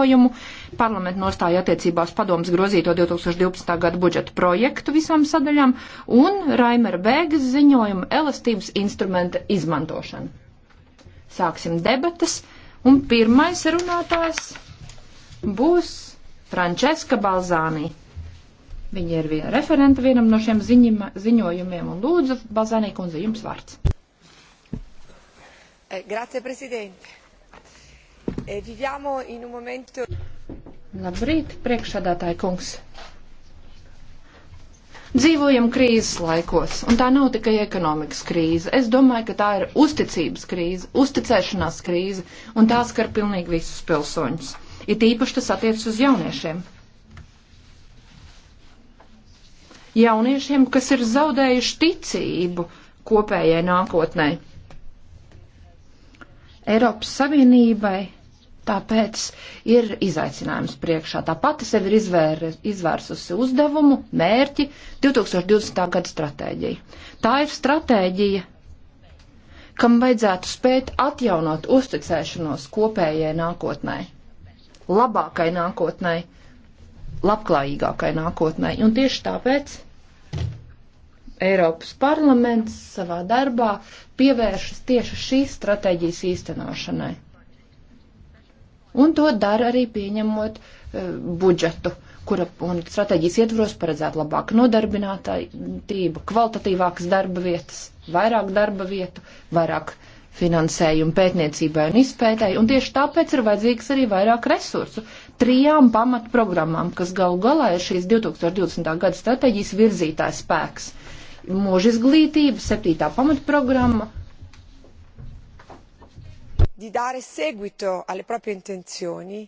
ziņojumu, parlamentu nostāju attiecībās padomas grozīto 2012. gada budžeta projektu visām sadaļām un Raimera Bēgas ziņojumu elastības instrumenta izmantošanu. Sāksim debatas, un pirmais runātājs būs Frančeska Balzānī. Viņa ir viena referenta vienam no šiem ziņima, ziņojumiem, un lūdzu, Balzānī kundze, jums vārds. Eh, grazie, prezidente. E viviamo in un momento. Labrīt, priekšsādātāji kungs. Dzīvojam krīzes laikos, un tā nav tikai ekonomikas krīze. Es domāju, ka tā ir uzticības krīze, uzticēšanās krīze, un tā skar pilnīgi visus pilsoņus. It īpaši tas attiecas uz jauniešiem. Jauniešiem, kas ir zaudējuši ticību kopējai nākotnē. Eiropas Savienībai Tāpēc ir izaicinājums priekšā. Tā pati sev ir izvēr, izvērsusi uzdevumu, mērķi 2020. gada stratēģiju. Tā ir stratēģija, kam vajadzētu spēt atjaunot uzticēšanos kopējai nākotnē, labākai nākotnē, labklājīgākai nākotnē. Un tieši tāpēc Eiropas parlaments savā darbā pievēršas tieši šīs stratēģijas īstenošanai. Un to dara arī pieņemot uh, budžetu, kura un strateģijas ietvaros paredzētu labāku nodarbinātību, kvalitatīvākas darba vietas, vairāk darba vietu, vairāk finansējumu pētniecībai un izpētēji. Un tieši tāpēc ir vajadzīgs arī vairāk resursu trijām pamatprogrammām, kas galu galā ir šīs 2020. gada strateģijas virzītājs spēks. Mūža izglītība, septītā pamatprogramma di dare seguito alle proprie intenzioni.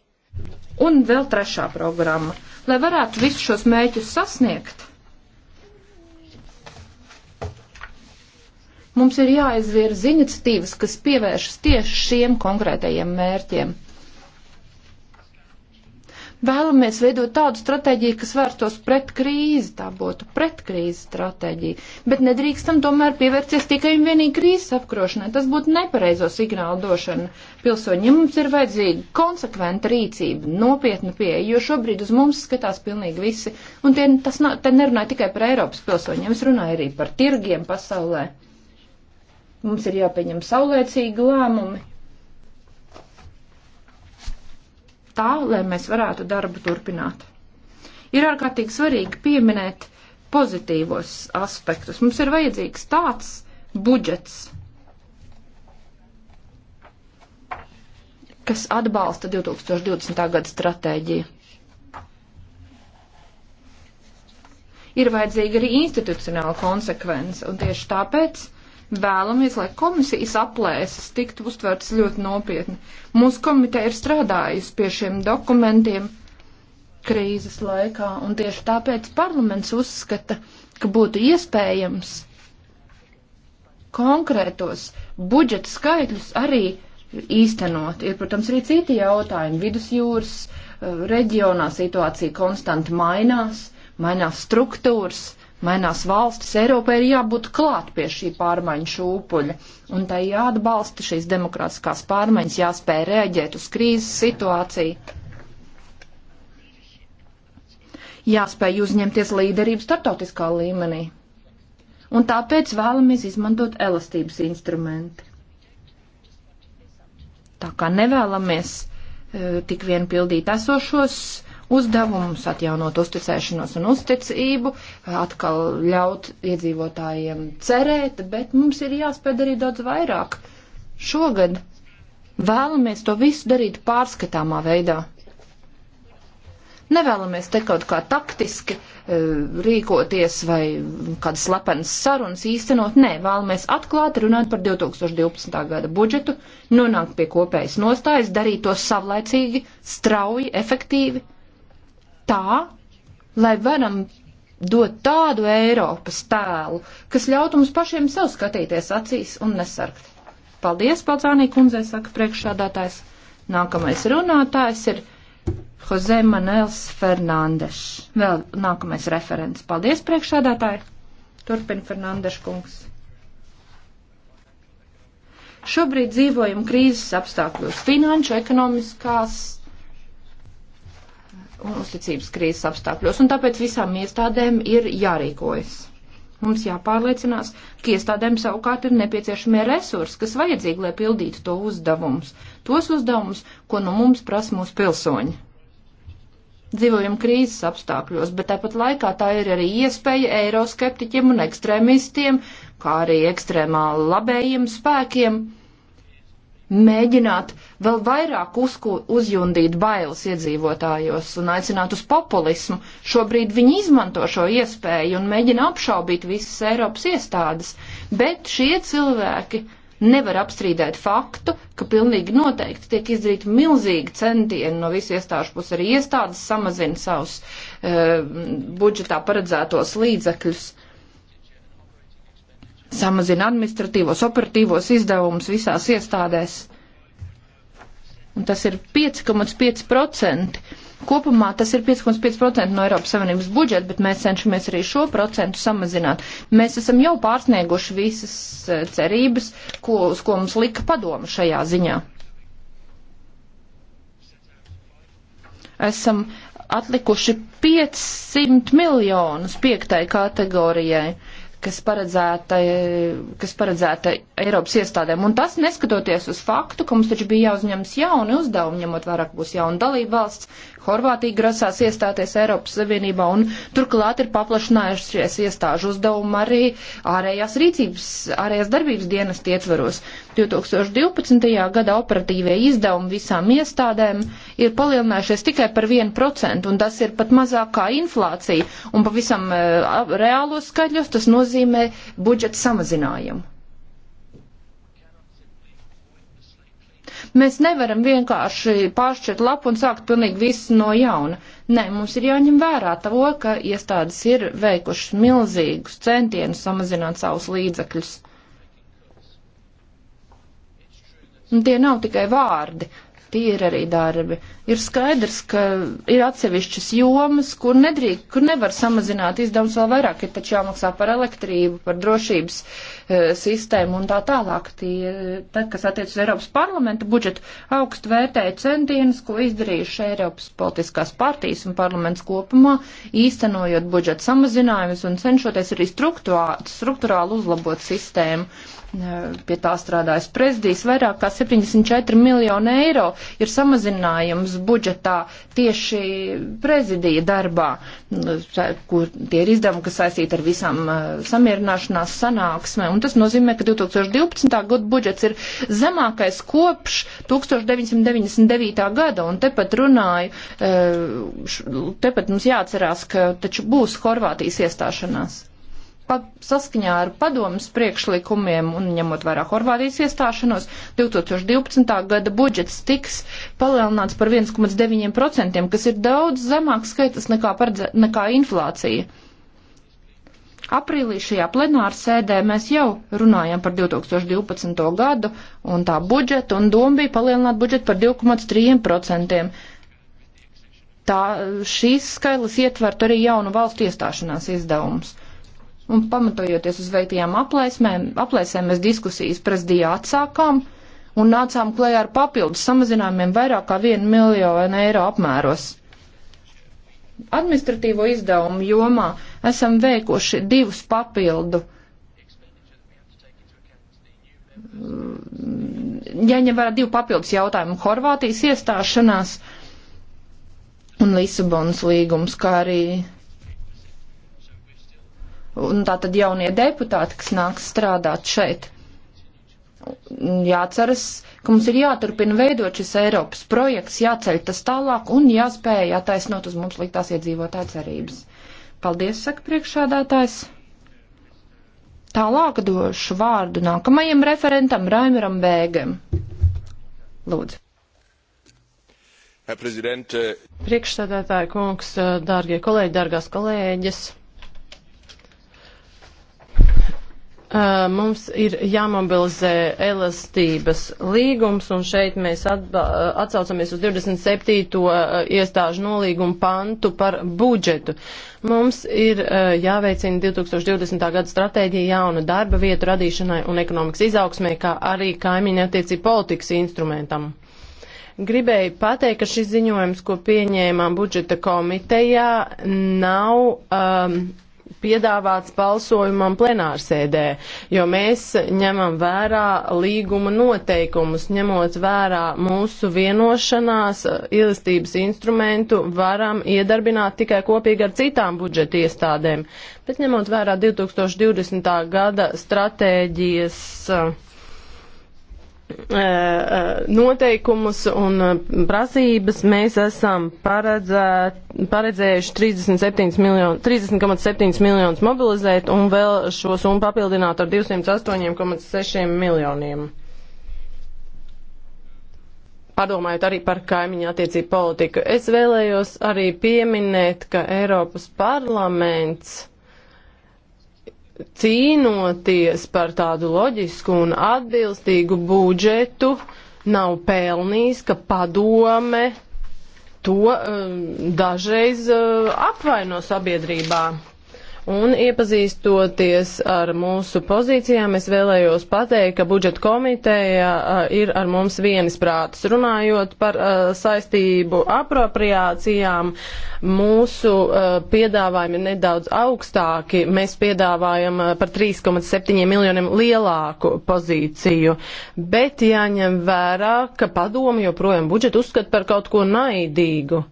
Un vēl trešā programma. Lai varētu visus šos mēķus sasniegt, mums ir jāizvirz iniciatīvas, kas pievēršas tieši šiem konkrētajiem mērķiem. Vēlamies veidot tādu stratēģiju, kas vērstos pret krīzi, tā būtu pret krīzi stratēģija, bet nedrīkstam tomēr pievērsties tikai un vienīgi krīzes apkrošanai. Tas būtu nepareizo signālu došana pilsoņiem. Mums ir vajadzīga konsekventa rīcība, nopietna pieeja, jo šobrīd uz mums skatās pilnīgi visi, un tie, tas nav, te nerunāja tikai par Eiropas pilsoņiem, es runāju arī par tirgiem pasaulē. Mums ir jāpieņem saulēcīgi lēmumi tā, lai mēs varētu darbu turpināt. Ir ārkārtīgi svarīgi pieminēt pozitīvos aspektus. Mums ir vajadzīgs tāds budžets, kas atbalsta 2020. gada stratēģiju. Ir vajadzīga arī institucionāla konsekvence, un tieši tāpēc Vēlamies, lai komisijas aplēses tiktu uztverts ļoti nopietni. Mūsu komiteja ir strādājusi pie šiem dokumentiem krīzes laikā, un tieši tāpēc parlaments uzskata, ka būtu iespējams konkrētos budžeta skaitļus arī īstenot. Ir, protams, arī citi jautājumi. Vidusjūras eh, reģionā situācija konstanti mainās, mainās struktūras, mainās valstis, Eiropai ir jābūt klāt pie šī pārmaiņu šūpuļa, un tai jāatbalsta šīs demokrātiskās pārmaiņas, jāspēj rēģēt uz krīzes situāciju. Jāspēj uzņemties līderību starptautiskā līmenī. Un tāpēc vēlamies izmantot elastības instrumenti. Tā kā nevēlamies eh, tik vien pildīt esošos uh, uzdevumus, atjaunot uzticēšanos un uzticību, atkal ļaut iedzīvotājiem cerēt, bet mums ir jāspēj darīt daudz vairāk. Šogad vēlamies to visu darīt pārskatāmā veidā. Nevēlamies te kaut kā taktiski e, rīkoties vai kādas slepenas sarunas īstenot. Nē, vēlamies atklāt, runāt par 2012. gada budžetu, nonākt pie kopējas nostājas, darīt to savlaicīgi, strauji, efektīvi tā, lai varam dot tādu Eiropas tēlu, kas ļautu mums pašiem sev skatīties acīs un nesargt. Paldies, Palcānī kundzei, saka priekšādātājs. Nākamais runātājs ir Jose Manels Fernandes. Vēl nākamais referents. Paldies, priekšādātāji. Turpin Fernandes kungs. Šobrīd dzīvojam krīzes apstākļos, finanšu, ekonomiskās un uzticības krīzes apstākļos, un tāpēc visām iestādēm ir jārīkojas. Mums jāpārliecinās, ka iestādēm savukārt ir nepieciešamie resursi, kas vajadzīgi, lai pildītu to uzdevumus, tos uzdevumus, ko no mums prasa mūsu pilsoņi. Dzīvojam krīzes apstākļos, bet tāpat laikā tā ir arī iespēja eiroskeptiķiem un ekstrēmistiem, kā arī ekstrēmā labējiem spēkiem mēģināt vēl vairāk uzku, uzjundīt bailes iedzīvotājos un aicināt uz populismu. Šobrīd viņi izmanto šo iespēju un mēģina apšaubīt visas Eiropas iestādes, bet šie cilvēki nevar apstrīdēt faktu, ka pilnīgi noteikti tiek izdarīti milzīgi centieni no visu iestāžu puses. Arī iestādes samazina savus e, budžetā paredzētos līdzekļus. E, samazina administratīvos, operatīvos izdevumus visās iestādēs. Un tas ir 5,5%. Kopumā tas ir 5,5% no Eiropas Savienības budžeta, bet mēs cenšamies arī šo procentu samazināt. Mēs esam jau pārsnieguši visas eh, cerības, ko, uz ko mums lika padoma šajā ziņā. Esam atlikuši 500 miljonus piektai kategorijai kas paredzēta, kas paredzēta Eiropas iestādēm. Un tas neskatoties uz faktu, ka mums taču bija jāuzņemas jauni uzdevumi, ņemot vairāk būs jauna dalība valsts, Horvātija grasās iestāties Eiropas Savienībā un turklāt ir paplašinājušies iestāžu uzdevumu arī ārējās rīcības, ārējās darbības dienas ietvaros. 2012. gada operatīvie izdevumi visām iestādēm ir palielinājušies tikai par 1%, un tas ir pat mazākā inflācija, un pavisam eh, reālos skaļos tas nozīmē budžeta samazinājumu. Mēs nevaram vienkārši pāršķirt lapu un sākt pilnīgi visu no jauna. Nē, mums ir jāņem vērā to, ka iestādes ir veikušas milzīgus centienus samazināt savus līdzekļus. Un tie nav tikai vārdi tie ir arī darbi. Ir skaidrs, ka ir atsevišķas jomas, kur nedrīk, kur nevar samazināt izdevums vēl vairāk, ir taču jāmaksā par elektrību, par drošības e, sistēmu un tā tālāk. Tie, tad, kas attiec uz Eiropas parlamenta budžetu, augstu vērtēja centienus, ko izdarījuši Eiropas politiskās partijas un parlaments kopumā, īstenojot budžeta samazinājumus un cenšoties arī struktūrāli uzlabot sistēmu pie tā strādājas prezidijas, vairāk kā 74 miljonu eiro ir samazinājums budžetā tieši prezidija darbā, kur tie ir izdevumi, kas saistīti ar visām uh, samierināšanās sanāksmēm. Un tas nozīmē, ka 2012. gada budžets ir zemākais kopš 1999. gada, un tepat runāju, uh, tepat mums jāatcerās, ka taču būs Horvātijas iestāšanās pa, saskaņā ar padomas priekšlikumiem un ņemot vērā Horvātijas iestāšanos, 2012. gada budžets tiks palielināts par 1,9%, kas ir daudz zemāks skaitas nekā, paredze, nekā inflācija. Aprīlī šajā plenāra sēdē mēs jau runājām par 2012. gadu un tā budžetu, un doma bija palielināt budžetu par 2,3%. Tā šīs skaidrs ietvert arī jaunu valstu iestāšanās izdevumus. Un pamatojoties uz veiktajām aplēsmēm, aplēsēm mēs diskusijas prezidijā atsākām un nācām klējā ar papildus samazinājumiem vairāk kā 1 miljonu eiro apmēros. Administratīvo izdevumu jomā esam veikuši divus papildu ņem ja vērā divu papildus jautājumu - Horvātijas iestāšanās un Lisabonas līgums, kā arī un tā tad jaunie deputāti, kas nāks strādāt šeit. Jāceras, ka mums ir jāturpina veidot šis Eiropas projekts, jāceļ tas tālāk un jāspēj attaisnot uz mums liktās iedzīvotāju cerības. Paldies, saka priekšādātājs. Tālāk došu vārdu nākamajam referentam Raimaram Bēgam. Lūdzu. Äh, Priekšsēdētāja kungs, äh, dārgie kolēģi, dārgās kolēģis. Uh, mums ir jāmobilizē elastības līgums, un šeit mēs uh, atsaucamies uz 27. Uh, iestāžu nolīgumu pantu par budžetu. Mums ir jāveicina 2020. gada stratēģija jauna darba vietu radīšanai un ekonomikas izaugsmē, kā arī kaimiņa attiecību politikas instrumentam. Gribēju pateikt, ka šis ziņojums, ko pieņēmām budžeta komitejā, nav um, piedāvāts balsojumam plenārsēdē, jo mēs ņemam vērā līguma noteikumus, ņemot vērā mūsu vienošanās ilistības instrumentu varam iedarbināt tikai kopīgi ar citām budžeta iestādēm. Bet ņemot vērā 2020. gada stratēģijas uh, Eh, eh, noteikumus un eh, prasības mēs esam paredzē, paredzējuši 37 miljonu, 30,7 miljonus mobilizēt un vēl šo summu papildināt ar 208,6 miljoniem. Padomājot arī par kaimiņu attiecību politiku, es vēlējos arī pieminēt, ka Eiropas parlaments cīnoties par tādu loģisku un atbilstīgu budžetu, nav pelnījis, ka padome to um, dažreiz uh, apvaino sabiedrībā. Un iepazīstoties ar mūsu pozīcijām, es vēlējos pateikt, ka budžeta komiteja ir ar mums vienisprātis. Runājot par saistību apropriācijām, mūsu piedāvājumi ir nedaudz augstāki. Mēs piedāvājam par 3,7 miljoniem lielāku pozīciju, bet jāņem vērā, ka padomi joprojām budžetu uzskata par kaut ko naidīgu.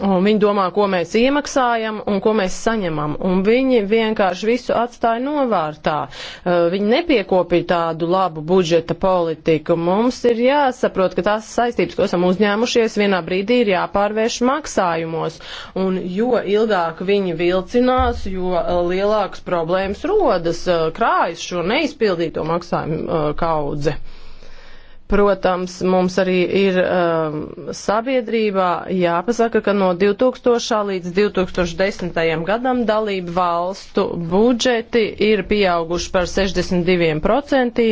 Un viņi domā, ko mēs iemaksājam un ko mēs saņemam. Un viņi vienkārši visu atstāja novārtā. Uh, viņi nepiekopīja tādu labu budžeta politiku. Mums ir jāsaprot, ka tās saistības, ko esam uzņēmušies, vienā brīdī ir jāpārvērš maksājumos. Un jo ilgāk viņi vilcinās, jo uh, lielākas problēmas rodas, uh, krājas šo neizpildīto maksājumu kaudze. Protams, mums arī ir um, sabiedrībā jāpasaka, ka no 2000. līdz 2010. gadam dalību valstu budžeti ir pieauguši par 62%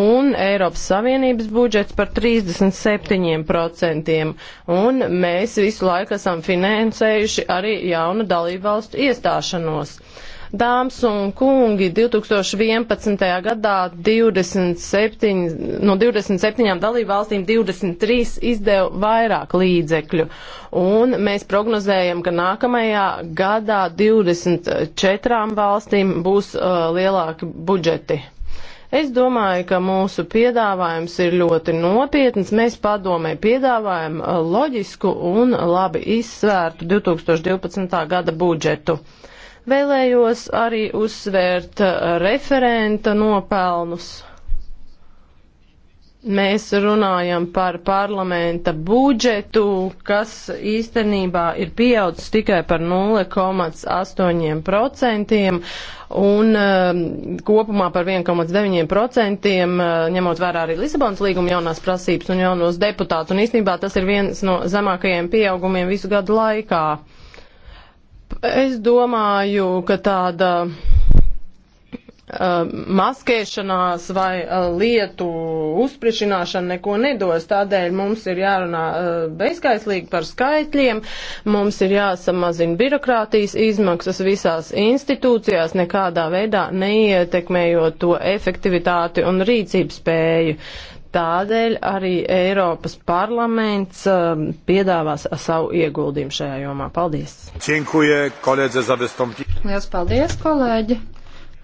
un Eiropas Savienības budžets par 37%. Un mēs visu laiku esam finansējuši arī jaunu dalību valstu iestāšanos. Uh, Dāmas un kungi, 2011. gadā 27, no 27 dalību valstīm 23 izdeva vairāk līdzekļu. Un mēs prognozējam, ka nākamajā gadā 24 valstīm būs uh, lielāki budžeti. Es domāju, ka mūsu piedāvājums ir ļoti nopietns. Mēs padomē piedāvājam uh, loģisku un labi izsvērtu 2012. gada budžetu. Vēlējos arī uzsvērt uh, referenta nopelnus. Mēs runājam par parlamenta budžetu, kas īstenībā ir pieaudzis tikai par 0,8% un um, kopumā par 1,9% uh, ņemot vērā arī Lisabonas līguma jaunās prasības un jaunos deputātus. Un īstenībā tas ir viens no zemākajiem pieaugumiem visu gadu laikā. Es domāju, ka tāda uh, maskēšanās vai uh, lietu uzsprišināšana neko nedos. Tādēļ mums ir jārunā uh, bezskaislīgi par skaitļiem, mums ir jāsamazina birokrātijas izmaksas visās institūcijās, nekādā veidā neietekmējot to efektivitāti un rīcības spēju. Uh, Tādēļ arī Eiropas parlaments um, piedāvās savu ieguldījumu šajā jomā. Paldies! Cienkuje, kolēdze, za vestompi. Lielas paldies, kolēģi!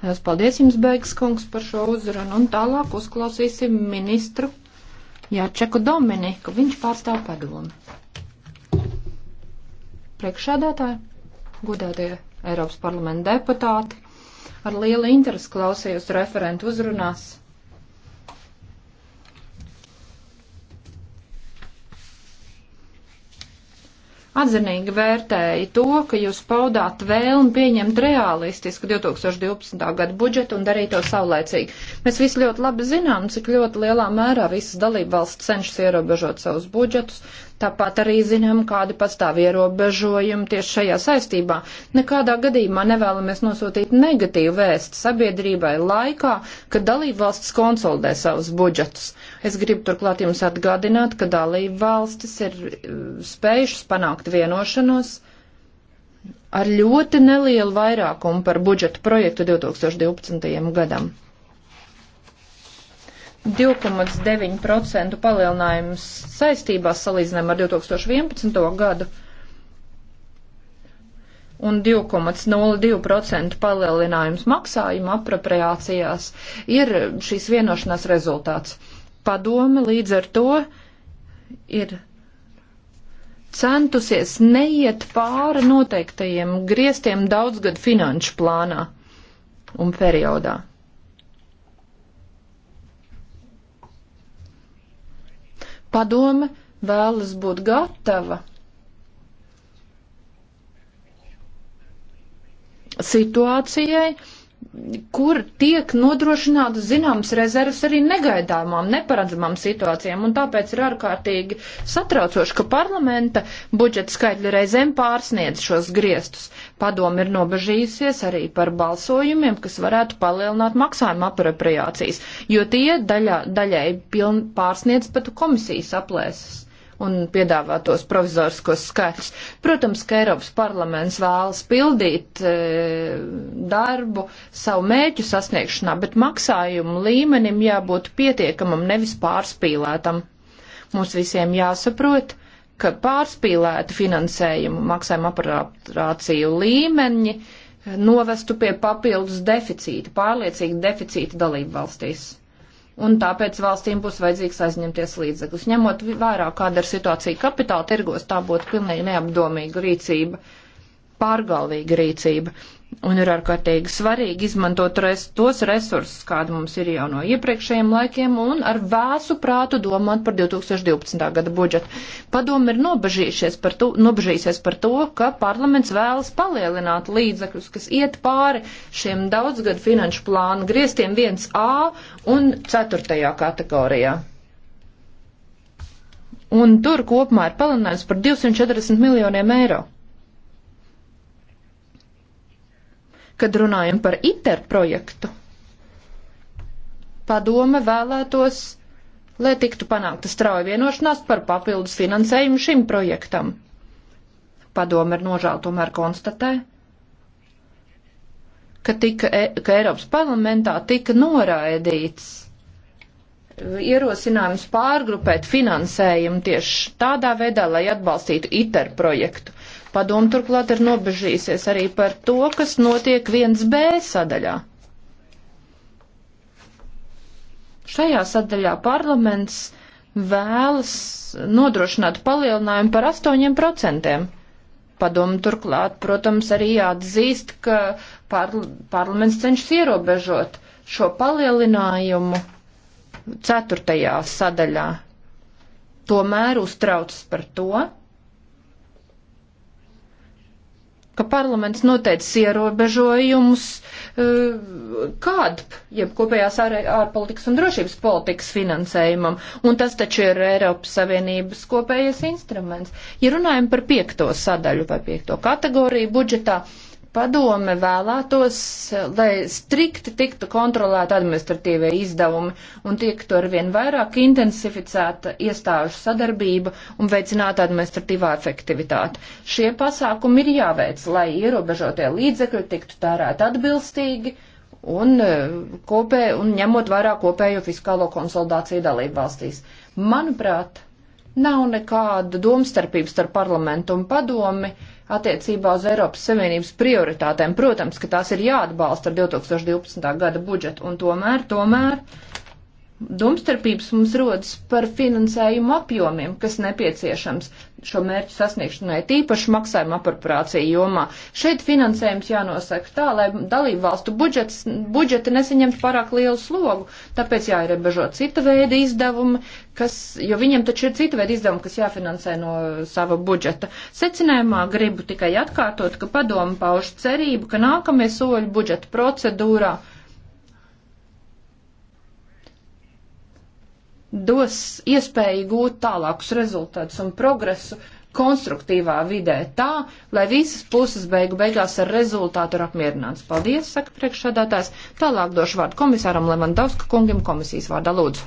Lielas paldies jums, Beigas kungs, par šo uzrunu. Un tālāk uzklausīsim ministru Jāčeku Dominiku. Viņš pārstāv padomu. Priekšādātāji, godātie Eiropas parlamenta deputāti, ar lielu interesi klausījos referentu uzrunās. atzinīgi vērtēju to, ka jūs paudāt vēlmi pieņemt realistisku 2012. gada budžetu un darīt to saulēcīgi. Mēs visi ļoti labi zinām, cik ļoti lielā mērā visas dalība valsts cenšas ierobežot savus budžetus, tāpat arī zinām, kādi pastāv ierobežojumi tieši šajā saistībā. Nekādā gadījumā nevēlamies nosūtīt negatīvu vēstu sabiedrībai laikā, kad dalība valsts konsolidē savus budžetus. Es gribu turklāt jums atgādināt, ka dalība valstis ir uh, spējušas panākt vienošanos ar ļoti nelielu vairākumu par budžetu projektu 2012. gadam. 2,9% palielinājums saistībās salīdzinājumā ar 2011. gadu un 2,02% palielinājums maksājuma apropriācijās ir šīs vienošanās rezultāts. Padome līdz ar to ir centusies neiet pāri noteiktajiem griestiem daudzgadu finanšu plānā un periodā. Padome vēlas būt gatava situācijai, kur tiek nodrošināta zināmas rezervas arī negaidāmām, neparedzamām situācijām, un tāpēc ir ārkārtīgi satraucoši, ka parlamenta budžeta skaitļi reizēm pārsniedz šos griestus. Padomi ir nobežījusies arī par balsojumiem, kas varētu palielināt maksājuma apropriācijas, jo tie daļā, daļai piln, pārsniedz pat komisijas aplēses un piedāvātos provizoriskos skaitļus. Protams, ka Eiropas parlaments vēlas pildīt e, darbu savu mēķu sasniegšanā, bet maksājumu līmenim jābūt pietiekamam, nevis pārspīlētam. Mums visiem jāsaprot, ka pārspīlēta finansējuma maksājuma aparāciju līmeņi e, novestu pie papildus deficīta, pārliecīga deficīta dalību valstīs un tāpēc valstīm būs vajadzīgs aizņemties līdzekļus. Ņemot vērā, kāda ir situācija kapitāla tirgos, tā būtu pilnīgi neapdomīga rīcība, pārgalvīga rīcība. Un ir ārkārtīgi svarīgi izmantot res, tos resursus, kādi mums ir jau no iepriekšējiem laikiem, un ar vēsu prātu domāt par 2012. gada budžetu. Padomi ir nobežījušies par to, nobežījusies par to, ka parlaments vēlas palielināt līdzekļus, kas iet pāri šiem daudzgadu finanšu plānu griestiem 1A un 4. kategorijā un tur kopumā ir palielinājums par 240 miljoniem eiro. kad runājam par ITER projektu, padome vēlētos, lai tiktu panākta strauja vienošanās par papildus finansējumu šim projektam. Padome ar nožēlu tomēr konstatē, ka, tika, e, ka Eiropas parlamentā tika noraidīts uh, ierosinājums pārgrupēt finansējumu tieši tādā veidā, lai atbalstītu ITER projektu. Padoma turklāt ir nobežīsies arī par to, kas notiek 1B sadaļā. Šajā sadaļā parlaments vēlas nodrošināt palielinājumu par 8%. Padomu turklāt, protams, arī jāatzīst, ka parl parlaments cenšas ierobežot šo palielinājumu ceturtajā sadaļā. Tomēr uztraucas par to, ka parlaments noteicis ierobežojumus e, KADP, jeb kopējās ārpolitikas un drošības politikas finansējumam, un tas taču ir Eiropas Savienības kopējais instruments. Ja runājam par piekto sadaļu vai piekto kategoriju budžetā, uh, padome vēlētos, lai strikti tiktu kontrolēti administratīvie izdevumi un tiektu arvien vairāk intensificēta iestāžu sadarbība un veicināta administratīvā efektivitāte. Šie pasākumi ir jāveic, lai ierobežotie līdzekļi tiktu tērēti atbilstīgi un, e, kopē, un ņemot vērā kopējo fiskālo konsolidāciju dalību valstīs. Manuprāt, nav nekāda domstarpības starp parlamentu un padomi attiecībā uz Eiropas Savienības prioritātēm. Protams, ka tās ir jāatbalsta ar 2012. gada budžetu, un tomēr, tomēr Domstarpības mums rodas par finansējumu apjomiem, kas nepieciešams šo mērķu sasniegšanai, tīpaši maksājuma apropriācija jomā. Šeit finansējums jānosaka tā, lai dalību valstu budžets, budžeti nesaņemtu pārāk lielu slogu, tāpēc jāierobežo cita veida izdevumi, kas, jo viņiem taču ir cita veida izdevumi, kas jāfinansē no sava budžeta. Secinājumā gribu tikai atkārtot, ka padomu pauž cerību, ka nākamie soļi budžeta procedūrā dos iespēju gūt tālākus rezultātus un progresu konstruktīvā vidē tā, lai visas puses beigu beigās ar rezultātu ir apmierināts. Paldies, saka priekšsādātājs. Tālāk došu vārdu komisāram Levandovska kungam komisijas vārdā lūdzu.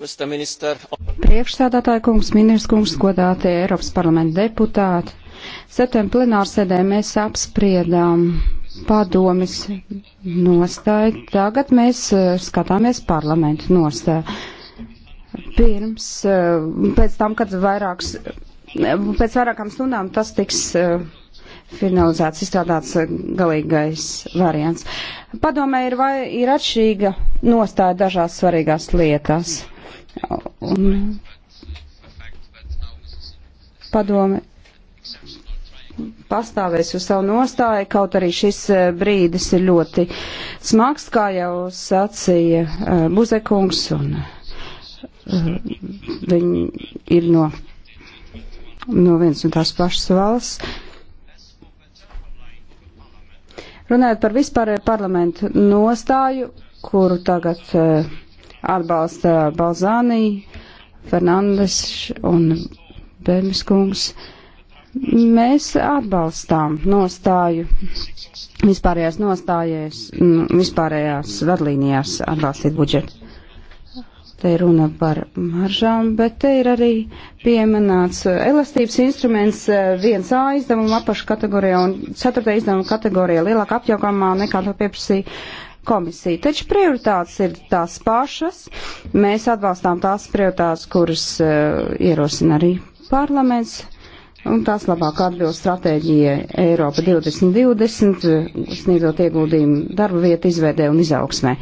Priekšsādātāja kungs, ministrs kungs, godātie Eiropas parlamenta deputāti. Septembra plenārsēdē mēs apspriedām padomis nostāju. Tagad mēs eh, skatāmies parlamentu nostāju pirms, eh, pēc tam, kad vairāks, eh, pēc vairākām stundām tas tiks eh, finalizēts, izstrādāts galīgais variants. Padomē ir, vai, ir atšķirīga nostāja dažās svarīgās lietās. Un padome pastāvēs uz savu nostāju, kaut arī šis brīdis ir ļoti smags, kā jau sacīja Buzekungs un Mhm. viņi ir no, no vienas un tās pašas valsts. Runājot par vispārēju parlamentu nostāju, kuru tagad uh, atbalsta Balzānī, Fernandes un Bēmis kungs, mēs atbalstām nostāju vispārējās nostājās, vispārējās vadlīnijās atbalstīt budžetu. Te ir runa par maržām, bet te ir arī pieminēts eh, elastības instruments eh, viens A izdevuma apašu kategorijā un ceturtā izdevuma kategorijā lielāka apjaukamā nekā to pieprasīja komisija. Taču prioritātes ir tās pašas. Mēs atbalstām tās prioritātes, kuras uh, ierosina arī parlaments. Un tās labāk atbilst stratēģijai Eiropa 2020, sniedzot ieguldījumu darba vietu izveidē un izaugsmē.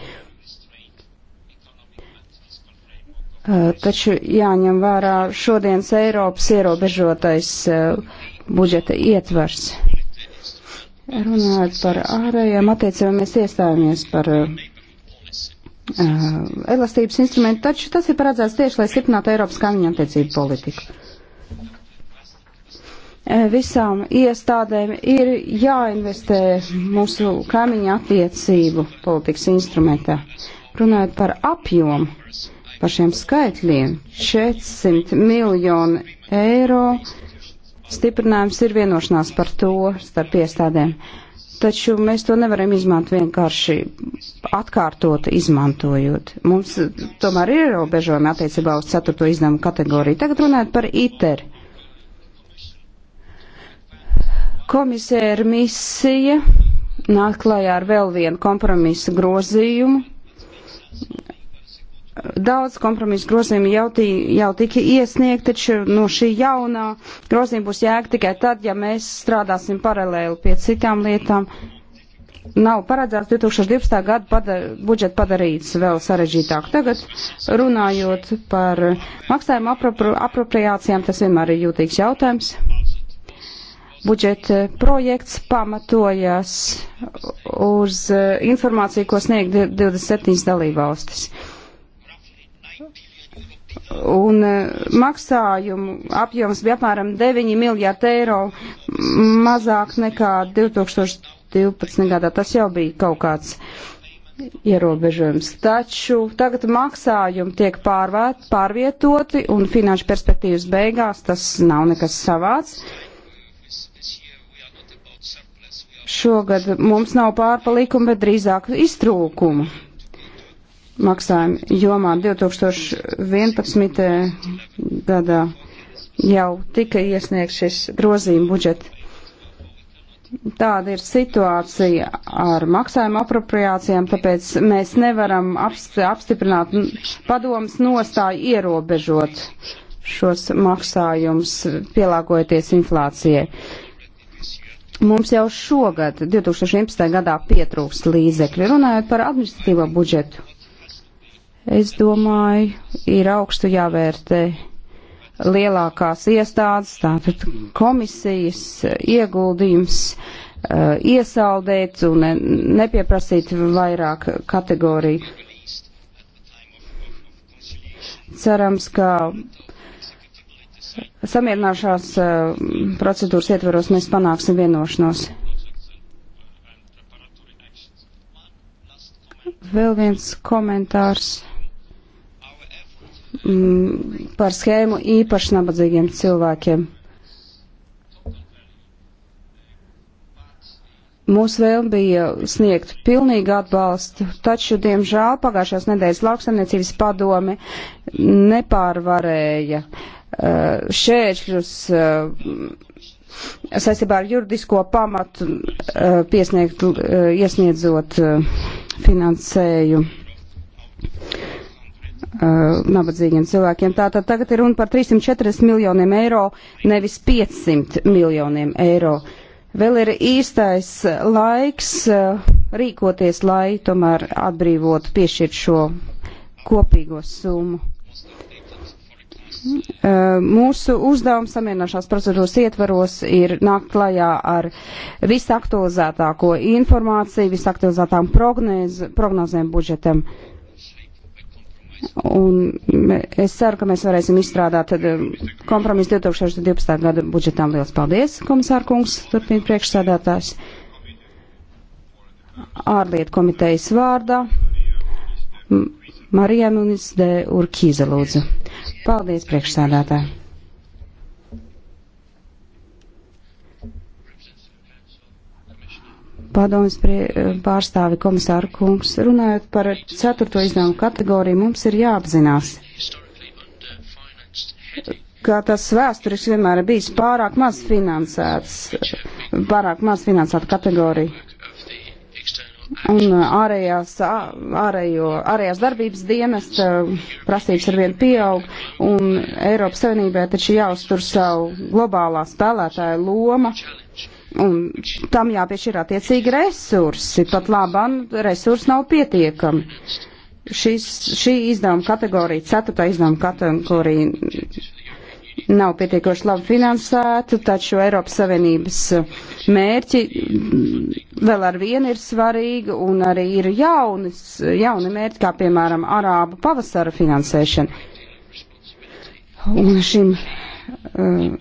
Eh, taču jāņem vērā šodienas Eiropas ierobežotais eh, budžeta ietvars. Runājot par ārējām attiecībām, mēs iestājāmies par uh, elastības instrumentu, taču tas ir paredzēts tieši, lai stiprinātu Eiropas kaimiņu attiecību politiku. Visām iestādēm ir jāinvestē mūsu kaimiņu attiecību politikas instrumentā. Runājot par apjomu, par šiem skaitļiem. 400 miljonu eiro stiprinājums ir vienošanās par to starp iestādēm. Taču mēs to nevaram izmantot vienkārši atkārtot, izmantojot. Mums tomēr ir ierobežojumi attiecībā uz ceturto izdevumu kategoriju. Tagad runājot par ITER. Komisija ir misija nāk klajā ar vēl vienu kompromisu grozījumu, Daudz kompromisu grozījumu jau, tī, jau tika iesniegt, taču no šī jaunā grozījuma būs jēga tikai tad, ja mēs strādāsim paralēli pie citām lietām. Nav paredzēts 2012. gada padar, budžeta padarīts vēl sarežģītāk. Tagad runājot par maksājumu apropri, apropriācijām, tas vienmēr ir jūtīgs jautājums budžeta projekts pamatojas uz uh, informāciju, ko sniegt 27 dalībvalstis un e, maksājumu apjoms bija apmēram 9 miljārdi eiro mazāk nekā 2012. gadā. Tas jau bija kaut kāds ierobežojums. Taču tagad maksājumi tiek pārvēt, pārvietoti un finanšu perspektīvas beigās tas nav nekas savāds. Šogad mums nav pārpalikumu, bet drīzāk iztrūkumu maksājumu jomā 2011. gadā jau tika iesniegts šis grozījuma budžets. Tāda ir situācija ar maksājumu apropriācijām, tāpēc mēs nevaram apstiprināt padomas nostāju ierobežot šos maksājumus, pielāgojoties inflācijai. Mums jau šogad, 2011. gadā, pietrūks līdzekļu. Runājot par administratīvo budžetu, es domāju, ir augstu jāvērtē lielākās iestādes, tātad komisijas ieguldījums eh, iesaldēt un nepieprasīt vairāk kategoriju. Cerams, ka samierināšās eh, procedūras ietvaros mēs panāksim vienošanos. Vēl viens komentārs mm, par schēmu īpaši nabadzīgiem cilvēkiem. Mūsu vēlme bija sniegt pilnīgu atbalstu, taču, diemžēl, pagājušās nedēļas lauksaimniecības padome nepārvarēja uh, šķēršļus uh, saistībā ar juridisko pamatu uh, piesniegt, iesniedzot finansējumu. Uh, nabadzīgiem cilvēkiem. Tātad tagad ir runa par 340 miljoniem eiro, nevis 500 miljoniem eiro. Vēl ir īstais laiks uh, rīkoties, lai tomēr atbrīvotu piešķirt šo kopīgo summu. Uh, mūsu uzdevums samierināšanās procedūras ietvaros ir nākt klajā ar visaktualizētāko informāciju, visaktualizētām prognozēm budžetam. Uh, Un es ceru, ka mēs varēsim izstrādāt um, kompromisu 2012. gada budžetām. Lielas paldies, komisāra kungs, turpina priekšsēdētājs. Ārlietu komitejas vārdā Marija Munis de Urkīza lūdzu. Paldies, priekšsēdētāji. padomjas eh, pārstāvi komisāru kungs, runājot par ceturto izdevumu kategoriju, mums ir jāapzinās, ka tas vēsturiski vienmēr ir bijis pārāk maz finansēts, pārāk maz finansēta kategorija. Un eh, ārējās, ārējo, ārējās darbības dienas eh, prasības ar vienu pieaug, un Eiropas Savienībai taču jāuztur savu globālā spēlētāja loma Un tam jāpiešķir attiecīgi resursi, pat labam resursi nav pietiekami. Šis, šī izdevuma kategorija, ceturtā izdevuma kategorija nav pietiekoši labi finansēta, taču Eiropas Savienības mērķi vēl ar vienu ir svarīgi un arī ir jaunas, jauni mērķi, kā piemēram Arābu pavasara finansēšana. Un šim Ehm,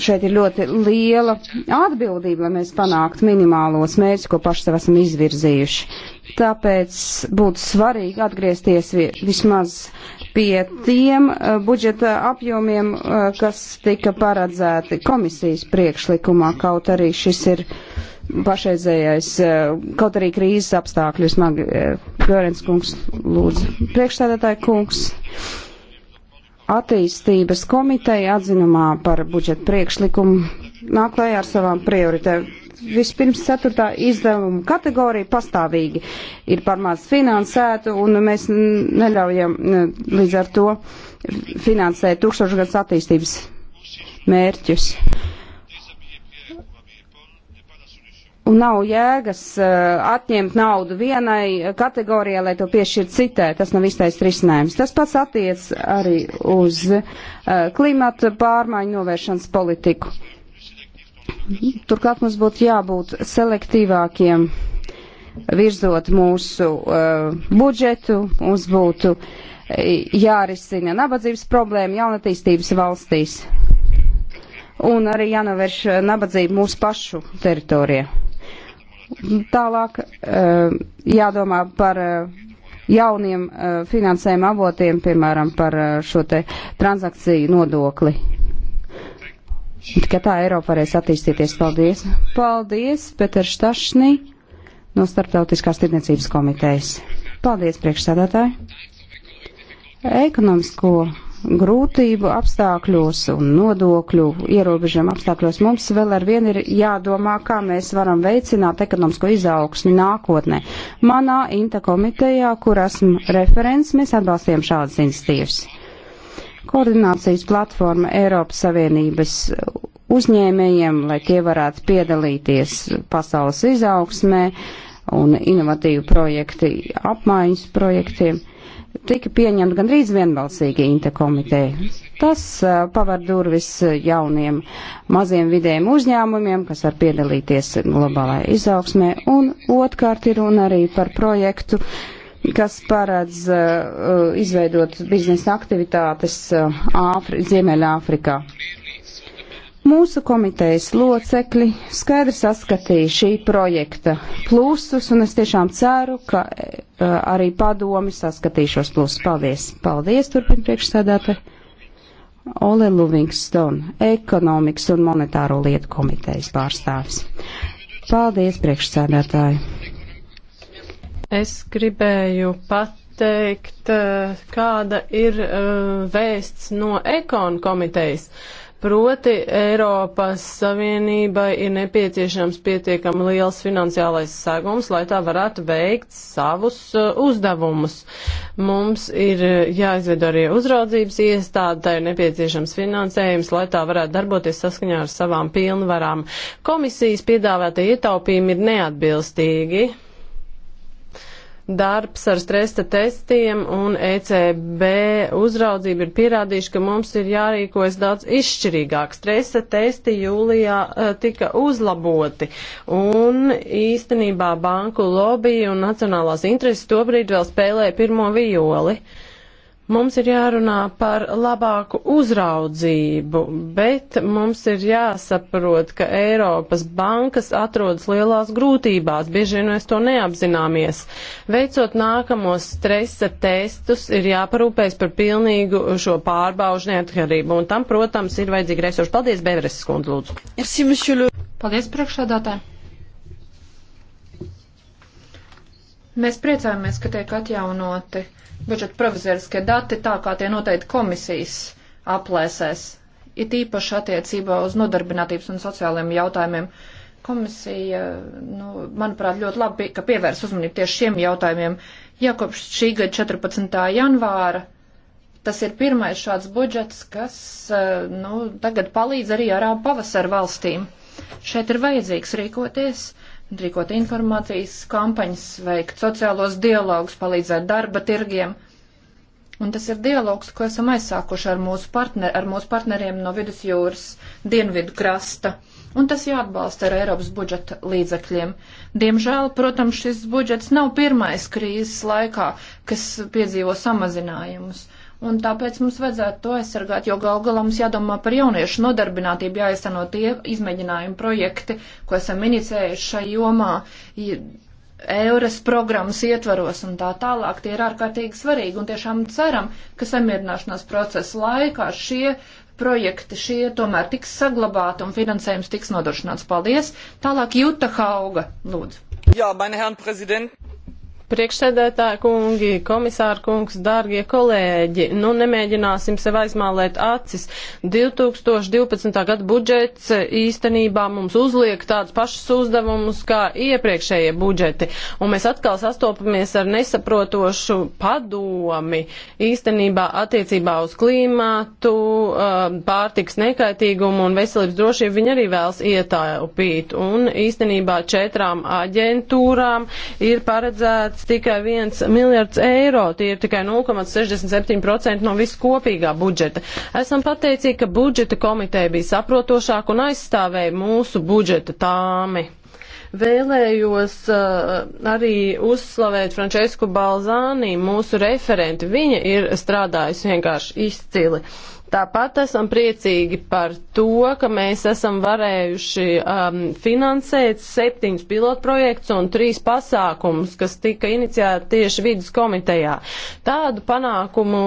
šeit ir ļoti liela atbildība, lai mēs panāktu minimālos mērķus, ko paši sev esam izvirzījuši. Tāpēc būtu svarīgi atgriezties vismaz pie tiem eh, budžeta apjomiem, eh, kas tika paredzēti komisijas priekšlikumā, kaut arī šis ir pašreizējais, eh, kaut arī krīzes apstākļus, Gorens kungs, lūdzu, priekšstādātāji kungs attīstības komiteja atzinumā par budžeta priekšlikumu nāk klajā ar savām prioritēm. Vispirms ceturtā izdevuma kategorija pastāvīgi ir par maz finansētu, un mēs neļaujam līdz ar to finansēt tūkstošgads attīstības mērķus. Uh, Un nav jēgas uh, atņemt naudu vienai kategorijai, lai to piešķirtu citai. Tas nav īstais risinājums. Tas pats attiec arī uz uh, klimata pārmaiņu novēršanas politiku. Turklāt mums būtu jābūt selektīvākiem virzot mūsu uh, budžetu. Mums būtu jārisina nabadzības problēma jaunatīstības valstīs. Un arī jānovērš nabadzība mūsu pašu teritorijā. Tālāk eh, jādomā par eh, jauniem eh, finansējuma avotiem, piemēram, par šo te transakciju nodokli. Tikai tā Eiropa varēs attīstīties. Paldies! Paldies, Peter Štašnī no Starptautiskās tirdzniecības komitejas. Paldies, priekšsēdētāji! Ekonomisko grūtību apstākļos un nodokļu ierobežiem apstākļos mums vēl ar vienu ir jādomā, kā mēs varam veicināt ekonomisko izaugsmi nākotnē. Manā Inta komitejā, kur esmu referents, mēs atbalstījām šādas institīvas. Koordinācijas platforma Eiropas Savienības uzņēmējiem, lai tie varētu piedalīties pasaules izaugsmē un inovatīvu projekti, apmaiņas projektiem tika pieņemta gandrīz vienbalsīgi Inte komiteja. Tas uh, paver durvis jauniem maziem vidējiem uzņēmumiem, kas var piedalīties globālā izaugsmē, un otrkārt ir runa arī par projektu, kas paredz uh, izveidot biznesa aktivitātes uh, Āfri, Ziemeļāfrikā. Ziemeļa Mūsu komitejas locekļi skaidri saskatīja šī projekta plusus, un es tiešām ceru, ka uh, arī padomi saskatīšos plusus. Paldies! Paldies, turpin priekšsēdētāji! Ole Livingstone, ekonomikas un monetāro lietu komitejas pārstāvis. Paldies, priekšsēdētāji! Es gribēju pateikt, eh, kāda ir eh, vēsts no ekonu komitejas. Uh, Proti Eiropas Savienībai ir nepieciešams pietiekami liels finansiālais segums, lai tā varētu veikt savus uh, uzdevumus. Mums ir uh, jāizveido arī uzraudzības iestāde, tā ir nepieciešams finansējums, lai tā varētu darboties saskaņā ar savām pilnvarām. Komisijas piedāvātie ietaupījumi ir neatbilstīgi darbs ar stresa testiem un ECB uzraudzība ir pierādījuši, ka mums ir jārīkojas daudz izšķirīgāk. Stresa testi jūlijā uh, tika uzlaboti un īstenībā banku lobby un nacionālās intereses tobrīd vēl spēlēja pirmo violi. Uh, Mums ir jārunā par labāku uzraudzību, bet mums ir jāsaprot, ka Eiropas bankas atrodas lielās grūtībās, bieži vien mēs to neapzināmies. Veicot nākamos stresa testus, ir jāparūpēs par pilnīgu šo pārbaužu neatkarību, un tam, protams, ir vajadzīgi resursi. Paldies, Bevreses kundze, lūdzu. Paldies, priekšādātāji. Mēs priecājamies, ka tiek atjaunoti budžeta provizoriskie dati tā, kā tie noteikti komisijas aplēsēs, it īpaši attiecībā uz nodarbinātības un sociālajiem jautājumiem. Komisija, nu, manuprāt, ļoti labi, ka pievērs uzmanību tieši šiem jautājumiem. Ja kopš šī gada 14. janvāra tas ir pirmais šāds budžets, kas, eh, nu, tagad palīdz arī arābu pavasaru valstīm. Šeit ir vajadzīgs rīkoties. Uh, rīkot informācijas kampaņas, veikt sociālos dialogus, palīdzēt darba tirgiem. Un tas ir dialogs, ko esam aizsākuši ar mūsu, partner, ar mūsu partneriem no vidusjūras dienvidu krasta. Un tas jāatbalsta ar Eiropas budžeta līdzekļiem. Diemžēl, protams, šis budžets nav pirmais krīzes laikā, kas piedzīvo samazinājumus. Un tāpēc mums vajadzētu to aizsargāt, jo gal galā mums jādomā par jauniešu nodarbinātību, jāizsano tie izmēģinājumi projekti, ko esam inicējuši šai jomā, eures programmas ietvaros un tā tālāk. Tie ir ārkārtīgi svarīgi un tiešām ceram, ka samierināšanās procesa laikā šie projekti šie tomēr tiks saglabāti un finansējums tiks nodrošināts. Paldies! Tālāk Jūta Hauga, lūdzu. Jā, meine Herren Prezident. Priekšsēdētāji kungi, komisāra kungs, dārgie kolēģi, nu nemēģināsim sev aizmālēt acis. 2012. gada budžets īstenībā mums uzliek tādus pašus uzdevumus kā iepriekšējie budžeti, un mēs atkal sastopamies ar nesaprotošu padomi īstenībā attiecībā uz klīmatu, um, pārtiks nekaitīgumu un veselības drošību. Viņi arī vēlas ietaupīt, un īstenībā četrām aģentūrām ir paredzēta paredzēts tikai 1 miljards eiro, tie ir tikai 0,67% no viskopīgā budžeta. Esam pateicīgi, ka budžeta komiteja bija saprotošāk un aizstāvēja mūsu budžeta tāmi vēlējos uh, arī uzslavēt Francesku Balzāni, mūsu referenti. Viņa ir strādājusi vienkārši izcili. Tāpat esam priecīgi par to, ka mēs esam varējuši um, finansēt septiņus pilotprojektus un trīs pasākumus, kas tika iniciēti tieši vidas komitejā. Tādu panākumu,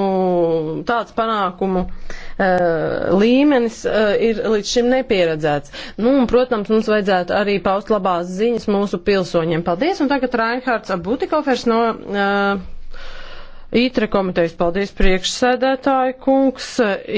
tāds panākumu uh, līmenis uh, ir līdz šim nepieredzēts. Nu, un, protams, mums vajadzētu arī paust labās ziņas mūsu pilsoņiem. Paldies, un tagad Reinhards Butikofers no. Uh, ITRE komitejas paldies priekšsēdētāju kungs.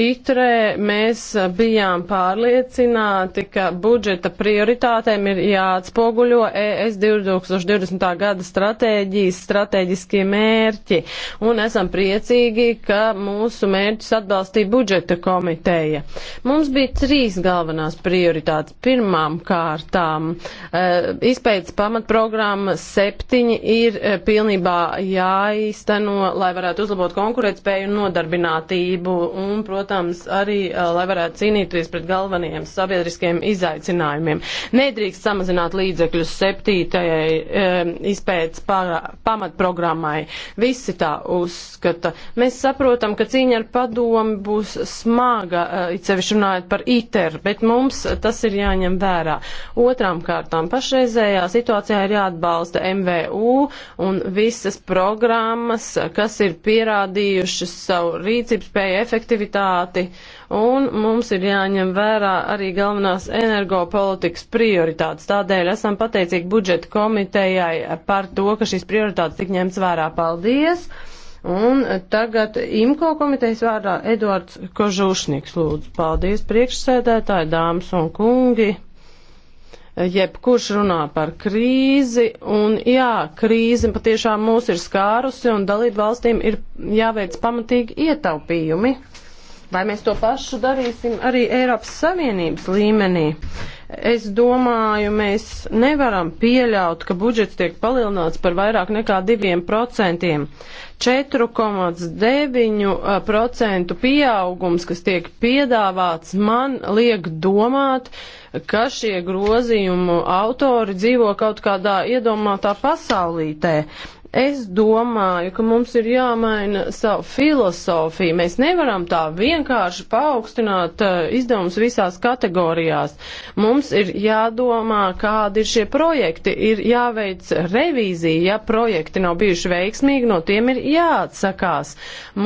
ITRE mēs bijām pārliecināti, ka budžeta prioritātēm ir jāatspoguļo e ES 2020. gada stratēģijas stratēģiskie mērķi. Un esam priecīgi, ka mūsu mērķus atbalstīja budžeta komiteja. Mums bija trīs galvenās prioritātes. Pirmām kārtām e, izpētes pamatprogramma septiņi ir e, pilnībā jāīsteno lai varētu uzlabot konkurētspēju un nodarbinātību un, protams, arī, lai varētu cīnīties pret galvenajiem sabiedriskiem izaicinājumiem. Nedrīkst samazināt līdzekļus septītajai e, izpētes pamatprogrammai. Visi tā uzskata. Mēs saprotam, ka cīņa ar padomu būs smaga, it sevišķi runājot par ITER, bet mums tas ir jāņem vērā. Otrām kārtām pašreizējā situācijā ir jāatbalsta MVU un visas programmas, kas kas ir pierādījušas savu rīcības spēju efektivitāti, un mums ir jāņem vērā arī galvenās energopolitikas prioritātes. Tādēļ esam pateicīgi budžeta komitejai par to, ka šīs prioritātes tik ņemts vērā. Paldies! Un tagad IMKO komitejas vārdā Eduards Kožūšniks lūdzu. Paldies priekšsēdētāji, dāmas un kungi! jebkurš runā par krīzi, un jā, krīze patiešām mūs ir skārusi, un dalību valstīm ir jāveic pamatīgi ietaupījumi. Vai mēs to pašu darīsim arī Eiropas Savienības līmenī? Es domāju, mēs nevaram pieļaut, ka budžets tiek palielināts par vairāk nekā 2%. 4,9% pieaugums, kas tiek piedāvāts, man liek domāt, uh, ka šie grozījumu autori dzīvo kaut kādā iedomātā pasaulītē. Es domāju, ka mums ir jāmaina savu filozofiju. Mēs nevaram tā vienkārši paaugstināt eh, izdevumus visās kategorijās. Mums ir jādomā, kādi ir šie projekti. Ir jāveic revīzija, ja projekti nav bijuši veiksmīgi, no tiem ir jāatsakās.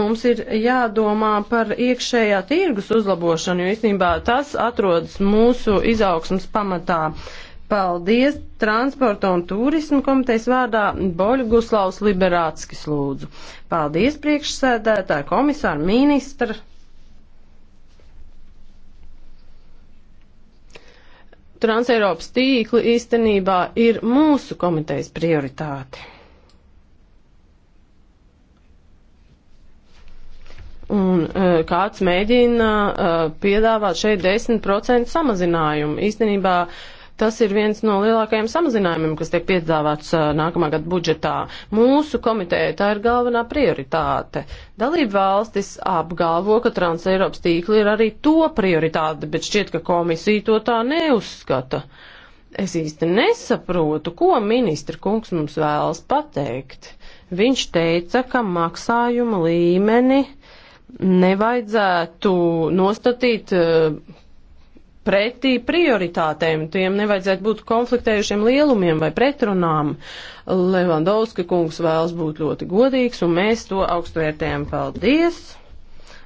Mums ir jādomā par iekšējā tirgus uzlabošanu, jo īstenībā tas atrodas mūsu izaugsmas pamatā. Uh, Paldies transporta un turismu komitejas vārdā Boļguslavs Liberāckis lūdzu. Paldies priekšsēdētāji komisāri ministra. Transeiropas tīkli īstenībā ir mūsu komitejas prioritāte. Un uh, kāds mēģina uh, piedāvāt šeit 10% samazinājumu. Īstenībā uh, Tas ir viens no lielākajiem samazinājumiem, kas tiek piedāvāts nākamā gada budžetā. Mūsu komiteja tā ir galvenā prioritāte. Dalība valstis apgalvo, ka Transeiropas tīkli ir arī to prioritāte, bet šķiet, ka komisija to tā neuzskata. Es īsti nesaprotu, ko ministra kungs mums vēlas pateikt. Viņš teica, ka maksājuma līmeni nevajadzētu nostatīt pretī prioritātēm. Tiem nevajadzētu būt konfliktējušiem lielumiem vai pretrunām. Levandovska kungs vēlas būt ļoti godīgs, un mēs to augstvērtējam. Paldies!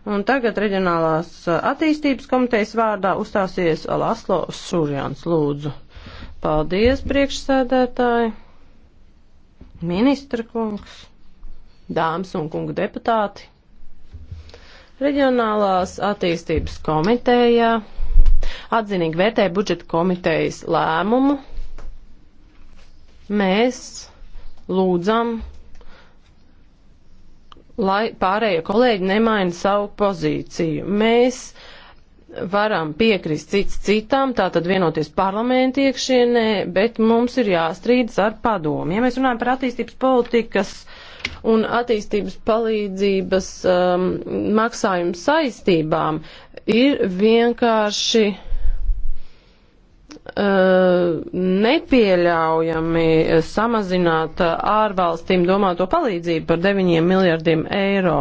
Un tagad reģionālās attīstības komitejas vārdā uzstāsies Laslo Šurjāns lūdzu. Paldies, priekšsēdētāji, ministra kungs, dāmas un kungu deputāti. Reģionālās attīstības komitejā atzinīgi vērtēja budžeta komitejas lēmumu. Mēs lūdzam, lai pārējie kolēģi nemaina savu pozīciju. Mēs varam piekrist cits citam, tātad vienoties parlamentu iekšienē, bet mums ir jāstrīdas ar padomu. Ja mēs runājam par attīstības politikas un attīstības palīdzības um, maksājumu saistībām, ir vienkārši Eh, nepieļaujami samazināt ārvalstīm domāto palīdzību par 9 miljardiem eiro.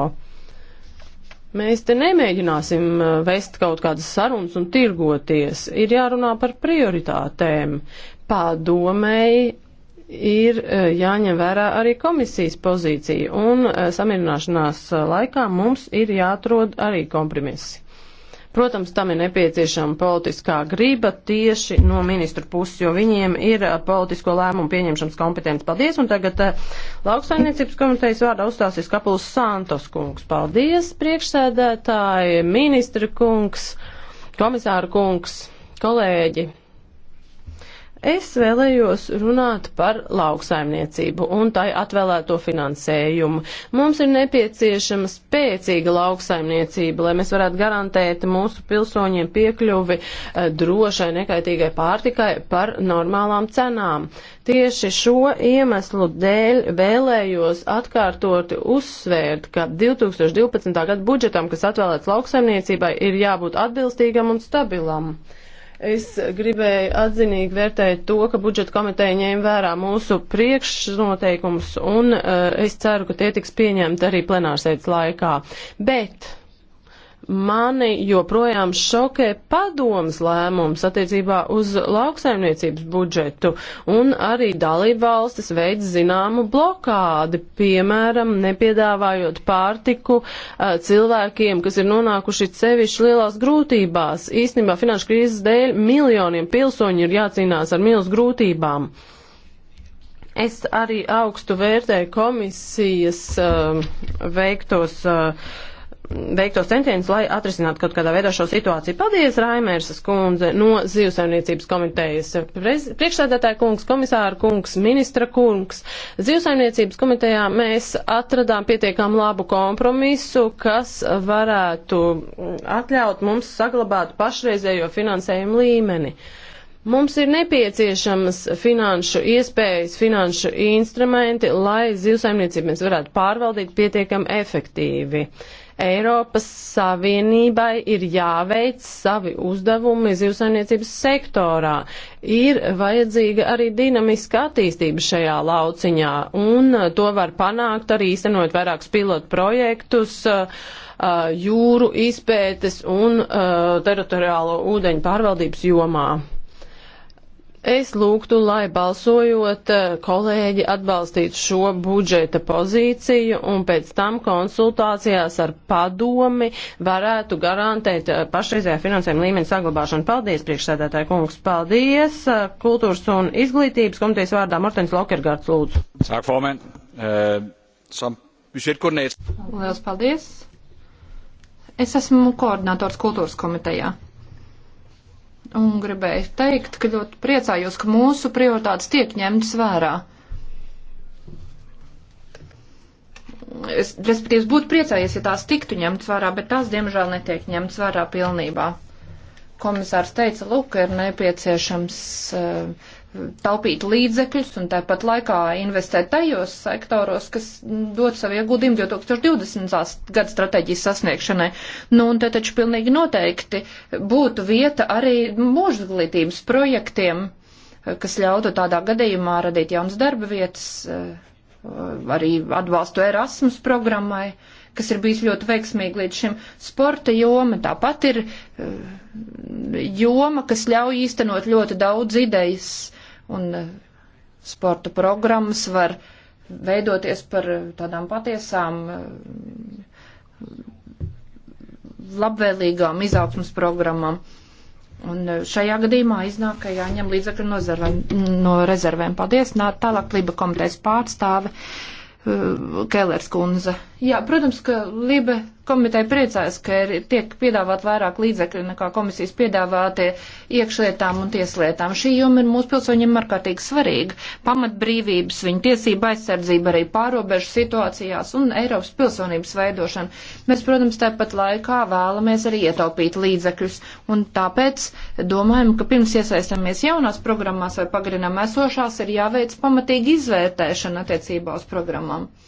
Mēs te nemēģināsim eh, vest kaut kādas sarunas un tirgoties. Ir jārunā par prioritātēm. Pārdomēji ir eh, jāņem vērā arī komisijas pozīcija, un samierināšanās laikā mums ir jāatrod arī kompromisi. Protams, tam ir nepieciešama politiskā griba tieši no ministru puses, jo viņiem ir politisko lēmumu pieņemšanas kompetence. Paldies, un tagad lauksaimniecības komitejas vārdā uzstāsies Kapuls Santos kungs. Paldies, priekšsēdētāji, ministra kungs, komisāra kungs, kolēģi. Es vēlējos runāt par lauksaimniecību un tai atvēlēto finansējumu. Mums ir nepieciešama spēcīga lauksaimniecība, lai mēs varētu garantēt mūsu pilsoņiem piekļuvi eh, drošai, nekaitīgai pārtikai par normālām cenām. Tieši šo iemeslu dēļ vēlējos atkārtoti uzsvērt, ka 2012. gada budžetam, kas atvēlēts lauksaimniecībai, ir jābūt atbilstīgam un stabilam. Es gribēju atzinīgi vērtēt to, ka budžeta komiteja ņēma vērā mūsu priekšnoteikumus, un uh, es ceru, ka tie tiks pieņemti arī plenārsēdes laikā. Bet Mani joprojām šokē padomas lēmums attiecībā uz lauksaimniecības budžetu, un arī dalība valstis veids zināmu blokādi, piemēram, nepiedāvājot pārtiku uh, cilvēkiem, kas ir nonākuši sevišķi lielās grūtībās. Īstenībā finanšu krīzes dēļ miljoniem pilsoņu ir jācīnās ar milz grūtībām. Es arī augstu vērtēju komisijas uh, veiktos. Uh, veiktos centienus, lai atrisinātu kaut kādā veidā šo situāciju. Paldies, Raimērsas kundze no Zivsaimniecības komitejas. Priekšsēdētāja kungs, komisāra kungs, ministra kungs. Zivsaimniecības komitejā mēs atradām pietiekām labu kompromisu, kas varētu atļaut mums saglabāt pašreizējo finansējumu līmeni. Mums ir nepieciešamas finanšu iespējas, finanšu instrumenti, lai zivsaimniecību mēs varētu pārvaldīt pietiekami efektīvi. Uh, Eiropas Savienībai ir jāveic savi uzdevumi zivsainiecības sektorā. Ir vajadzīga arī dinamiska attīstība šajā lauciņā, un to var panākt arī īstenot vairākus pilotu projektus, jūru izpētes un teritoriālo ūdeņu pārvaldības jomā. Es lūgtu, lai balsojot eh, kolēģi atbalstītu šo budžeta pozīciju un pēc tam konsultācijās ar padomi varētu garantēt eh, pašreizējā finansējuma līmeņa saglabāšanu. Paldies, priekšsēdētāji kungs, paldies. Eh, kultūras un izglītības komitejas vārdā Mortens Lokergārds lūdzu. Sāk, Fomen. Lielas paldies. Es esmu koordinators kultūras komitejā un gribēju teikt, ka ļoti priecājos, ka mūsu prioritātes tiek ņemtas vērā. Es, respektīvi, būtu priecājies, ja tās tiktu ņemtas vērā, bet tās, diemžēl, netiek ņemtas vērā pilnībā. Komisārs teica, lūk, ir nepieciešams uh, taupīt līdzekļus un tāpat laikā investēt tajos sektoros, kas dod savu ieguldījumu 2020. gada stratēģijas sasniegšanai. Nu, un te taču pilnīgi noteikti būtu vieta arī mūža izglītības projektiem, kas ļautu tādā gadījumā radīt jaunas darba vietas, eh, arī atbalstu Erasmus programmai kas ir bijis ļoti veiksmīgi līdz šim. Sporta joma tāpat ir eh, joma, kas ļauj īstenot ļoti daudz idejas un eh, sporta programmas var veidoties par eh, tādām patiesām eh, labvēlīgām izaugsmas programmām. Un šajā gadījumā iznāk, ka jāņem līdzekļi no, no rezervēm. Paldies, nā, tālāk Liba komitejas pārstāve. Uh, Eh, Kellers kundze. Jā, protams, ka Libe komiteja priecājas, ka ir, tiek piedāvāt vairāk līdzekļu nekā komisijas piedāvātie iekšlietām un tieslietām. Šī joma ir mūsu pilsoņiem ārkārtīgi svarīga. Pamatbrīvības, viņa tiesība aizsardzība arī pārobežu situācijās un Eiropas pilsonības veidošana. Mēs, protams, tāpat laikā vēlamies arī ietaupīt līdzekļus un tāpēc domājam, ka pirms iesaistamies jaunās programmās vai pagarinām esošās, ir jāveic pamatīgi izvērtēšana attiecībā uz programmām skolām. Uh,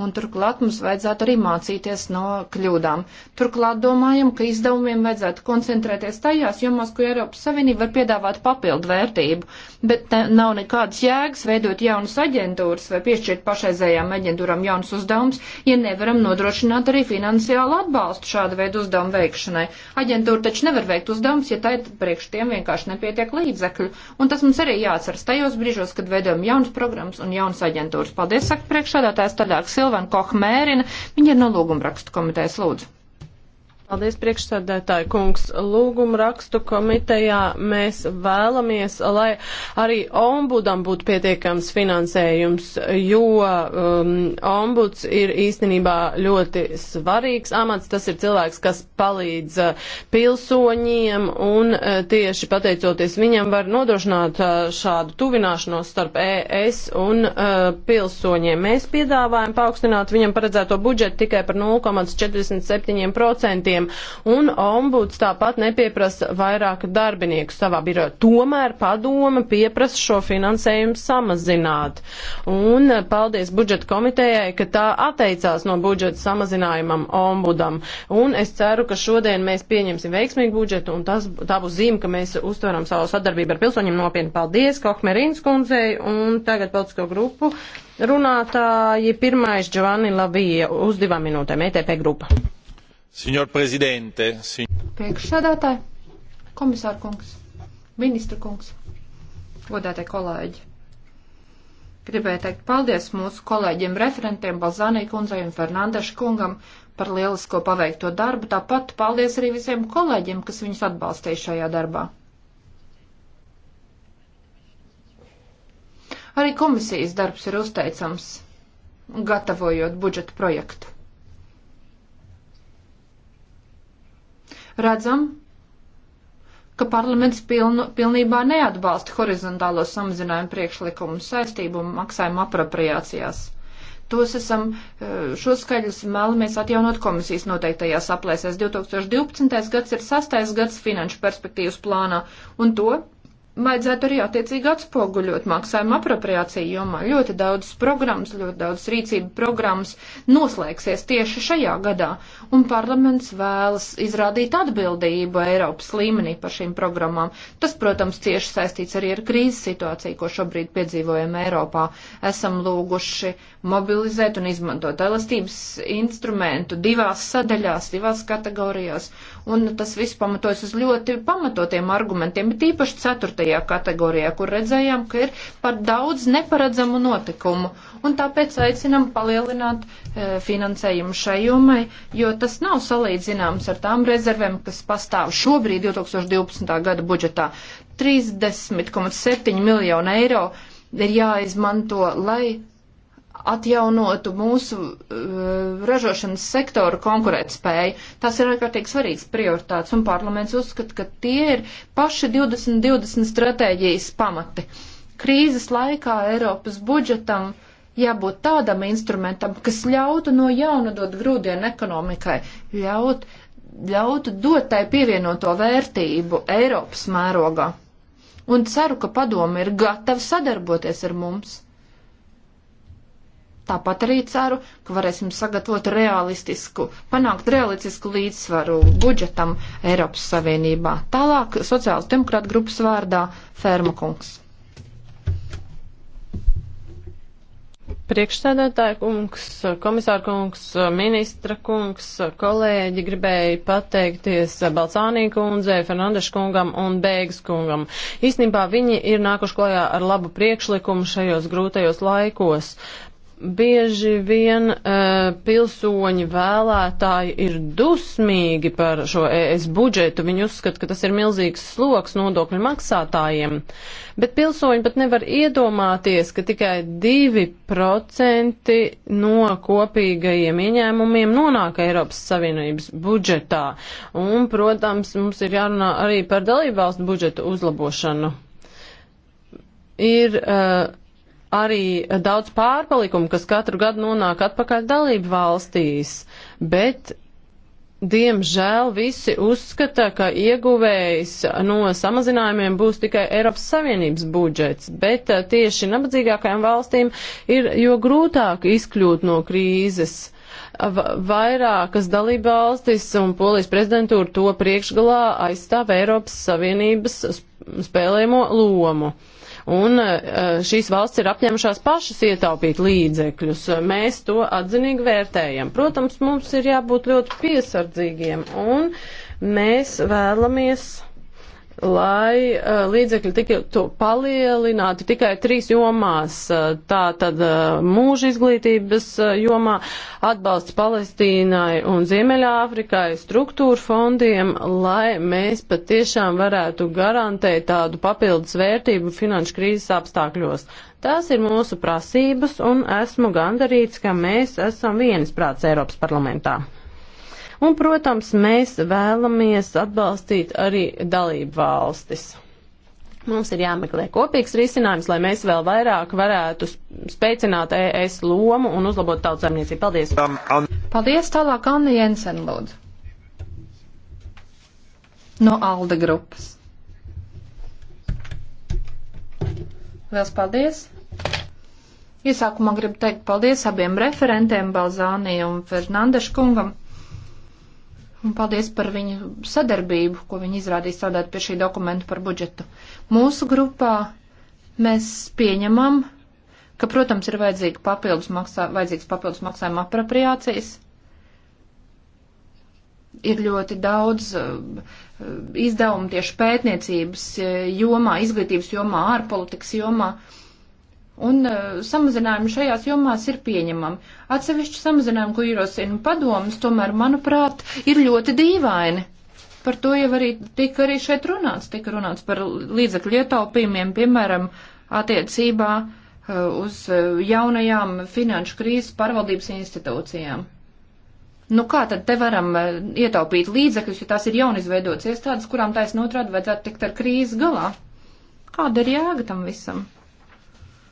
un turklāt mums vajadzētu arī mācīties no kļūdām. Turklāt domājam, ka izdevumiem vajadzētu koncentrēties tajās jomās, kur Eiropas Savienība var piedāvāt papildu vērtību, bet nav nekādas jēgas veidot jaunas aģentūras vai piešķirt pašreizējām aģentūram jaunas uzdevumus, ja nevaram nodrošināt arī finansiālu atbalstu šāda veida uzdevumu veikšanai. Aģentūra taču nevar veikt uzdevumus, ja tai priekš tiem vienkārši nepietiek līdzekļu, un tas mums arī jāatceras tajos brīžos, kad veidojam jaunas programmas un jaunas aģentūras. Paldies, saka priekšādātājs Tadāks. Silvana Kohmērina. Viņa ir no lūgumrakstu komitejas lūdzu. Paldies, priekšsēdētāji kungs. Lūguma rakstu komitejā mēs vēlamies, lai arī ombudam būtu pietiekams finansējums, jo um, ombuds ir īstenībā ļoti svarīgs amats. Tas ir cilvēks, kas palīdz uh, pilsoņiem un uh, tieši pateicoties viņam var nodrošināt uh, šādu tuvināšanos starp ES un uh, pilsoņiem. Mēs piedāvājam paaugstināt viņam paredzēto budžetu tikai par 0,47% darbiniekiem, un ombuds tāpat nepieprasa vairāk darbinieku savā biroja. Tomēr padoma pieprasa šo finansējumu samazināt. Un eh, paldies budžeta komitejai, ka tā atteicās no budžeta samazinājumam ombudam. Un es ceru, ka šodien mēs pieņemsim veiksmīgu budžetu, un tas, tā būs zīme, ka mēs uztveram savu sadarbību ar pilsoņiem nopietni. Paldies Kohmerīnas kundzei, un tagad politisko grupu runātāji. Pirmais Giovanni Lavija uz divām minūtēm, ETP grupa. Signor prezidente. Siņ... Priekšsādātāji, komisāra kungs, ministra kungs, godātie kolēģi. Gribēju teikt paldies mūsu kolēģiem referentiem Balzānī kundzei un Fernandeša kungam par lielisko paveikto darbu, tāpat paldies arī visiem kolēģiem, kas viņus atbalstīja šajā darbā. Arī komisijas darbs ir uzteicams, gatavojot budžeta projektu. redzam, ka parlaments pilnu, pilnībā neatbalsta horizontālo samazinājumu priekšlikumu saistību un maksājumu apropriācijās. Tos esam, eh, šo skaļus mēlamies atjaunot komisijas noteiktajās aplēsēs. 2012. gads ir sastais gads finanšu perspektīvas plānā, un to vajadzētu arī attiecīgi atspoguļot maksājuma apropriāciju jomā. Ļoti daudz programmas, ļoti daudz rīcību programmas noslēgsies tieši šajā gadā, un parlaments vēlas izrādīt atbildību Eiropas līmenī par šīm programmām. Tas, protams, cieši saistīts arī ar krīzes situāciju, ko šobrīd piedzīvojam Eiropā. Esam lūguši mobilizēt un izmantot elastības instrumentu divās sadaļās, divās kategorijās, un tas viss pamatojas uz ļoti pamatotiem argumentiem, bet īpaši ceturtajā kategorijā, kur redzējām, ka ir par daudz neparedzamu notikumu un tāpēc aicinam palielināt e, finansējumu šai jomai, jo tas nav salīdzināms ar tām rezervēm, kas pastāv šobrīd 2012. gada budžetā. 30,7 miljonu eiro ir jāizmanto, lai atjaunotu mūsu uh, ražošanas sektoru konkurētspēju. Tas ir ārkārtīgi svarīgs prioritāts, un parlaments uzskata, ka tie ir paši 2020 stratēģijas pamati. Krīzes laikā Eiropas budžetam jābūt tādam instrumentam, kas ļautu no jauna dot grūdienu ekonomikai, ļaut, ļautu dot tai pievienoto vērtību Eiropas mērogā. Un ceru, ka padomi ir gatavi sadarboties ar mums. Tāpat arī ceru, ka varēsim sagatavot realistisku, panākt realistisku līdzsvaru budžetam Eiropas Savienībā. Tālāk sociāls demokrāta grupas vārdā Ferma kungs. Priekšsēdētāja kungs, komisāra kungs, ministra kungs, kolēģi gribēja pateikties Balcānī kundzei, Fernandeša kungam un Bēgas kungam. Īsnībā viņi ir nākuši klajā ar labu priekšlikumu šajos grūtajos laikos. Uh, Bieži vien uh, pilsoņi vēlētāji ir dusmīgi par šo ES budžetu. Viņi uzskata, ka tas ir milzīgs sloks nodokļu maksātājiem. Bet pilsoņi pat nevar iedomāties, ka tikai 2% no kopīgajiem ieņēmumiem nonāk Eiropas Savienības budžetā. Un, protams, mums ir jārunā arī par dalībvalstu budžetu uzlabošanu. Ir, uh, arī daudz pārpalikumu, kas katru gadu nonāk atpakaļ dalību valstīs, bet Diemžēl visi uzskata, ka ieguvējs no samazinājumiem būs tikai Eiropas Savienības budžets, bet eh, tieši nabadzīgākajām valstīm ir jo grūtāk izkļūt no krīzes. Vairākas dalība valstis un polijas prezidentūra to priekšgalā aizstāv Eiropas Savienības spēlēmo lomu. Uh, un eh, šīs valsts ir apņemšās pašas ietaupīt līdzekļus. Mēs to atzinīgi vērtējam. Protams, mums ir jābūt ļoti piesardzīgiem, un mēs vēlamies lai uh, līdzekļi tiktu palielināti tikai trīs jomās. Uh, tā tad uh, mūža izglītības uh, jomā atbalsts Palestīnai un Ziemeļāfrikai struktūra fondiem, lai mēs patiešām varētu garantēt tādu papildus vērtību finanšu krīzes apstākļos. Tās ir mūsu prasības un esmu gandarīts, ka mēs esam vienisprāts Eiropas parlamentā. Un, protams, mēs vēlamies atbalstīt arī dalību valstis. Mums ir jāmeklē kopīgs risinājums, lai mēs vēl vairāk varētu spēcināt ES lomu un uzlabot tautsēmniecību. Paldies! Um, um, paldies tālāk Anna Jensen, lūdzu. No Alde grupas. Liels paldies! Iesākumā gribu teikt paldies abiem referentiem, Balzānijam un Fernandešu kungam un paldies par viņu sadarbību, ko viņi izrādīja strādāt pie šī dokumenta par budžetu. Mūsu grupā mēs pieņemam, ka, protams, ir vajadzīga papildus maksā, vajadzīgs papildus maksājuma apropriācijas. Ir ļoti daudz eh, izdevumu tieši pētniecības eh, jomā, izglītības jomā, ārpolitikas jomā. Uh, Un uh, eh, samazinājumi šajās jomās ir pieņemami. Atsevišķi samazinājumi, ko ierosina padomas, tomēr, manuprāt, ir ļoti dīvaini. Par to jau arī tika arī šeit runāts. Tika runāts par līdzekļu ietaupījumiem, piemēram, attiecībā uh, uz eh, jaunajām finanšu krīzes pārvaldības institūcijām. Nu kā tad te varam ietaupīt līdzekļus, jo tās ir jaunizveidotas iestādes, kurām taisnot otrādi vajadzētu tikt ar krīzes galā? Kāda ir jēga tam visam?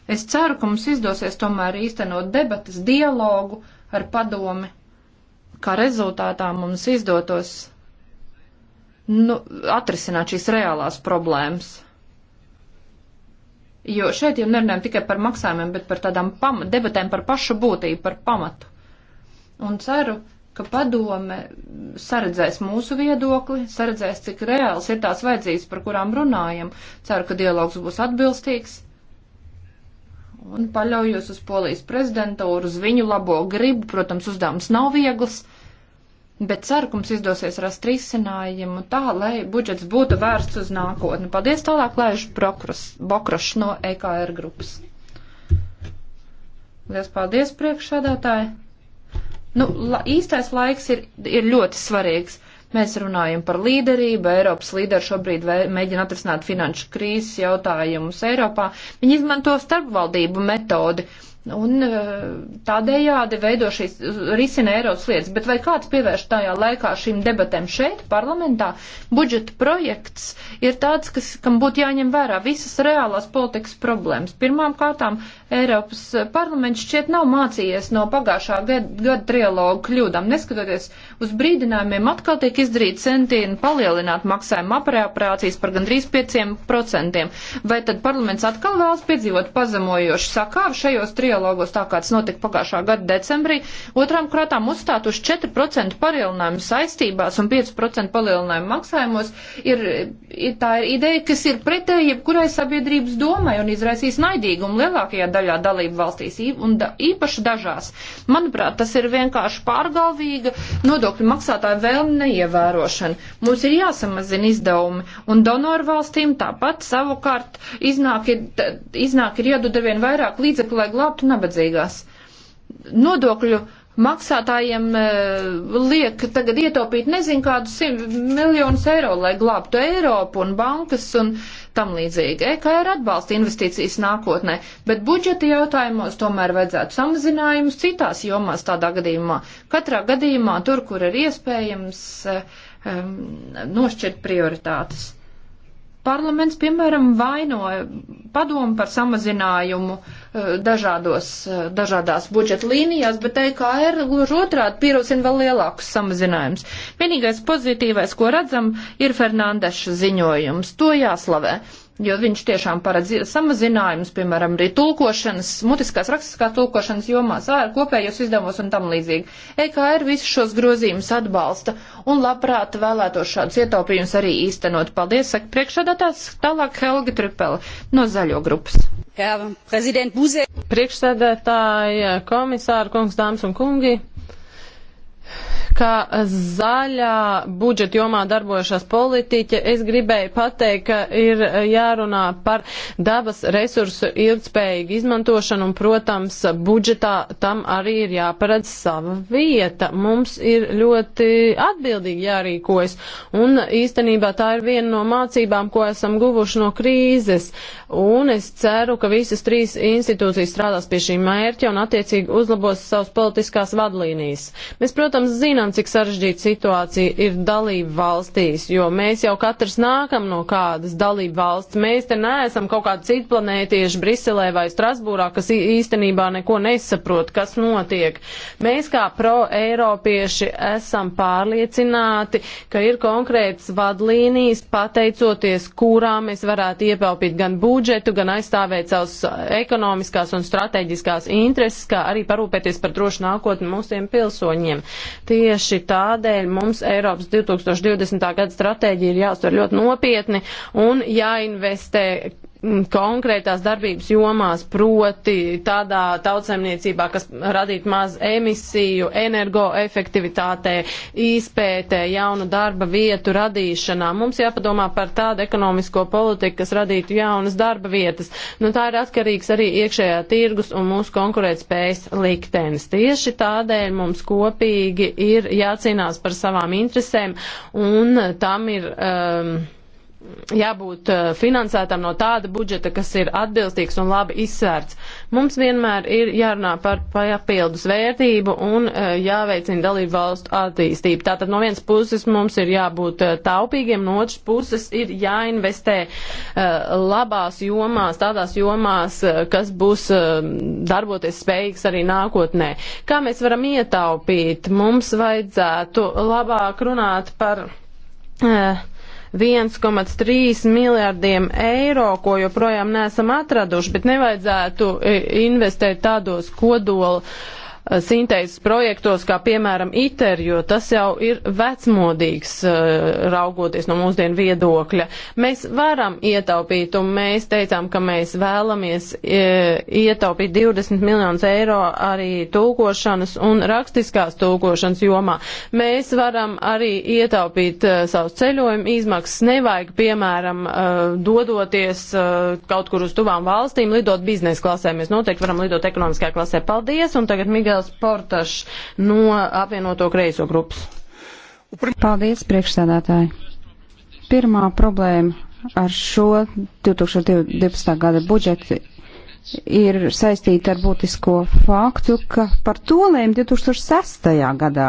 Es ceru, ka mums izdosies tomēr īstenot debatas, dialogu ar padomi, kā rezultātā mums izdotos nu, atrisināt šīs reālās problēmas. Jo šeit jau nerunājam tikai par maksājumiem, bet par tādām debatēm par pašu būtību, par pamatu. Un ceru, ka padome saredzēs mūsu viedokli, saredzēs, cik reāls ir tās vajadzības, par kurām runājam. Ceru, ka dialogs būs atbilstīgs un paļaujos uz polijas prezidentūru, uz viņu labo gribu. Protams, uzdevums nav viegls, bet ceru, ka mums izdosies rast risinājumu tā, lai budžets būtu vērsts uz nākotni. Paldies tālāk, Lēžu Bokrošs no EKR grupas. Lielas paldies priekšsādātāji! Nu, la, īstais laiks ir, ir ļoti svarīgs. Mēs runājam par līderību. Eiropas līderi šobrīd mēģina atrisināt finanšu krīzes jautājumus Eiropā. Viņi izmanto starpvaldību metodi. Un eh, tādējādi veido šīs risina Eiropas lietas. Bet vai kāds pievērš tajā laikā šīm debatēm šeit, parlamentā? Budžeta projekts ir tāds, kas, kam būtu jāņem vērā visas reālās politikas problēmas. Pirmām kārtām Eiropas parlaments šķiet nav mācījies no pagājušā gada, gada trialogu kļūdām, neskatoties Uz brīdinājumiem atkal tiek izdarīti centieni palielināt maksājumu apreoperācijas par gandrīz 5%. Vai tad parlaments atkal vēlas piedzīvot pazemojošu sakāvu šajos trialogos, tā kā tas notika pagājušā gada decembrī? Otrām krātām uzstāt uz 4% palielinājumu saistībās un 5% palielinājumu maksājumos ir, ir, tā ir ideja, kas ir pretēji jebkurai sabiedrības domai un izraisīs naidīgumu lielākajā daļā dalību valstīs un da, īpaši dažās. Manuprāt, tas ir vienkārši pārgalvīga. Nodot nodokļu maksātāju vēlmi neievērošana. Mums ir jāsamazina izdevumi, un donoru valstīm tāpat savukārt iznāk ir, iznāk ir jādod arvien vairāk līdzekļu, lai glābtu nabadzīgās. Nodokļu maksātājiem e, liek tagad ietaupīt nezinu kādus miljonus eiro, lai glābtu Eiropu un bankas un tam līdzīgi. EKR er atbalsta investīcijas nākotnē, bet budžeta jautājumos tomēr vajadzētu samazinājumus citās jomās tādā gadījumā. Katrā gadījumā tur, kur ir iespējams, um, nošķirt prioritātes. Parlaments, piemēram, vainoja padomu par samazinājumu eh, dažādos, eh, dažādās budžeta līnijās, bet EKR gluži otrādi pierosina vēl lielākus samazinājumus. Vienīgais pozitīvais, ko redzam, ir Fernandeša ziņojums. To jāslavē jo viņš tiešām paredz samazinājumus, piemēram, arī tulkošanas, mutiskās rakstiskās tulkošanas jomās, ār kopējos izdevumos un tam līdzīgi. EKR visus šos grozījumus atbalsta un labprāt vēlētos šādus ietaupījumus arī īstenot. Paldies, saka priekšsādātājs, tālāk Helga Tripela no Zaļo grupas. Priekšsēdētāja, komisāra kungs, dāmas un kungi, kā zaļā budžeta jomā darbojušās politiķe, es gribēju pateikt, ka ir jārunā par dabas resursu ilgspējīgu izmantošanu un, protams, budžetā tam arī ir jāparedz sava vieta. Mums ir ļoti atbildīgi jārīkojas un īstenībā tā ir viena no mācībām, ko esam guvuši no krīzes. Un es ceru, ka visas trīs institūcijas strādās pie šī mērķa un attiecīgi uzlabos savas politiskās vadlīnijas. Mēs, protams, zinām, zinām, cik sarežģīta situācija ir dalību valstīs, jo mēs jau katrs nākam no kādas dalību valsts. Mēs te neesam kaut kādi citplanētieši Briselē vai Strasbūrā, kas īstenībā neko nesaprot, kas notiek. Mēs kā pro-eiropieši esam pārliecināti, ka ir konkrētas vadlīnijas, pateicoties kurām mēs varētu ietaupīt gan budžetu, gan aizstāvēt savus ekonomiskās un strateģiskās intereses, kā arī parūpēties par drošu nākotni mūsiem pilsoņiem. Tie tieši tādēļ mums Eiropas 2020. gada stratēģija ir jāuztver ļoti nopietni un jāinvestē Mm, konkrētās darbības jomās, proti tādā tautsaimniecībā, kas radītu maz emisiju, energoefektivitātē, izpētē, jaunu darba vietu radīšanā. Mums jāpadomā par tādu ekonomisko politiku, kas radītu jaunas darba vietas. Nu, tā ir atkarīgs arī iekšējā tirgus un mūsu konkurētspējas liktenis. Tieši tādēļ mums kopīgi ir jācīnās par savām interesēm un tam ir. Um, jābūt eh, finansētam no tāda budžeta, kas ir atbilstīgs un labi izsvērts. Mums vienmēr ir jārunā par papildus vērtību un eh, jāveicina dalību valstu attīstību. Tātad no vienas puses mums ir jābūt eh, taupīgiem, no otras puses ir jāinvestē labās jomās, tādās jomās, kas būs darboties spējīgs arī nākotnē. Kā mēs varam ietaupīt? Mums vajadzētu labāk runāt par. Uh, 1,3 miljārdiem eiro, ko joprojām neesam atraduši, bet nevajadzētu e, investēt tādos kodola uh, Eh, sintēzes projektos, kā piemēram ITER, jo tas jau ir vecmodīgs, eh, raugoties no mūsdienu viedokļa. Mēs varam ietaupīt, un mēs teicām, ka mēs vēlamies eh, ietaupīt 20 miljonus eiro arī tulkošanas un rakstiskās tulkošanas jomā. Mēs varam arī ietaupīt savus ceļojumu izmaksas. Nevajag, piemēram, dodoties kaut kur uz tuvām valstīm, lidot biznesa klasē. Mēs noteikti varam lidot ekonomiskajā klasē. Paldies! Un tagad Miguel Mihēls Portašs no apvienoto kreiso grupas. Paldies, priekšstādātāji. Pirmā problēma ar šo 2012. gada budžetu ir saistīta ar būtisko faktu, ka par to lēma 2006. gadā.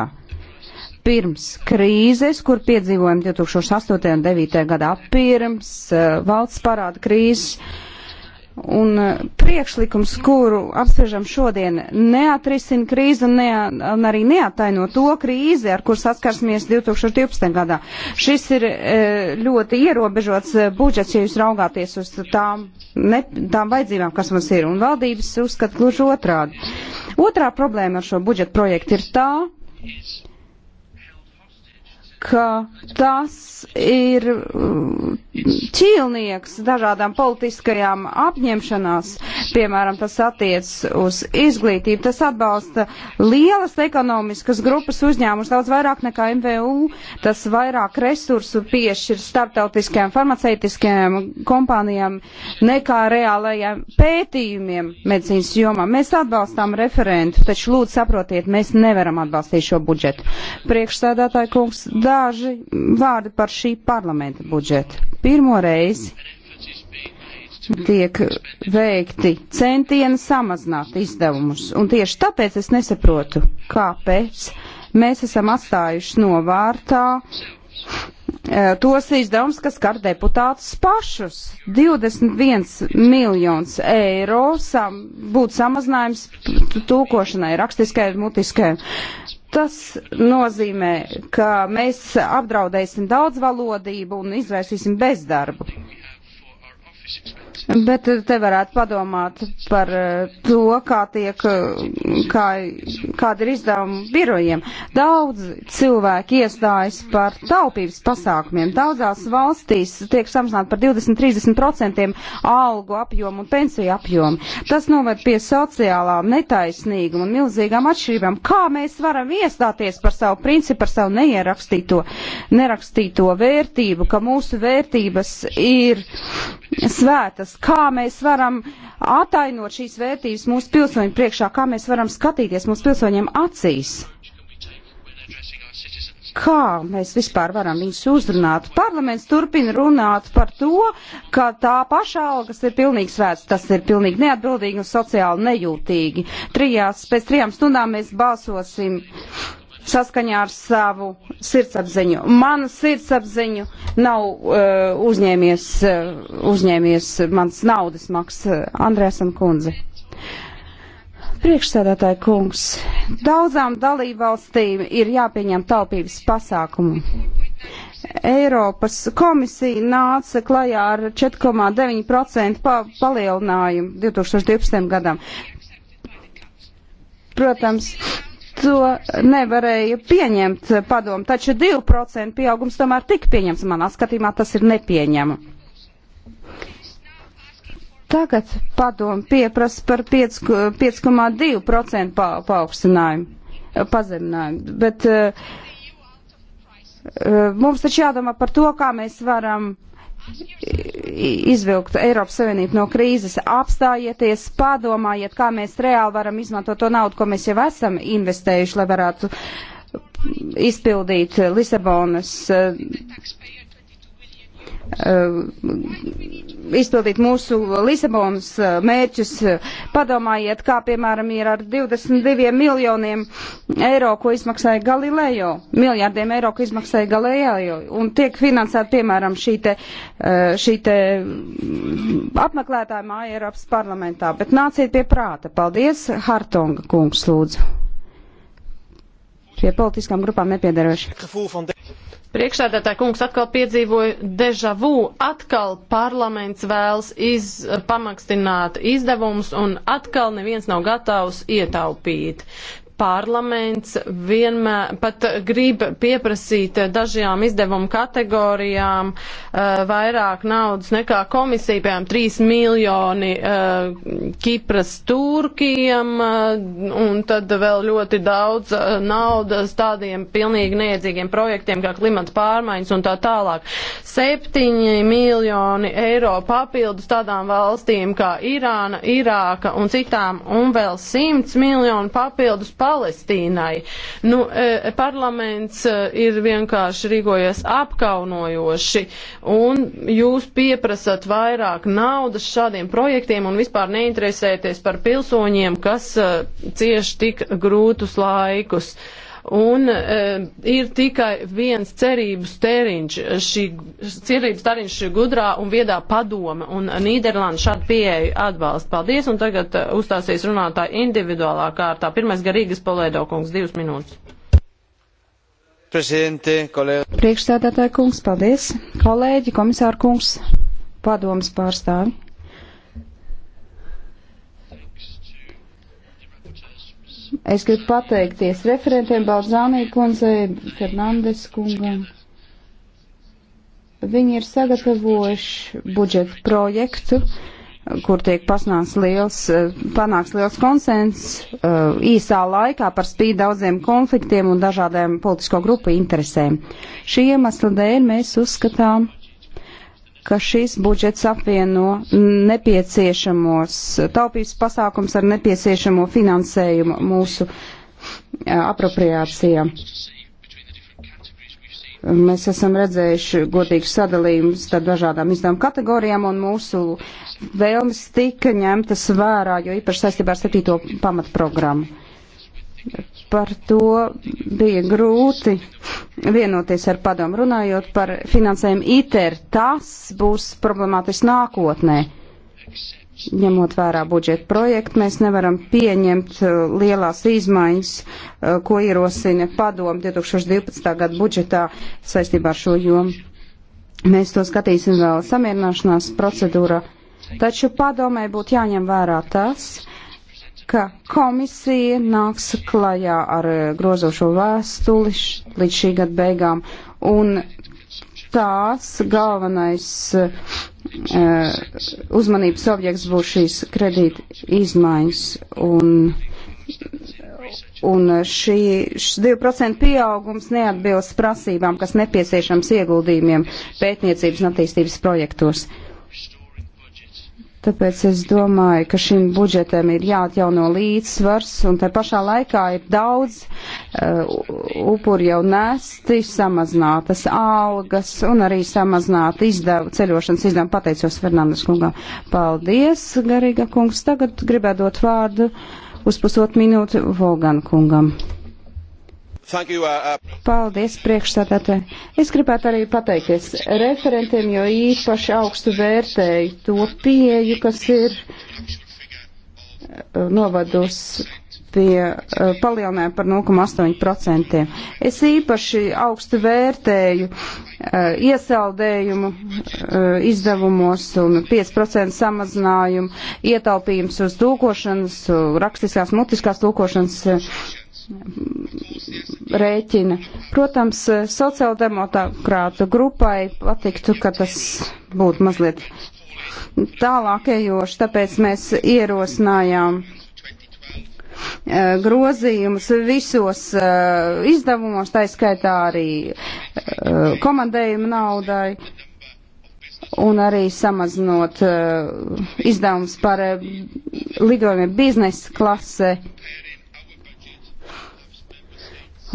Pirms krīzes, kur piedzīvojam 2008. un 2009. gadā, pirms uh, valsts parāda krīzes, uh, Un e, priekšlikums, kuru apspriežam šodien, neatrisina krīzi un, ne, un arī neataino to krīzi, ar kur saskarsimies 2012. gadā. Šis ir e, ļoti ierobežots e, budžets, ja jūs raugāties uz tām, ne, tām vajadzībām, kas mums ir, un valdības uzskata gluži otrādi. Otrā problēma ar šo budžetu projektu ir tā, ka tas ir ķīlnieks mm, dažādām politiskajām apņemšanās, piemēram, tas attiec uz izglītību, tas atbalsta lielas ekonomiskas grupas uzņēmumus daudz vairāk nekā MVU, tas vairāk resursu piešķir starptautiskajām farmaceitiskajām kompānijām nekā reālajiem pētījumiem medicīnas jomā. Mēs atbalstām referentu, taču lūdzu saprotiet, mēs nevaram atbalstīt šo budžetu. Priekšsēdētāji kungs, da, daži vārdi par šī parlamenta budžetu. Pirmo reizi tiek veikti centieni samazināt izdevumus, un tieši tāpēc es nesaprotu, kāpēc mēs esam atstājuši novārtā e, tos izdevums, kas skar deputātus pašus. 21 miljons eiro sam, būtu samazinājums tūkošanai, rakstiskai, mutiskai. Tas nozīmē, ka mēs apdraudēsim daudzvalodību un izvērsīsim bezdarbu. Bet te varētu padomāt par eh, to, kā tiek, eh, kā, kāda ir izdevuma birojiem. Daudz cilvēki iestājas par taupības pasākumiem. Daudzās valstīs tiek samazināt par 20-30% algu apjomu un pensiju apjomu. Tas noved pie sociālā netaisnīguma un milzīgām atšķirībām. Kā mēs varam iestāties par savu principu, par savu neierakstīto, nerakstīto vērtību, ka mūsu vērtības ir svētas? jautājums, kā mēs varam atainot šīs vērtības mūsu pilsoņu priekšā, kā mēs varam skatīties mūsu pilsoņiem acīs. Kā mēs vispār varam viņus uzrunāt? Parlaments turpina runāt par to, ka tā paša algas ir pilnīgi svēts. Tas ir pilnīgi neatbildīgi un sociāli nejūtīgi. Trijās, pēc trijām stundām mēs balsosim uh, saskaņā ar savu sirdsapziņu. Mana sirdsapziņu nav uh, uzņēmies, uh, uzņēmies mans naudas maks uh, Andrēsam kundzi. Priekšsēdētāji kungs, daudzām dalībvalstīm ir jāpieņem taupības pasākumu. Eiropas komisija nāca klajā ar 4,9% pa palielinājumu 2012. gadam. Protams, to nevarēja pieņemt padomu, taču 2% pieaugums tomēr tika pieņemts. Manā skatījumā tas ir nepieņemami. Tagad padomu pieprasa par 5,2% pa, paaugstinājumu, pazeminājumu, bet uh, mums taču jādomā par to, kā mēs varam izvilkt Eiropas Savienību no krīzes. Apstājieties, padomājiet, kā mēs reāli varam izmantot to naudu, ko mēs jau esam investējuši, lai varētu izpildīt Lisabonas Uh, izpildīt mūsu Lisabonas uh, mērķus. Padomājiet, kā piemēram ir ar 22 miljoniem eiro, ko izmaksāja Galileo, miljārdiem eiro, ko izmaksāja Galileo, un tiek finansēta piemēram šī te, uh, šī te apmeklētāja māja Eiropas parlamentā. Bet nāciet pie prāta. Paldies, Hartonga kungs, lūdzu. Pie politiskām grupām nepiedaroši. Priekšsēdētāja kungs atkal piedzīvoja dežavu, atkal parlaments vēlas iz, pamakstināt izdevumus un atkal neviens nav gatavs ietaupīt parlaments vienmēr pat grib pieprasīt dažajām izdevumu kategorijām uh, vairāk naudas nekā komisija, piemēram, 3 miljoni uh, Kipras Turkijam uh, eh, un tad vēl ļoti daudz uh, naudas tādiem pilnīgi neiedzīgiem projektiem kā klimata pārmaiņas un tā tālāk. 7 miljoni eiro papildus tādām valstīm kā Irāna, Irāka un citām un vēl 100 miljoni papildus papildus Palestīnai. Nu, e, parlaments e, ir vienkārši rīkojies apkaunojoši, un jūs pieprasat vairāk naudas šādiem projektiem un vispār neinteresēties par pilsoņiem, kas e, cieši tik grūtus laikus. Uh, Un e, ir tikai viens cerības tēriņš, šī cerības tēriņš gudrā un viedā padoma, un Nīderlanda šādu pieeju atbalsta. Paldies, un tagad eh, uzstāsies runātāji individuālā kārtā. Pirmais garīgas palēdokungs, divas minūtes. Priekšstādātāja kungs, paldies. Kolēģi, komisāra kungs, padomas pārstāvi. Es gribu pateikties referentiem Balzānī kundzei, Fernandes kungam. Viņi ir sagatavojuši budžetu projektu, kur tiek pasnāks liels, panāks liels konsens uh, īsā laikā par spīd daudziem konfliktiem un dažādiem politisko grupu interesēm. Šī iemesla dēļ mēs uzskatām, ka šis budžets apvieno nepieciešamos taupības pasākums ar nepieciešamo finansējumu mūsu apropriācijām. Mēs esam redzējuši godīgu sadalījumu starp dažādām izdevuma kategorijām, un mūsu vēlmes tika ņemtas vērā, jo īpaši saistībā ar septīto pamatprogrammu par to bija grūti vienoties ar padomu. Runājot par finansējumu ITER, tas būs problemātiski nākotnē. Ņemot vērā budžeta projektu, mēs nevaram pieņemt uh, lielās izmaiņas, uh, ko ierosina padomu 2012. gada budžetā saistībā ar šo jomu. Mēs to skatīsim vēl samierināšanās procedūrā. Taču padomē būtu jāņem vērā tas, uh, ka komisija nāks klajā ar eh, grozošo vēstuli līdz šī gada beigām, un tās galvenais uh, uzmanības objekts būs šīs kredīta izmaiņas, un, un šī, šis 2% pieaugums neatbilst prasībām, kas nepieciešams ieguldījumiem pētniecības un attīstības projektos. Uh, Tāpēc es domāju, ka šim budžetam ir jāatjauno līdzsvars, un te pašā laikā ir daudz uh, upuri jau nesti, samazinātas algas un arī samazināta izdev, ceļošanas izdevuma. Pateicos Fernandes kungam. Paldies, Garīga kungs. Tagad gribētu dot vārdu uz pusotru minūti Volgan kungam. Uh, uh, Paldies, priekšstādātāji. Es gribētu arī pateikties referentiem, jo īpaši augstu vērtēju to pieeju, kas ir uh, novadus pie palielinājuma par 0,8%. Es īpaši augstu vērtēju iesaldējumu izdevumos un 5% samazinājumu, ietaupījums uz tūkošanas, rakstiskās, mutiskās tūkošanas rēķina. Protams, eh, sociāldemokrātu grupai patiktu, ka tas būtu mazliet tālākajoši, tāpēc mēs ierosinājām eh, grozījumus visos eh, izdevumos, tā skaitā arī komandējuma naudai un arī samazinot izdevumus par lidojumiem biznesa klase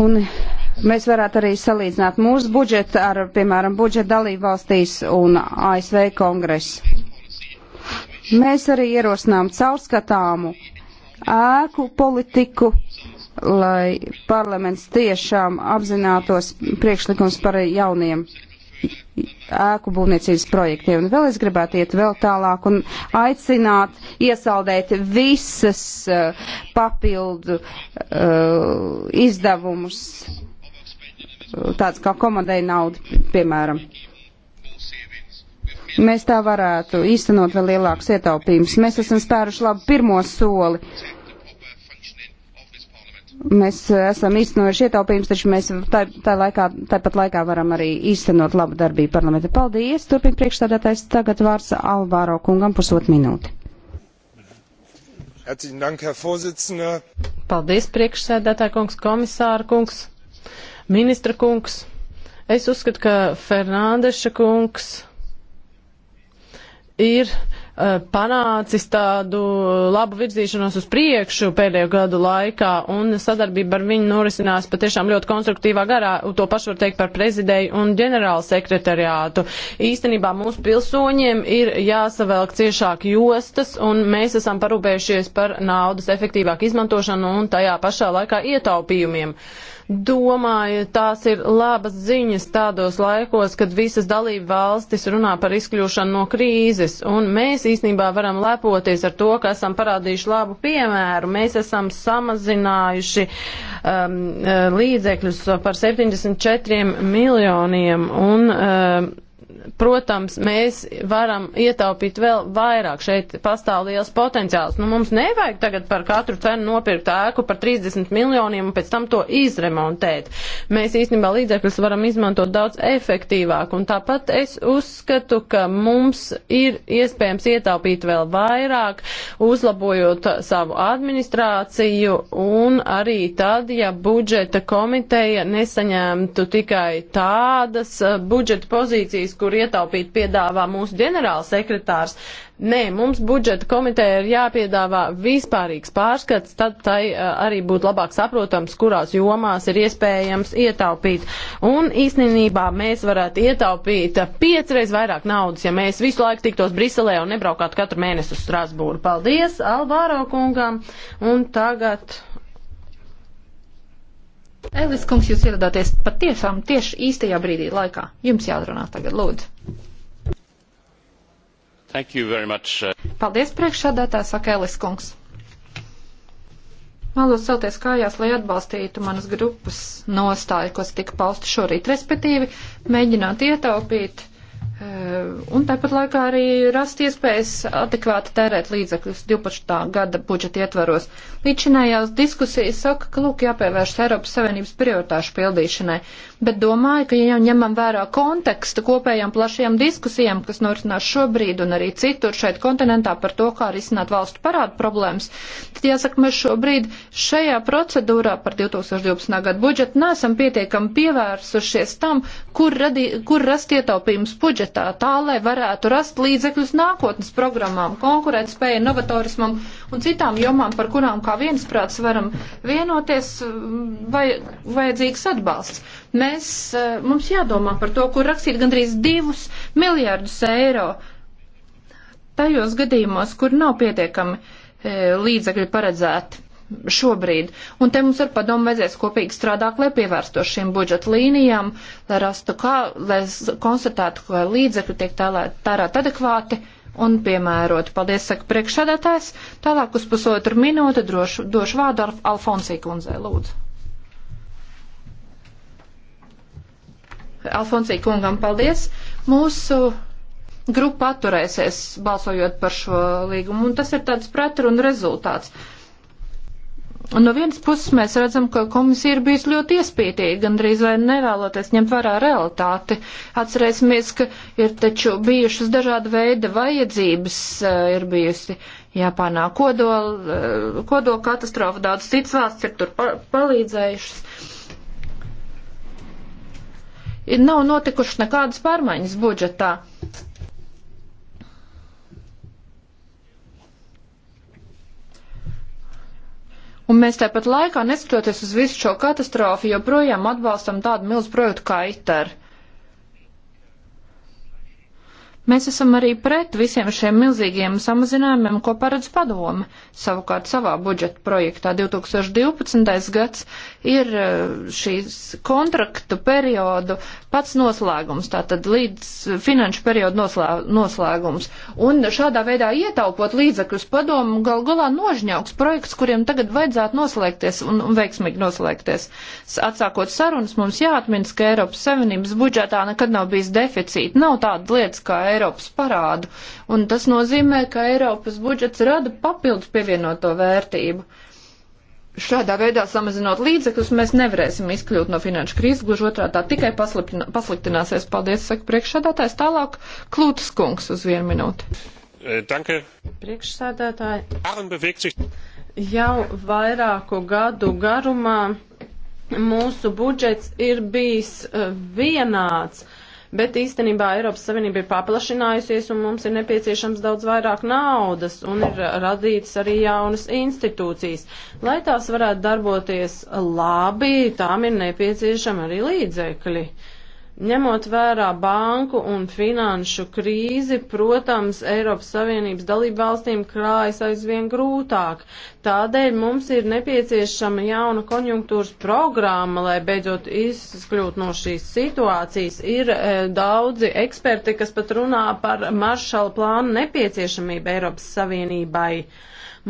Un mēs varētu arī salīdzināt mūsu budžetu ar, piemēram, budžetu dalību valstīs un ASV kongresu. Mēs arī ierosinām caurskatāmu ēku politiku, lai parlaments tiešām apzinātos priekšlikums par jauniem ēku būvniecības projektiem. Un vēl es gribētu iet vēl tālāk un aicināt iesaldēt visas uh, papildu uh, izdevumus, uh, tāds kā komandai nauda, piemēram. Mēs tā varētu īstenot vēl lielākus ietaupījumus. Mēs esam spēruši labu pirmo soli. Uh, mēs esam īstenojuši ietaupījumus, taču mēs tā, tā laikā, tāpat laikā varam arī īstenot labu darbību parlamentā. Paldies! Turpin priekšstādātais tagad vārds Alvāro kungam pusotru minūti. Paldies, priekšsēdētāja kungs, komisāra kungs, ministra kungs. Es uzskatu, ka Fernandeša kungs ir Eh, panācis tādu labu virzīšanos uz priekšu pēdējo gadu laikā, un sadarbība ar viņu norisinās patiešām ļoti konstruktīvā garā. To pašu var teikt par prezidēju un ģenerālu sekretariātu. Īstenībā mūsu pilsoņiem ir jāsavelk ciešāk jostas, un mēs esam parūpējušies par naudas efektīvāku izmantošanu un tajā pašā laikā ietaupījumiem. Uh, Domāju, tās ir labas ziņas tādos laikos, kad visas dalība valstis runā par izkļūšanu no krīzes, un mēs īstenībā varam lepoties ar to, ka esam parādījuši labu piemēru. Mēs esam samazinājuši um, uh, līdzekļus par 74 miljoniem, un um, protams, mēs varam ietaupīt vēl vairāk. Šeit pastāv liels potenciāls. Nu, mums nevajag tagad par katru cenu nopirkt ēku par 30 miljoniem un pēc tam to izremontēt. Mēs īstenībā līdzekļus varam izmantot daudz efektīvāk. Un tāpat es uzskatu, ka mums ir iespējams ietaupīt vēl vairāk, uzlabojot savu administrāciju un arī tad, ja budžeta komiteja nesaņemtu tikai tādas eh, budžeta pozīcijas, kur tur ietaupīt piedāvā mūsu ģenerālsekretārs. Nē, mums budžeta komiteja ir jāpiedāvā vispārīgs pārskats, tad tai eh, arī būtu labāk saprotams, kurās jomās ir iespējams ietaupīt. Un īstenībā mēs varētu ietaupīt piecreiz vairāk naudas, ja mēs visu laiku tiktos Briselē un nebraukātu katru mēnesi uz Strasbūru. Paldies Alvāro kungam! Un tagad. Elis kungs, jūs ieradāties patiešām tieši īstajā brīdī laikā. Jums jādrunā tagad, lūdzu. Thank you very much. Uh, Paldies priekšsādātā, saka Elis kungs. Vēlos celties kājās, lai atbalstītu manas grupas nostāju, kas tika pausta šorīt, respektīvi mēģināt ietaupīt Eh, un tāpat laikā arī rast iespējas adekvāti tērēt līdzekļus 12. gada budžeta ietvaros. Līdzinājās diskusijas saka, ka lūk jāpievērš Eiropas Savienības prioritāšu pildīšanai bet domāju, ka, ja jau ņemam vērā kontekstu kopējām plašajām diskusijām, kas norisinās šobrīd un arī citur šeit kontinentā par to, kā risināt valstu parādu problēmas, tad jāsaka, mēs šobrīd šajā procedūrā par 2012. gadu budžetu nesam pietiekami pievērsušies tam, kur, radī, kur rast ietaupījums budžetā, tā, lai varētu rast līdzekļus nākotnes programmām, konkurētspēja, novatorismam un citām jomām, par kurām kā viensprāts varam vienoties, vai, vajadzīgs atbalsts. Mēs, eh, mums jādomā par to, kur rakstīt gandrīz divus miljārdus eiro tajos gadījumos, kur nav pietiekami e, līdzekļi paredzēti šobrīd. Un te mums ar padomu vajadzēs kopīgi strādāt, lai pievērstos šīm budžeta līnijām, lai rastu kā, lai konstatētu, ka līdzekļi tiek tērēt adekvāti un piemēroti. Paldies, saka priekšsēdētājs. Tālāk uz pusotru minūti drošu, došu vārdu Alfonsī kundzei, lūdzu. Alfonsī kungam paldies. Mūsu grupa atturēsies balsojot par šo līgumu, un tas ir tāds pretrunu rezultāts. Un no vienas puses mēs redzam, ka komisija ir bijusi ļoti iespītīga, gandrīz vai nevēloties ņemt vērā realitāti. Atcerēsimies, ka ir taču bijušas dažāda veida vajadzības, eh, ir bijusi Japānā kodola kodol eh, katastrofa, daudz cits valsts ir tur palīdzējušas nav notikušas nekādas pārmaiņas budžetā. Un mēs tāpat laikā, neskatoties uz visu šo katastrofu, joprojām atbalstam tādu milzu projektu kā ITER. Mēs esam arī pret visiem šiem milzīgiem samazinājumiem, ko paredz padome. Savukārt savā budžeta projektā 2012. gads ir e, šīs kontraktu periodu pats noslēgums, tātad līdz e, finanšu periodu noslē, noslēgums. Un šādā veidā ietaupot līdzekļus padomu gal galā nožņauks projekts, kuriem tagad vajadzētu noslēgties un, un veiksmīgi noslēgties. Atsākot sarunas, mums jāatminas, ka Eiropas Savienības budžetā nekad nav bijis deficīti. Nav tāda lietas kā Eiropas Eiropas parādu, un tas nozīmē, ka Eiropas budžets rada papildus pievienoto vērtību. Šādā veidā samazinot līdzekļus, mēs nevarēsim izkļūt no finanšu krīzes, gluži otrā tā tikai pasliktināsies. Paldies, saka priekšsādātājs. Tālāk Klūtas kungs uz vienu minūti. Eh, danke. Priekšsādātāji. Jau vairāku gadu garumā mūsu budžets ir bijis eh, vienāds. Uh, bet īstenībā Eiropas Savienība ir paplašinājusies un mums ir nepieciešams daudz vairāk naudas un ir radītas arī jaunas institūcijas. Lai tās varētu darboties labi, tām ir nepieciešama arī līdzekļi. Uh, Ņemot vērā banku un finanšu krīzi, protams, Eiropas Savienības dalību valstīm krājas aizvien grūtāk. Tādēļ mums ir nepieciešama jauna konjunktūras programma, lai beidzot izkļūt no šīs situācijas. Ir e, daudzi eksperti, kas pat runā par maršala plānu nepieciešamību Eiropas Savienībai.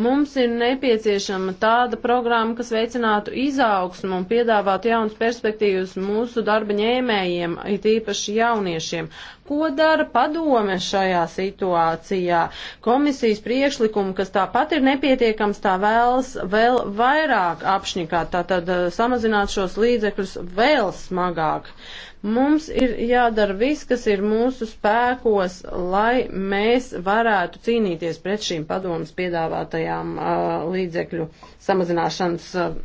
Mums ir nepieciešama tāda programma, kas veicinātu izaugsmu un piedāvātu jaunas perspektīvas mūsu darba ņēmējiem, it īpaši jauniešiem ko dara padome šajā situācijā? Komisijas priekšlikumu, kas tāpat ir nepietiekams, tā vēlas vēl vairāk apšņikāt, tātad eh, samazināt šos līdzekļus vēl smagāk. Mums ir jādara viss, kas ir mūsu spēkos, lai mēs varētu cīnīties pret šīm padomas piedāvātajām uh, līdzekļu samazināšanas uh,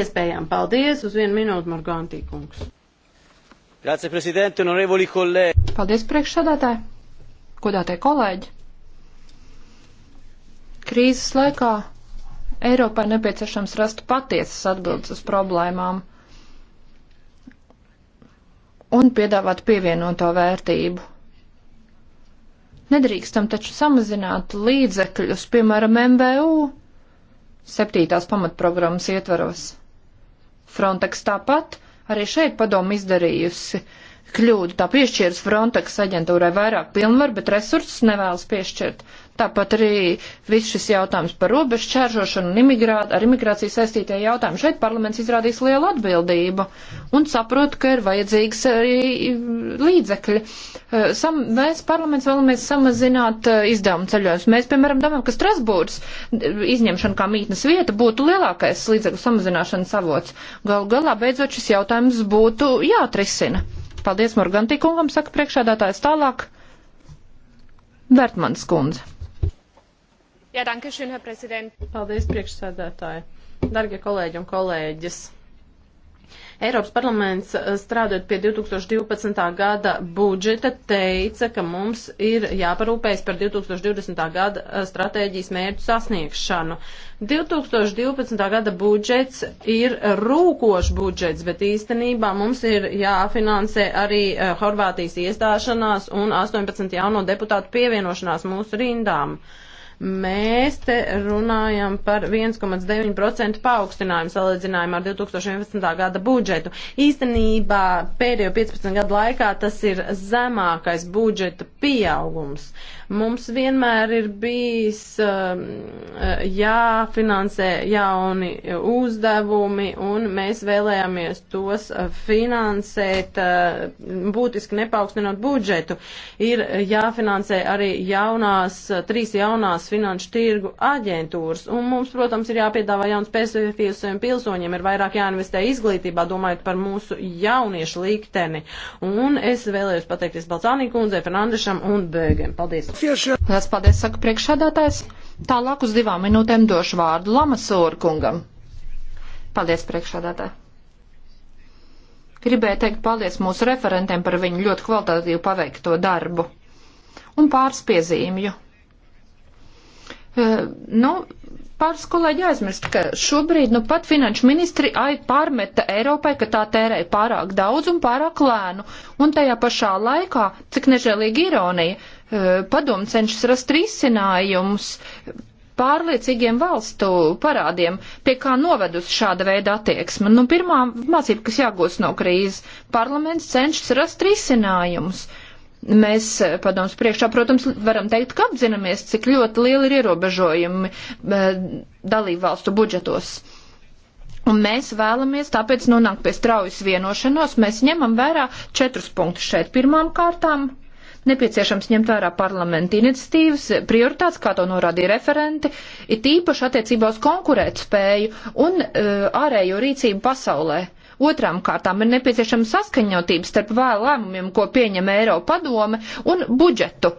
iespējām. Paldies! Uz vienu minūtu, Morgantīkungs! Grācija prezidente, honorevoli kolēģi. Paldies priekšsādātāji, godātie kolēģi. Krīzes laikā Eiropai nepieciešams rast patiesas atbildes uz problēmām un piedāvāt pievienoto vērtību. Nedrīkstam taču samazināt līdzekļus, piemēram, MVU septītās pamatprogrammas ietvaros. Frontex tāpat Arī šeit padomu izdarījusi kļūdu, tā piešķīras Frontex aģentūrai vairāk pilnvaru, bet resursus nevēlas piešķirt. Uh, Tāpat arī viss šis jautājums par robežu čēršošanu un imigrāt, ar imigrāciju saistītie jautājumi. Šeit parlaments izrādīs lielu atbildību un saprot, ka ir vajadzīgs arī līdzekļi. Eh, sam, mēs parlaments vēlamies samazināt eh, izdevumu ceļojumus. Mēs, piemēram, domājam, ka Strasbūrs eh, izņemšana kā mītnes vieta būtu lielākais līdzekļu samazināšanas avots. Gal galā beidzot šis jautājums būtu jāatrisina. Paldies Morgantī kungam, saka priekšādātājs tālāk. Bertmanis kundze. Jā, dankeschön, Herr Prezident. Paldies, priekšsēdētāji. Dargie kolēģi un kolēģis. Eiropas parlaments eh, strādājot pie 2012. gada budžeta teica, ka mums ir jāparūpējas par 2020. gada eh, stratēģijas mērķu sasniegšanu. 2012. gada budžets ir rūkošs budžets, bet īstenībā mums ir jāfinansē arī eh, Horvātijas iestāšanās un 18 jauno deputātu pievienošanās mūsu rindām. Uh, Mēs te runājam par 1,9% paaugstinājumu salīdzinājumā ar 2011. gada budžetu. Īstenībā pēdējo 15 gadu laikā tas ir zemākais budžeta pieaugums. Mums vienmēr ir bijis um, jāfinansē jauni uzdevumi, un mēs vēlējāmies tos finansēt, uh, būtiski nepaukstinot budžetu. Ir jāfinansē arī jaunās, trīs jaunās Eiropas Finanšu tirgu aģentūras. Un mums, protams, ir jāpiedāvā jauns perspektīvas saviem pilsoņiem, ir vairāk jāinvestē izglītībā, domājot par mūsu jauniešu likteni. Un es vēlējos pateikties Balcānī kundzei, Fernandešam un Bēgiem. Paldies! Lielas paldies, saka priekšādātājs. Tālāk uz divām minūtēm došu vārdu Lamasūra kungam. Paldies, priekšādātāji! Gribēju teikt paldies mūsu referentiem par viņu ļoti kvalitatīvu paveikto darbu un pāris piezīmju. Eh, nu, pāris kolēģi aizmirst, ka šobrīd nu pat finanšu ministri ai pārmeta Eiropai, ka tā tērē pārāk daudz un pārāk lēnu. Un tajā pašā laikā, cik nežēlīgi ironija, eh, padomu cenšas rast risinājumus pārliecīgiem valstu parādiem, pie kā novedusi šāda veida attieksme. Nu, pirmā mācība, kas jāgūst no krīzes, parlaments cenšas rast risinājumus. Uh, Mēs eh, padoms priekšā, protams, varam teikt, ka apzināmies, cik ļoti lieli ir ierobežojumi eh, dalību valstu budžetos. Un mēs vēlamies tāpēc nonākt pie straujas vienošanos. Mēs ņemam vērā četrus punktus šeit. Pirmām kārtām nepieciešams ņemt vērā parlamenta iniciatīvas, prioritātes, kā to norādīja referenti, ir tīpaši attiecībā uz konkurētspēju un uh, ārējo rīcību pasaulē. Uh, Otrām kārtām ir nepieciešama saskaņotība starp vēl lēmumiem, ko pieņem Eiropa padome un budžetu.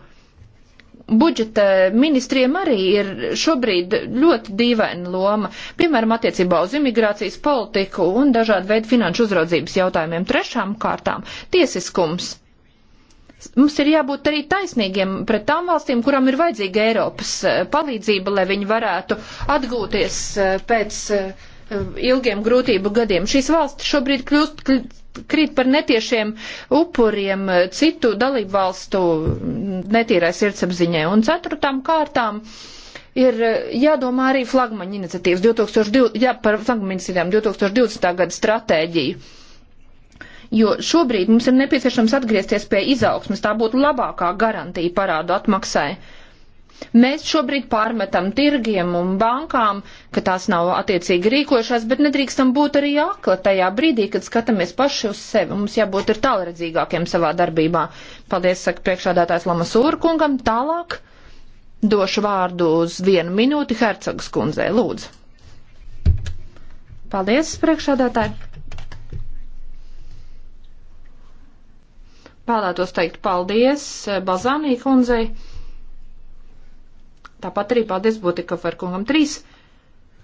Budžeta ministriem arī ir šobrīd ļoti dīvaina loma, piemēram, attiecībā uz imigrācijas politiku un dažādu veidu finanšu uzraudzības jautājumiem. Trešām kārtām - tiesiskums mums ir jābūt arī taisnīgiem pret tām valstīm, kurām ir vajadzīga Eiropas eh, palīdzība, lai viņi varētu atgūties eh, pēc uh, Eh, ilgiem grūtību gadiem. Šīs valsts šobrīd kļūst, krīt par netiešiem upuriem citu dalību valstu netīrai sirdsapziņai. Un ceturtām kārtām ir eh, jādomā arī flagmaņa iniciatīvas 2020, jā, par flagmaņa iniciatīvām 2020. gada stratēģiju. Jo šobrīd mums ir nepieciešams atgriezties pie izaugsmas, tā būtu labākā garantija parādu atmaksai. Uh, Mēs šobrīd pārmetam tirgiem un bankām, ka tās nav attiecīgi rīkojušās, bet nedrīkstam būt arī akla tajā brīdī, kad skatāmies paši uz sevi. Mums jābūt ir tālredzīgākiem savā darbībā. Paldies, saka priekšādātājs Lamas Urkungam. Tālāk došu vārdu uz vienu minūti Hercogas kundzei. Lūdzu. Paldies, priekšādātāji. vēlētos teikt paldies Bazānī kundzei Tāpat arī paldies Butikoferkungam. Trīs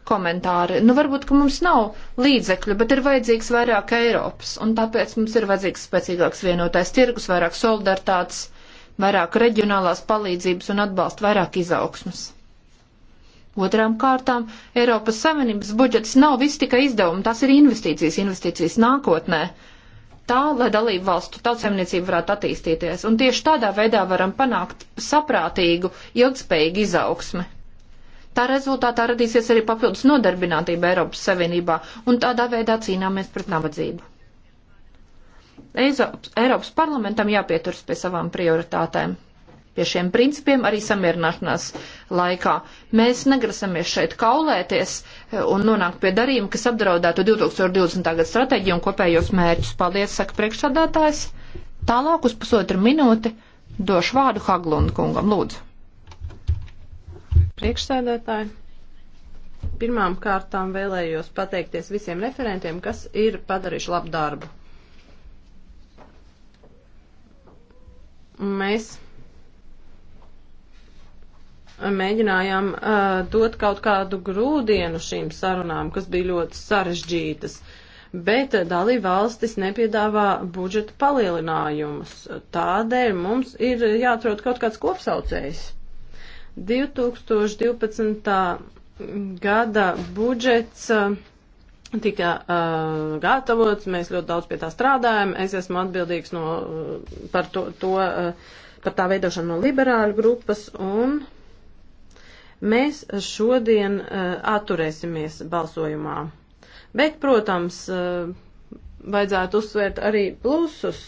komentāri. Nu, varbūt, ka mums nav līdzekļu, bet ir vajadzīgs vairāk Eiropas, un tāpēc mums ir vajadzīgs spēcīgāks vienotais tirgus, vairāk solidaritātes, vairāk reģionālās palīdzības un atbalsta, vairāk izaugsmas. Otrām kārtām, Eiropas Savienības budžets nav viss tikai izdevumi, tas ir investīcijas, investīcijas nākotnē, tā, lai dalību valstu tautsēmniecība varētu attīstīties. Un tieši tādā veidā varam panākt saprātīgu, ilgspējīgu izaugsmi. Tā rezultātā radīsies arī papildus nodarbinātība Eiropas Savienībā, un tādā veidā cīnāmies pret nabadzību. Eizops, Eiropas parlamentam jāpieturas pie savām prioritātēm pie šiem principiem arī samierināšanās laikā. Mēs negrasamies šeit kaulēties e, un nonākt pie darījuma, kas apdraudētu 2020. gada stratēģiju un kopējos mērķus. Paldies, saka priekšsādātājs. Tālāk uz pusotru minūti došu vārdu Haglund kungam. Lūdzu. Priekšsēdētāji, pirmām kārtām vēlējos pateikties visiem referentiem, kas ir padarījuši labu darbu. Mēs mēģinājām uh, dot kaut kādu grūdienu šīm sarunām, kas bija ļoti sarežģītas. Bet dalība valstis nepiedāvā budžeta palielinājumus. Tādēļ mums ir jāatrod kaut kāds kopsaucējs. 2012. gada budžets. Uh, tika uh, gatavots, mēs ļoti daudz pie tā strādājam. Es esmu atbildīgs no, par, to, to, uh, par tā veidošanu no liberāļu grupas, un Mēs šodien uh, atturēsimies balsojumā. Bet, protams, uh, vajadzētu uzsvērt arī plusus.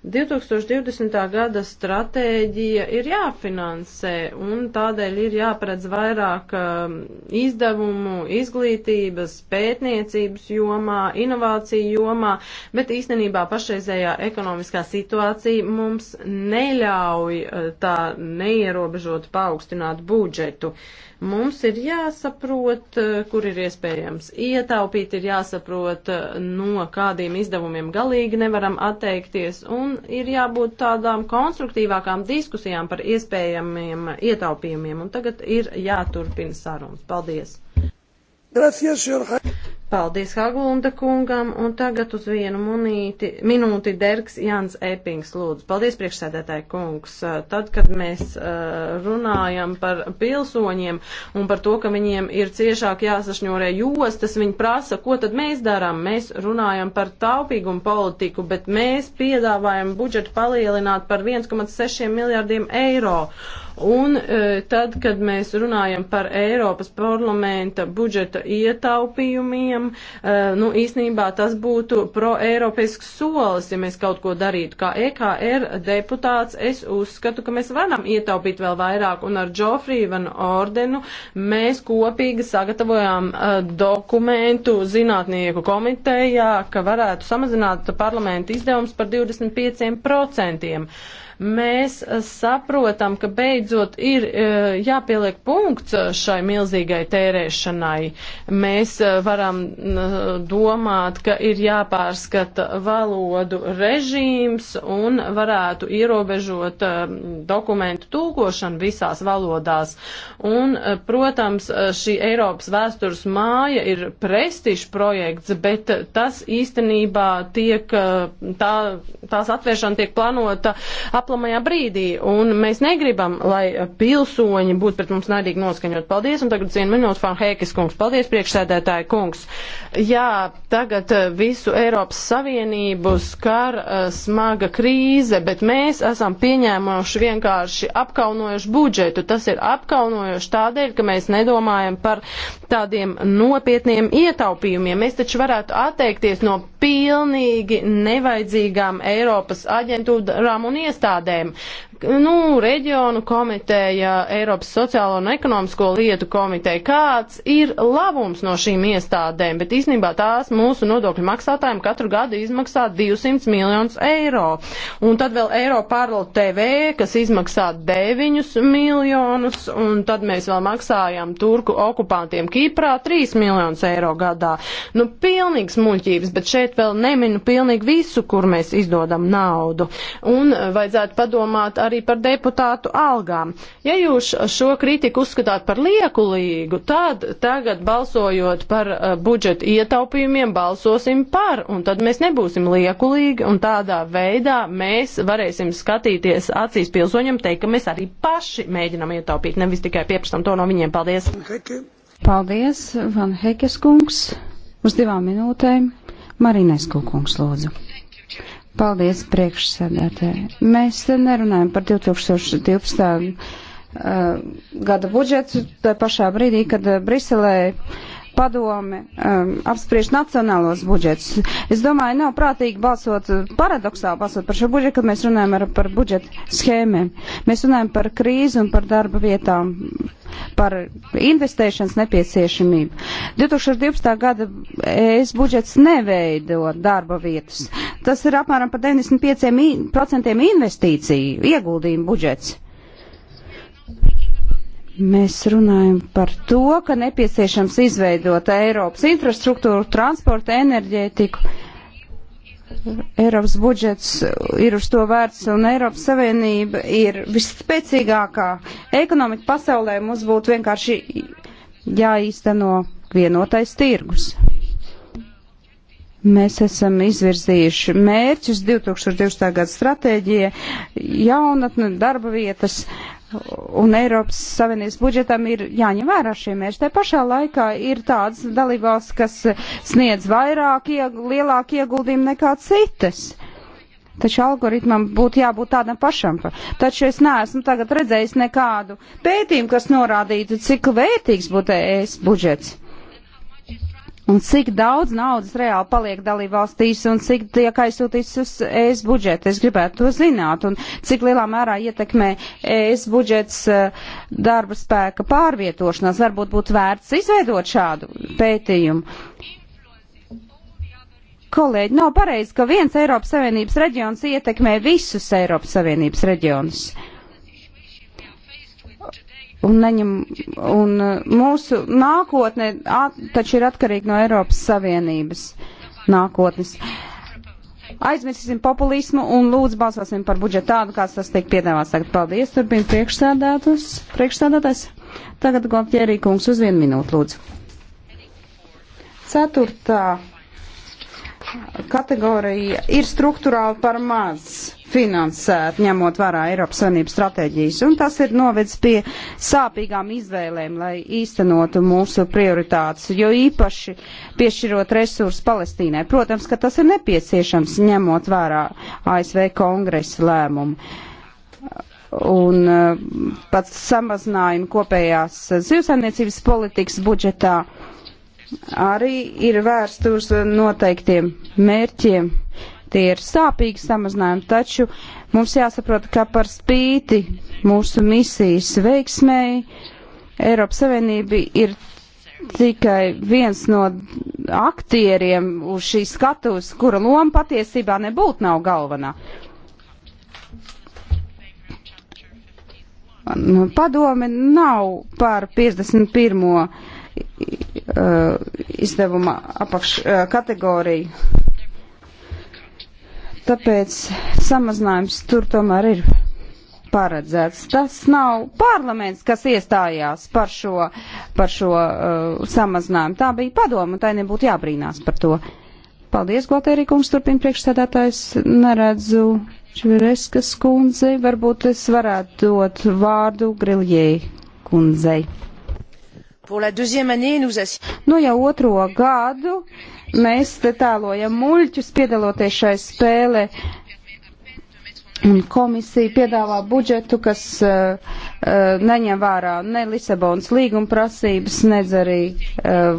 2020. gada stratēģija ir jāfinansē, un tādēļ ir jāparedz vairāk um, izdevumu izglītības, pētniecības jomā, inovāciju jomā, bet īstenībā pašreizējā ekonomiskā situācija mums neļauj uh, tā neierobežot paaugstināt budžetu. Uh, Mums ir jāsaprot, eh, kur ir iespējams ietaupīt, ir jāsaprot, eh, no kādiem izdevumiem galīgi nevaram atteikties, un ir jābūt tādām konstruktīvākām diskusijām par iespējamiem ietaupījumiem, un tagad ir jāturpina sarunas. Paldies! Paldies Haglunda kungam, un tagad uz vienu munīti, minūti Derks Jans Epings lūdzu. Paldies priekšsēdētāji kungs. Tad, kad mēs eh, runājam par pilsoņiem un par to, ka viņiem ir ciešāk jāsašņorē jostas, viņi prasa, ko tad mēs darām. Mēs runājam par taupīgumu politiku, bet mēs piedāvājam budžetu palielināt par 1,6 miljārdiem eiro. Un e, tad, kad mēs runājam par Eiropas parlamenta budžeta ietaupījumiem, e, nu īsnībā tas būtu proeiropisks solis, ja mēs kaut ko darītu. Kā EKR deputāts es uzskatu, ka mēs varam ietaupīt vēl vairāk, un ar Džofriju Van Ordenu mēs kopīgi sagatavojām e, dokumentu zinātnieku komitejā, ka varētu samazināt parlamenta izdevums par 25% mēs eh, saprotam, ka beidzot ir eh, jāpieliek punkts eh, šai milzīgai tērēšanai. Mēs varam domāt, ka ir jāpārskata valodu režīms un varētu ierobežot dokumentu tulkošanu visās valodās. Un, protams, šī Eiropas vēstures māja ir prestižs projekts, bet tas īstenībā tiek, tā, tās atvēršana tiek plānota aplēst nepatlamajā brīdī, un mēs negribam, lai pilsoņi būtu pret mums naidīgi noskaņot. Paldies, un tagad zinu minūtes Fanhēkis kungs. Paldies, priekšsēdētāji kungs. Jā, tagad eh, visu Eiropas Savienību skar uh, smaga krīze, bet mēs esam pieņēmuši vienkārši apkaunojuši budžetu. Tas ir apkaunojuši tādēļ, ka mēs nedomājam par tādiem nopietniem ietaupījumiem. Mēs taču varētu atteikties no pilnīgi nevajadzīgām Eiropas aģentūrām un iestādēm iestādēm. Nu, reģionu komiteja, Eiropas sociālo un ekonomisko lietu komiteja, kāds ir labums no šīm iestādēm, bet īstenībā tās mūsu nodokļu maksātājiem katru gadu izmaksā 200 miljonus eiro. Un tad vēl Eiro Parlo TV, kas izmaksā 9 miljonus, un tad mēs vēl maksājam turku okupantiem Kiprā 3 miljonus eiro gadā. Nu, pilnīgs muļķības, bet šeit vēl neminu pilnīgi visu, kur mēs izdodam naudu. Un vajadzētu vajadzētu padomāt arī par deputātu algām. Ja jūs šo kritiku uzskatāt par liekulīgu, tad tagad balsojot par uh, budžeta ietaupījumiem balsosim par, un tad mēs nebūsim liekulīgi, un tādā veidā mēs varēsim skatīties acīs pilsoņiem, teikt, ka mēs arī paši mēģinām ietaupīt, nevis tikai pieprasam to no viņiem. Paldies! Paldies, Van Hekes kungs! Uz divām minūtēm Marīnēs kungs lūdzu. Paldies priekšsēdētāji. Mēs te nerunājam par 2012. Uh, gada budžetu, tā pašā brīdī, kad uh, Briselē padome um, apspriež nacionālos budžetus. Es domāju, nav prātīgi balsot, paradoksāli balsot par šo budžetu, kad mēs runājam ar, par budžetu schēmēm. Mēs runājam par krīzi un par darba vietām, par investēšanas nepieciešamību. 2012. gada es budžets neveido darba vietas. Tas ir apmēram par 95% investīciju, ieguldījumu budžets. Mēs runājam par to, ka nepieciešams izveidot Eiropas infrastruktūru, transportu, enerģētiku. Eiropas budžets ir uz to vērts un Eiropas Savienība ir visspēcīgākā ekonomika pasaulē. Mums būtu vienkārši jāīsteno vienotais tirgus. Mēs esam izvirzījuši mērķus 2020. gada stratēģija, jaunatne, darba vietas. Uh, Un Eiropas Savienības budžetam ir jāņem vērā šie mērķi. Te pašā laikā ir tāds dalībās, kas sniedz vairāk, ieg lielāk ieguldījumu nekā citas. Taču algoritmam būtu jābūt tādam pašam. Taču es neesmu tagad redzējis nekādu pētījumu, kas norādītu, cik vērtīgs būtu ES budžets un cik daudz naudas reāli paliek dalībvalstīs un cik tiek aizsūtīts uz ES budžetu. Es gribētu to zināt un cik lielā mērā ietekmē ES budžets eh, darba spēka pārvietošanās. Varbūt būtu vērts izveidot šādu pētījumu. Kolēģi, nav pareizi, ka viens Eiropas Savienības reģions ietekmē visus Eiropas Savienības reģionus. Un, neņem, un uh, mūsu nākotne at, taču ir atkarīga no Eiropas Savienības nākotnes. Aizmirsīsim populismu un lūdzu balsosim par budžetu tādu, kāds tas tiek piedāvāts tagad. Paldies, turpina priekšsēdētājs. Tagad Gopķērī kungs uz vienu minūtu, lūdzu. Ceturtā kategorija ir struktūrāli par maz finansēta, ņemot vērā Eiropas Savienības stratēģijas. Un tas ir novedis pie sāpīgām izvēlēm, lai īstenotu mūsu prioritātes, jo īpaši piešķirot resursus Palestīnai. Protams, ka tas ir nepieciešams, ņemot vērā ASV kongresa lēmumu. Un uh, pats samazinājumi kopējās zivsaimniecības politikas budžetā arī ir vērst uz noteiktiem mērķiem. Uh, Tie ir sāpīgi samazinājumi, taču mums jāsaprot, ka par spīti mūsu misijas veiksmēji Eiropas Savienība ir tikai viens no aktieriem uz šīs skatuves, kura loma patiesībā nebūtu nav galvenā. Nu, Padome nav par 51. Uh, izdevuma apakš uh, kategoriju tāpēc samazinājums tur tomēr ir paredzēts. Tas nav parlaments, kas iestājās par šo, par šo uh, samazinājumu. Tā bija padoma, un tai nebūtu jābrīnās par to. Paldies, Glotērī kungs, turpina priekšstādātājs. Neredzu Čvireskas kundzi. Varbūt es varētu dot vārdu Griljē kundzei. Nu jau otro gadu mēs detālojam muļķus piedaloties šai spēlē. Un komisija piedāvā budžetu, kas uh, uh, neņem vērā ne Lisabonas līguma prasības, nedz arī uh,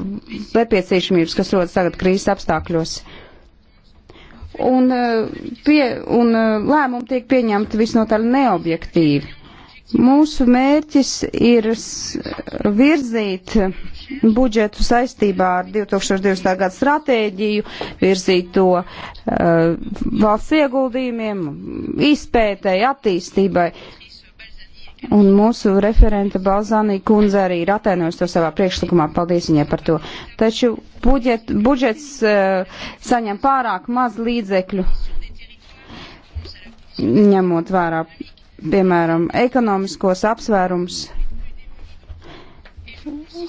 nepieciešamības, kas rodas tagad krīzes apstākļos. Un, uh, pie, un uh, lēmumi tiek pieņemti visnotaļ neobjektīvi. Mūsu mērķis ir virzīt budžetu saistībā ar 2020. gada stratēģiju, virzīt to uh, valsts ieguldījumiem, izpētēji, attīstībai. Un mūsu referenta Balzānī kundze arī ir atainojusi to savā priekšlikumā, paldies viņai par to. Taču budžet, budžets uh, saņem pārāk maz līdzekļu, ņemot vērā piemēram, ekonomiskos apsvērums.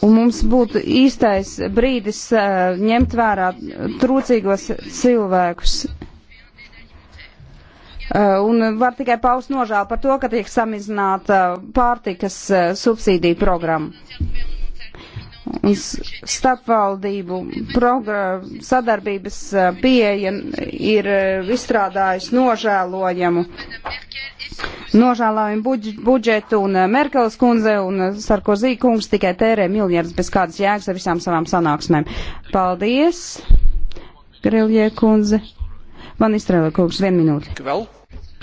Un mums būtu īstais brīdis uh, ņemt vērā trūcīgos cilvēkus. Uh, un var tikai paust nožēlu par to, ka tiek samazināta pārtikas uh, eh, subsīdija programma starpvaldību sadarbības eh, pieeja ir eh, izstrādājusi nožēlojamu. Nožēlojumu budžetu un eh, Merkeles kundze un Sarkozī kungs tikai tērē miljardus bez kādas jēgas ar visām savām sanāksmēm. Paldies, Grilje kundze. Man izstrēlē kungs, vienu minūti.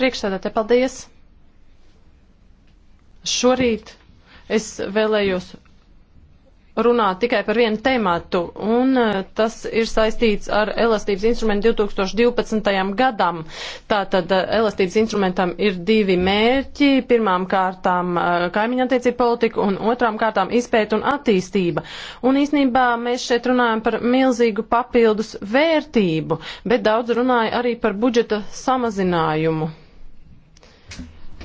Priekšsēdētāji, paldies. Šorīt es vēlējos runāt tikai par vienu tematu, un eh, tas ir saistīts ar elastības instrumentu 2012. gadam. Tātad eh, elastības instrumentam ir divi mērķi. Pirmām kārtām eh, kaimiņa attiecība politika, un otrām kārtām izpēta un attīstība. Un īsnībā mēs šeit runājam par milzīgu papildus vērtību, bet daudz runāja arī par budžeta samazinājumu.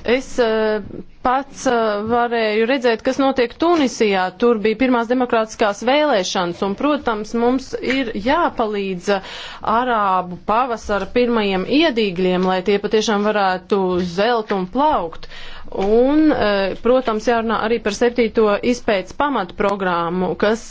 Es eh, pats eh, varēju redzēt, kas notiek Tunisijā. Tur bija pirmās demokrātiskās vēlēšanas, un, protams, mums ir jāpalīdz arābu pavasara pirmajiem iedīgļiem, lai tie patiešām varētu zelt un plaukt. Un, eh, protams, jārunā arī par septīto izpētes pamatu programmu, kas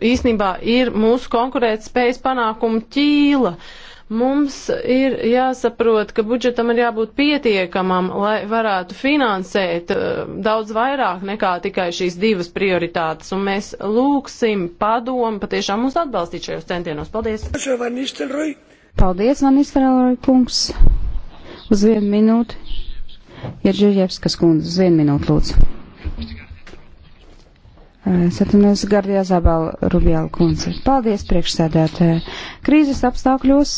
īsnībā ir mūsu konkurētspējas panākumu ķīla. Uh, Mums ir jāsaprot, ka budžetam ir jābūt pietiekamam, lai varētu finansēt eh, daudz vairāk nekā tikai šīs divas prioritātes, un mēs lūksim padomu patiešām mūs atbalstīt šajos centienos. Paldies! Paldies, Van Nistelroj kungs! Uz vienu minūti ir Žirjevskas kundze, uz vienu minūti lūdzu. Satunies Gardijā Zabala Rubjāla kundze. Paldies priekšsēdētāji. Krīzes apstākļos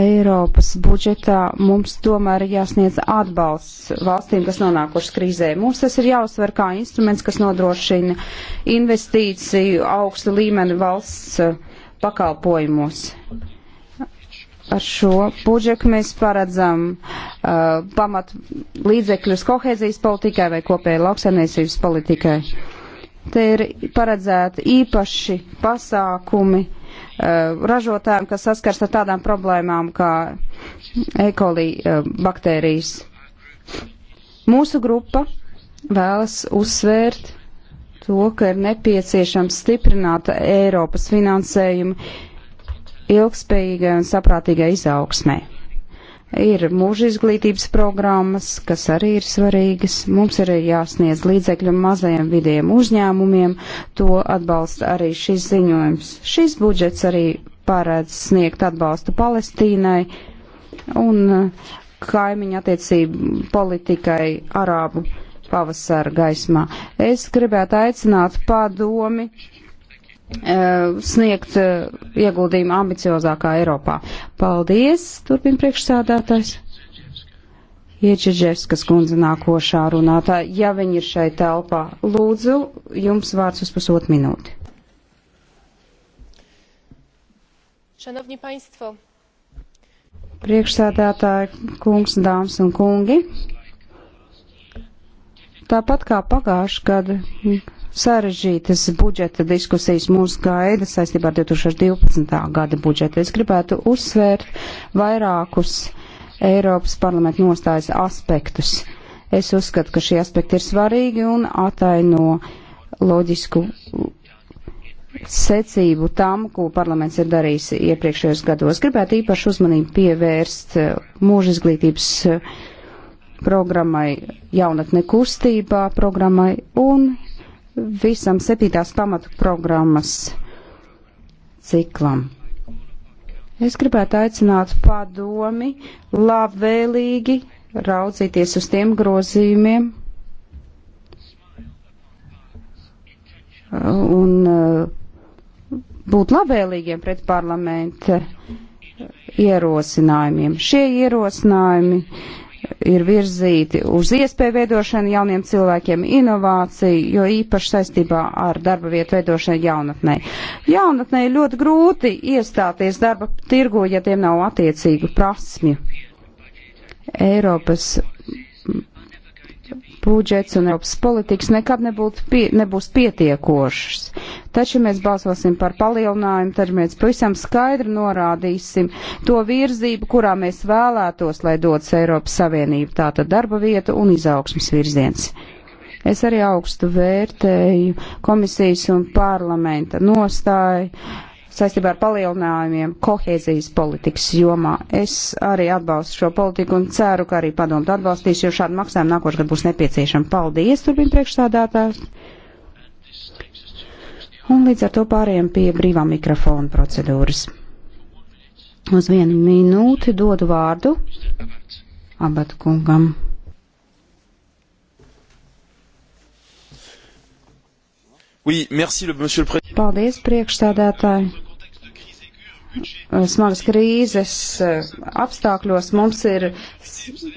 Eiropas budžetā mums tomēr ir jāsniedz atbalsts valstīm, kas nonākušas krīzē. Mums tas ir jāuzsver kā instruments, kas nodrošina investīciju augstu līmeni valsts pakalpojumos ar šo budžetu mēs paredzam uh, pamat līdzekļus kohēzijas politikai vai kopējai lauksaimniecības politikai. Te ir paredzēti īpaši pasākumi uh, ražotājiem, kas saskars ar tādām problēmām kā ekolī uh, baktērijas. Mūsu grupa vēlas uzsvērt to, ka ir nepieciešams stiprināt Eiropas finansējumu ilgspējīgai un saprātīgai izaugsmē. Ir mūža izglītības programmas, kas arī ir svarīgas. Mums ir jāsniedz līdzekļu mazajiem vidiem uzņēmumiem. To atbalsta arī šis ziņojums. Šis budžets arī paredz sniegt atbalstu Palestīnai un uh, kaimiņu attiecību politikai Arābu pavasara gaismā. Es gribētu aicināt padomi Uh, sniegt uh, ieguldījumu ambiciozākā Eiropā. Paldies, turpina priekšsādātājs. Iečeģevskas kundze nākošā runātā, ja viņi ir šai telpā, lūdzu, jums vārds uz pusotru minūti. Šanovņi paņstvo. Priekšsēdētāji, kungs, dāmas un kungi. Tāpat kā pagājuši gadu sarežģītas budžeta diskusijas mūs gaida saistībā ar 2012. gada budžetu. Es gribētu uzsvērt vairākus Eiropas parlamenta nostājas aspektus. Es uzskatu, ka šie aspekti ir svarīgi un ataino loģisku secību tam, ko parlaments ir darījis iepriekšējos gados. Gribētu īpašu uzmanību pievērst mūža izglītības programmai jaunatne kustībā programmai un visam septītās pamatu programmas ciklam. Es gribētu aicināt padomi labvēlīgi raudzīties uz tiem grozījumiem un uh, būt labvēlīgiem pret parlamenta ierosinājumiem. Šie ierosinājumi uh, ir virzīti uz iespēju veidošanu jauniem cilvēkiem, inovāciju, jo īpaši saistībā ar darba vietu veidošanu jaunatnē. Jaunatnē ir ļoti grūti iestāties darba tirgu, ja tiem nav attiecīgu prasmju. Eiropas budžets un Eiropas politikas nekad nebūtu, pie, nebūs pietiekošas. Taču, ja mēs balsosim par palielinājumu, tad mēs pavisam skaidri norādīsim to virzību, kurā mēs vēlētos, lai dodas Eiropas Savienība, tātad darba vieta un izaugsmas virziens. Es arī augstu vērtēju komisijas un parlamenta nostāju saistībā ar palielinājumiem kohēzijas politikas jomā. Es arī atbalstu šo politiku un ceru, ka arī padomu atbalstīs, jo šādu maksājumu nākošgad būs nepieciešama. Paldies, turpin priekšstādātājs. Un līdz ar to pārējiem pie brīvā mikrofona procedūras. Uz vienu minūti dodu vārdu abatu kungam. Oui, merci, le, Paldies, priekšstādātāji smagas krīzes eh, apstākļos mums ir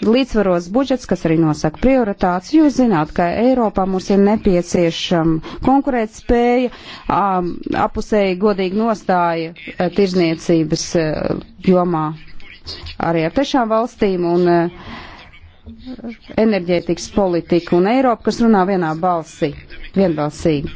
līdzsvarots budžets, kas arī nosaka prioritātes. Jūs zināt, ka Eiropā mums ir nepieciešama konkurētspēja, apusēji godīgi nostāja eh, tirzniecības eh, jomā arī ar tešām valstīm un enerģētikas politika un Eiropa, kas runā vienā balsī, vienbalsīgi.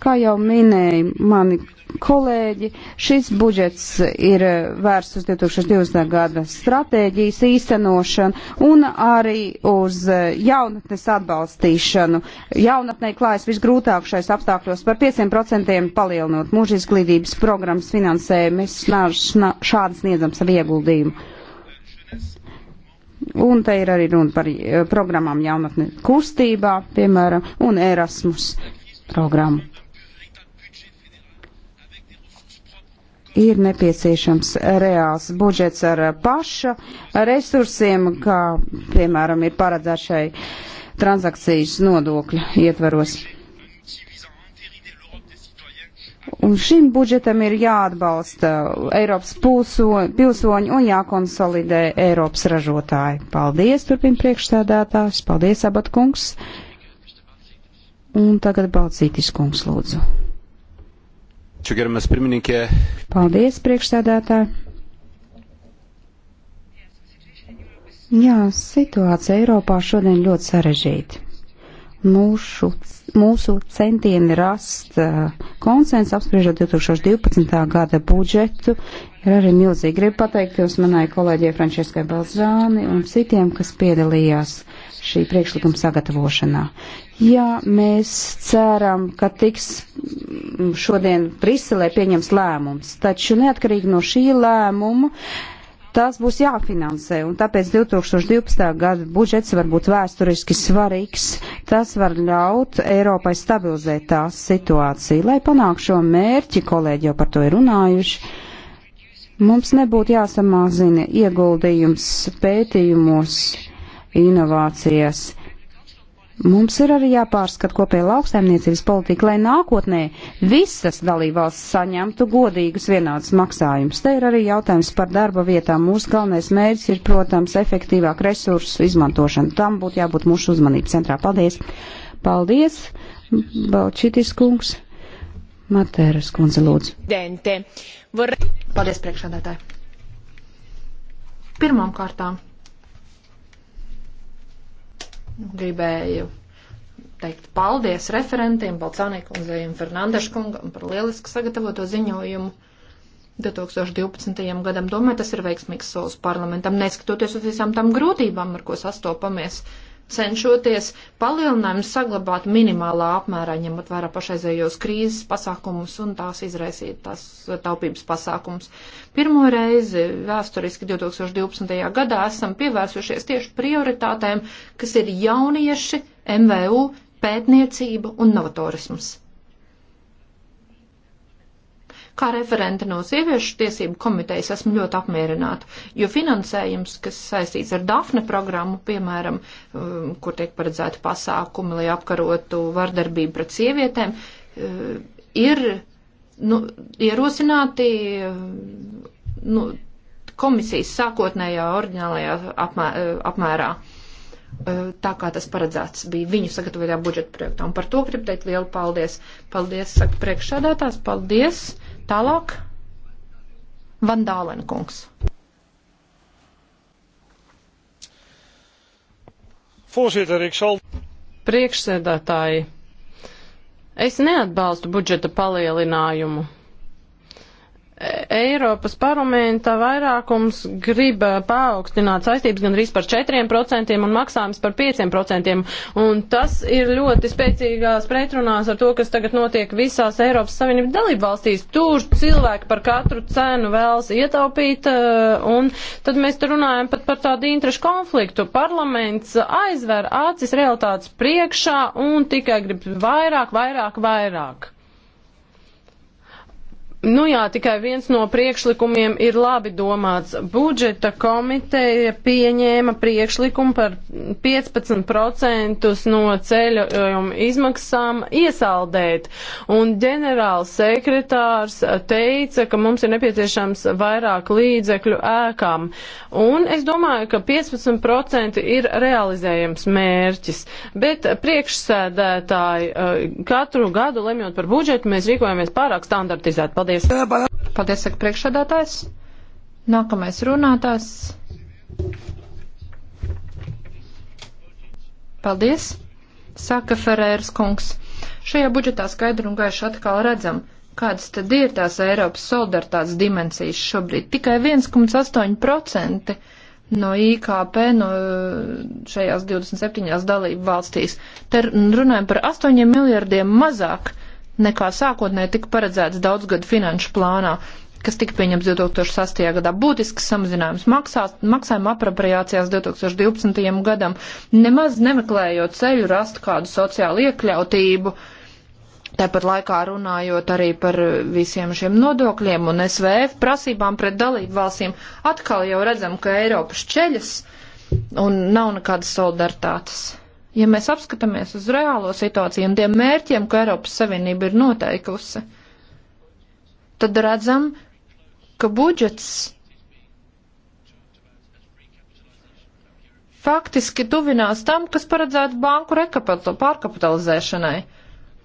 Kā jau minēja mani kolēģi, šis budžets ir vērsts uz 2020. gada stratēģijas īstenošanu un arī uz jaunatnes atbalstīšanu. Jaunatnē klājas visgrūtāk šais apstākļos par 5% palielinot mūža izglītības programmas finansējumu. Mēs šādi sniedzam savu ieguldījumu. Un te ir arī runa par eh, programmām jaunatne kustībā, piemēram, un Erasmus programmu. ir nepieciešams reāls budžets ar paša resursiem, kā piemēram ir paredzēts šai transakcijas nodokļa ietvaros. Un šim budžetam ir jāatbalsta Eiropas pilsoņi un jākonsolidē Eiropas ražotāji. Paldies, turpin priekšsēdētājs. Paldies, abatkungs. Un tagad Balcītis kungs lūdzu. Čugerimas pirmininkē. Paldies, priekšsēdētāji. Jā, situācija Eiropā šodien ļoti sarežģīta. Mūsu, mūsu centieni rast uh, konsensu apspriežot 2012. gada budžetu ir arī milzīgi. Gribu pateikties manai kolēģijai Frančiskai Balzāni un citiem, kas piedalījās šī priekšlikuma sagatavošanā. Ja mēs ceram, ka tiks mm, šodien Briselē pieņems lēmums, taču neatkarīgi no šī lēmuma tās būs jāfinansē, un tāpēc 2012. gada budžets var būt vēsturiski svarīgs. Tas var ļaut Eiropai stabilizēt tās situāciju. Lai panāk šo mērķi, kolēģi jau par to ir runājuši, mums nebūtu jāsamazina ieguldījums pētījumos, inovācijas. Mums ir arī jāpārskat kopēja lauksaimniecības politika, lai nākotnē visas dalībvalsts saņemtu godīgus vienādus maksājumus. Te ir arī jautājums par darba vietām. Mūsu galvenais mērķis ir, protams, efektīvāk resursu izmantošana. Tam būtu jābūt mūsu uzmanības centrā. Paldies! Paldies, Balčitis kungs! Matēras kundze lūdzu. Dente. Var... Paldies, priekšādātāji! Pirmām kārtām gribēju teikt paldies referentiem, Balcānīkundzei un Fernandeškungam par lielisku sagatavoto ziņojumu 2012. gadam. Domāju, tas ir veiksmīgs solis parlamentam, neskatoties uz visām tām grūtībām, ar ko sastopamies. Uh, cenšoties palielinājumu saglabāt minimālā apmērā, ņemot vērā pašreizējos krīzes pasākumus un tās izraisīt tās taupības pasākumus. Pirmo reizi vēsturiski 2012. gadā esam pievērsušies tieši prioritātēm, kas ir jaunieši, MVU, pētniecība un novatorisms. Kā referente no sieviešu tiesību komitejas esmu ļoti apmierināta, jo finansējums, kas saistīts ar Dafne programmu, piemēram, um, kur tiek paredzēti pasākumi, lai apkarotu vardarbību pret sievietēm, uh, ir nu, ierosināti. Uh, nu, komisijas sākotnējā orģinālajā apmē, uh, apmērā, tā kā tas paredzēts bija viņu sagatavotajā budžeta projektā. Un par to gribu teikt lielu paldies. Paldies, saka priekšsādātājs, paldies. Tālāk Vandālena kungs. Voorzitter, ik zal. Priekšsēdētāji, es neatbalstu budžeta palielinājumu. Eiropas parlamenta vairākums grib eh, paaugstināt saistības gandrīz par 4% un maksājums par 5%. Un tas ir ļoti spēcīgās pretrunās ar to, kas tagad notiek visās Eiropas Savienības dalību valstīs. Tur cilvēki par katru cenu vēlas ietaupīt, eh, un tad mēs tur runājam pat par tādu interešu konfliktu. Parlaments aizver acis realitātes priekšā un tikai grib vairāk, vairāk, vairāk. Nu jā, tikai viens no priekšlikumiem ir labi domāts. Budžeta komiteja pieņēma priekšlikumu par 15% no ceļojuma izmaksām iesaldēt, un ģenerāls sekretārs teica, ka mums ir nepieciešams vairāk līdzekļu ēkām, un es domāju, ka 15% ir realizējams mērķis, bet priekšsēdētāji uh, katru gadu lemjot par budžetu, mēs rīkojamies pārāk standartizēt. Paldies! Paldies. Paldies, saka priekšsādātājs. Nākamais runātājs. Paldies, saka Ferērs kungs. Šajā budžetā skaidri un gaiši atkal redzam, kādas tad ir tās Eiropas solidaritātes dimensijas šobrīd. Tikai 1,8% no IKP no eh, šajās 27 dalību valstīs. Te runājam par 8 miljardiem mazāk nekā sākotnēji tika paredzēts daudzgadu finanšu plānā kas tika pieņemts 2008. gadā. Būtisks samazinājums maksās, maksājuma apropriācijās 2012. gadam, nemaz nemeklējot ceļu rast kādu sociālu iekļautību. Tāpat laikā runājot arī par visiem šiem nodokļiem un SVF prasībām pret dalību valstīm, atkal jau redzam, ka Eiropas ceļas un nav nekādas solidaritātes. Ja mēs apskatāmies uz reālo situāciju un tiem mērķiem, ko Eiropas Savienība ir noteikusi, tad redzam, ka budžets faktiski tuvinās tam, kas paredzēts banku pārkapitalizēšanai.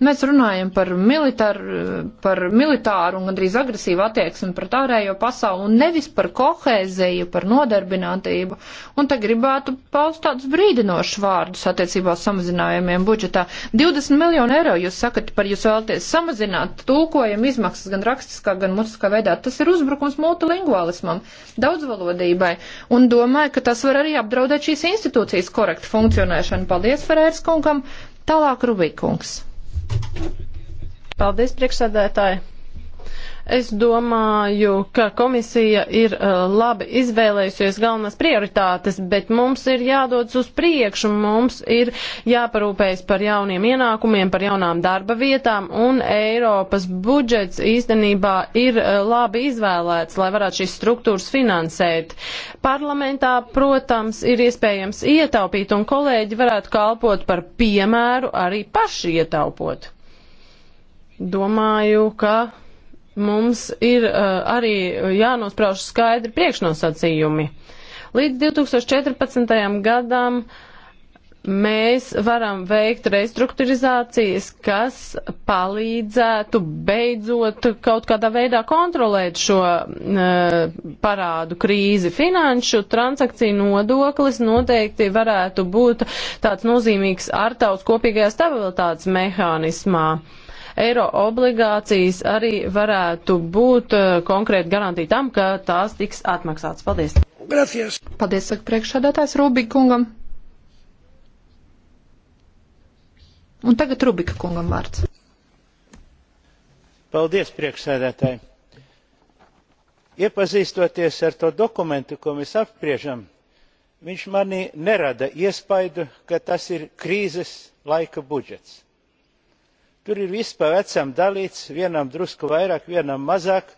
Mēs runājam par militāru, par militāru un gandrīz agresīvu attieksmi pret ārējo pasauli un nevis par kohēziju, par nodarbinātību. Un te gribētu paust tādus brīdinošus vārdus attiecībā uz samazinājumiem budžetā. 20 miljonu eiro jūs sakat par jūs vēlties samazināt tūkojumu izmaksas gan rakstiskā, gan musiskā veidā. Tas ir uzbrukums multilingualismam, daudzvalodībai. Un domāju, ka tas var arī apdraudēt šīs institūcijas korektu funkcionēšanu. Paldies, Ferērs kungam. Tālāk Rubikungs. Paldies, priekšsēdētāji! Es domāju, ka komisija ir uh, labi izvēlējusies galvenās prioritātes, bet mums ir jādodas uz priekšu, mums ir jāparūpējas par jauniem ienākumiem, par jaunām darba vietām, un Eiropas budžets īstenībā ir uh, labi izvēlēts, lai varētu šīs struktūras finansēt. Parlamentā, protams, ir iespējams ietaupīt, un kolēģi varētu kalpot par piemēru arī paši ietaupot. Domāju, ka mums ir uh, arī jānosprauž skaidri priekšnosacījumi. Līdz 2014. gadam mēs varam veikt restruktūrizācijas, kas palīdzētu beidzot kaut kādā veidā kontrolēt šo uh, parādu krīzi. Finanšu transakciju nodoklis noteikti varētu būt tāds nozīmīgs ar tauts kopīgajā stabilitātes mehānismā. Uh, eiro obligācijas arī varētu būt eh, konkrēti garantīja tam, ka tās tiks atmaksātas. Paldies! Gracias. Paldies, saka priekšsādātājs Rubik kungam. Un tagad Rubika kungam vārds. Paldies, priekšsēdētāji! Iepazīstoties ar to dokumentu, ko mēs apspriežam, viņš manī nerada iespaidu, ka tas ir krīzes laika budžets tur ir viss pa vecam dalīts vienam drusku vairāk vienam mazāk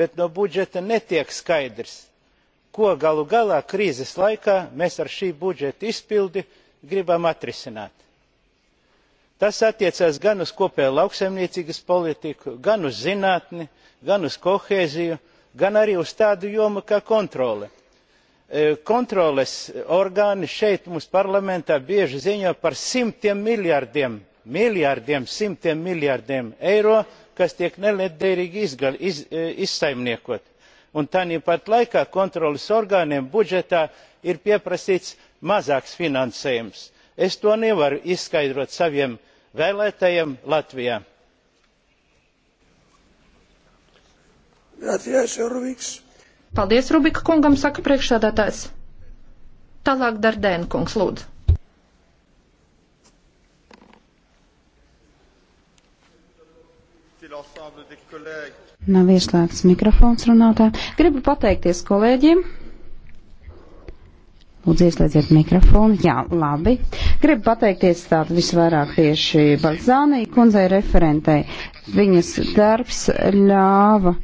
bet no budžeta netiek skaidrs ko galu galā krīzes laikā mēs ar šī budžeta izpildi gribam atrisināt. tas attiecās gan uz kopējo lauksaimniecības politiku gan uz zinātni gan uz kohēziju gan arī uz tādu jomu kā kontrole. E, kontroles orgāni šeit mums parlamentā bieži ziņo par simtiem miljardiem miljardiem simtiem miljardiem eiro kas tiek nelietderīgi iz, e, izsaimniekoti un tāpat laikā kontroles orgāniem budžetā ir pieprasīts mazāks finansējums. es to nevaru izskaidrot saviem vēlētājiem latvijā. Paldies, Rubika kungam, saka priekšsādātājs. Tālāk Dardēna kungs, lūdzu. Nav ieslēgts mikrofons runātā. Gribu pateikties kolēģiem. Lūdzu, ieslēdziet mikrofonu. Jā, labi. Gribu pateikties tātad visvairāk tieši Balzānī kundzei referentei. Viņas darbs ļāva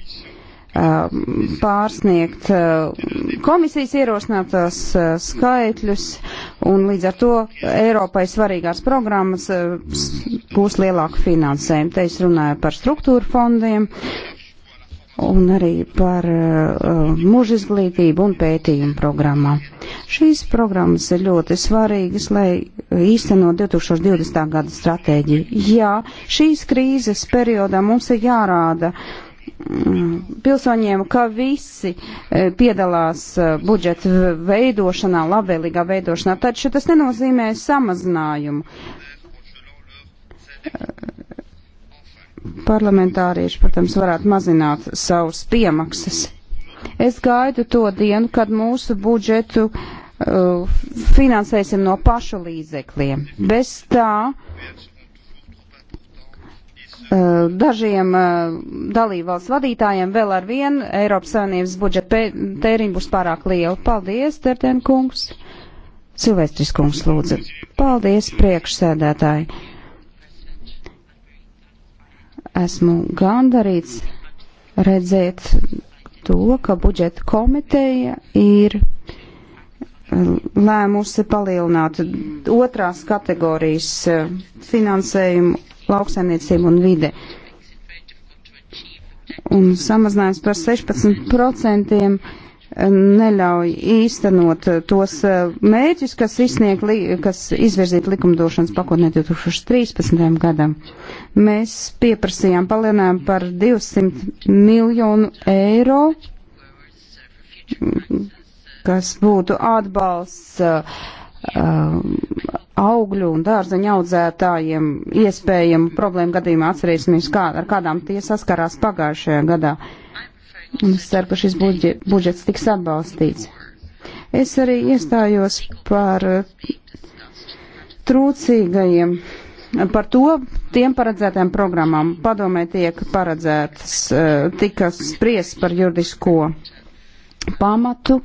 Um, pārsniegt uh, komisijas ierosinātās uh, skaitļus, un līdz ar to Eiropai svarīgās programmas būs uh, lielāka finansējuma. Te es runāju par struktūra fondiem un arī par mūža izglītību un pētījumu programmām. Šīs programmas ir ļoti svarīgas, lai īstenot 2020. gada stratēģiju. Jā, šīs krīzes periodā mums ir jārāda uh, pilsoņiem, ka visi e, piedalās e, budžeta veidošanā, labvēlīgā veidošanā, taču tas nenozīmē samazinājumu. Parlamentārieši, protams, varētu mazināt savus piemaksas. Es gaidu to dienu, kad mūsu budžetu uh, finansēsim no pašu līdzekļiem. Bez tā uh, Eh, dažiem eh, dalībvalsts vadītājiem vēl ar vienu Eiropas Savienības budžeta tēriņu būs pārāk liela. Paldies, Tertēn kungs! Silvestris kungs lūdzu. Paldies, priekšsēdētāji! Esmu gandarīts redzēt to, ka budžeta komiteja ir eh, lēmusi palielināt otrās kategorijas finansējumu lauksaimniecību un vide. Un samazinājums par 16% eh, neļauj īstenot eh, tos eh, mērķus, kas, izsnieg, kas izvirzīt likumdošanas pakotnē 2013. gadam. Mēs pieprasījām palielinājumu par 200 miljonu eiro, kas būtu atbalsts uh, Um, augļu un dārzeņu audzētājiem iespējamu problēmu gadījumā atcerēsimies, kā, ar kādām tie saskarās pagājušajā gadā. Un es ceru, ka šis budžet, budžets tiks atbalstīts. Es arī iestājos par trūcīgajiem, par to tiem paredzētām programmām. Padomē tiek paredzētas, uh, tika spries par juridisko pamatu,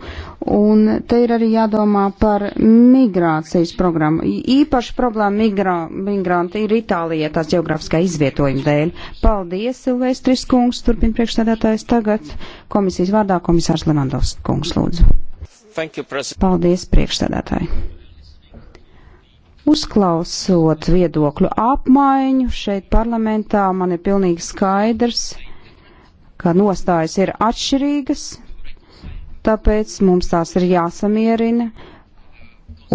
un te ir arī jādomā par migrācijas programmu. Īpaši problēma migrā, migranti ir Itālijā tās geogrāfiskā izvietojuma dēļ. Paldies, Silvestris kungs, turpin priekšstādātājs tagad. Komisijas vārdā komisārs Levandovs kungs lūdzu. You, Paldies, priekšstādātāji. Uzklausot viedokļu apmaiņu šeit parlamentā, man ir pilnīgi skaidrs, ka nostājas ir atšķirīgas, tāpēc mums tās ir jāsamierina.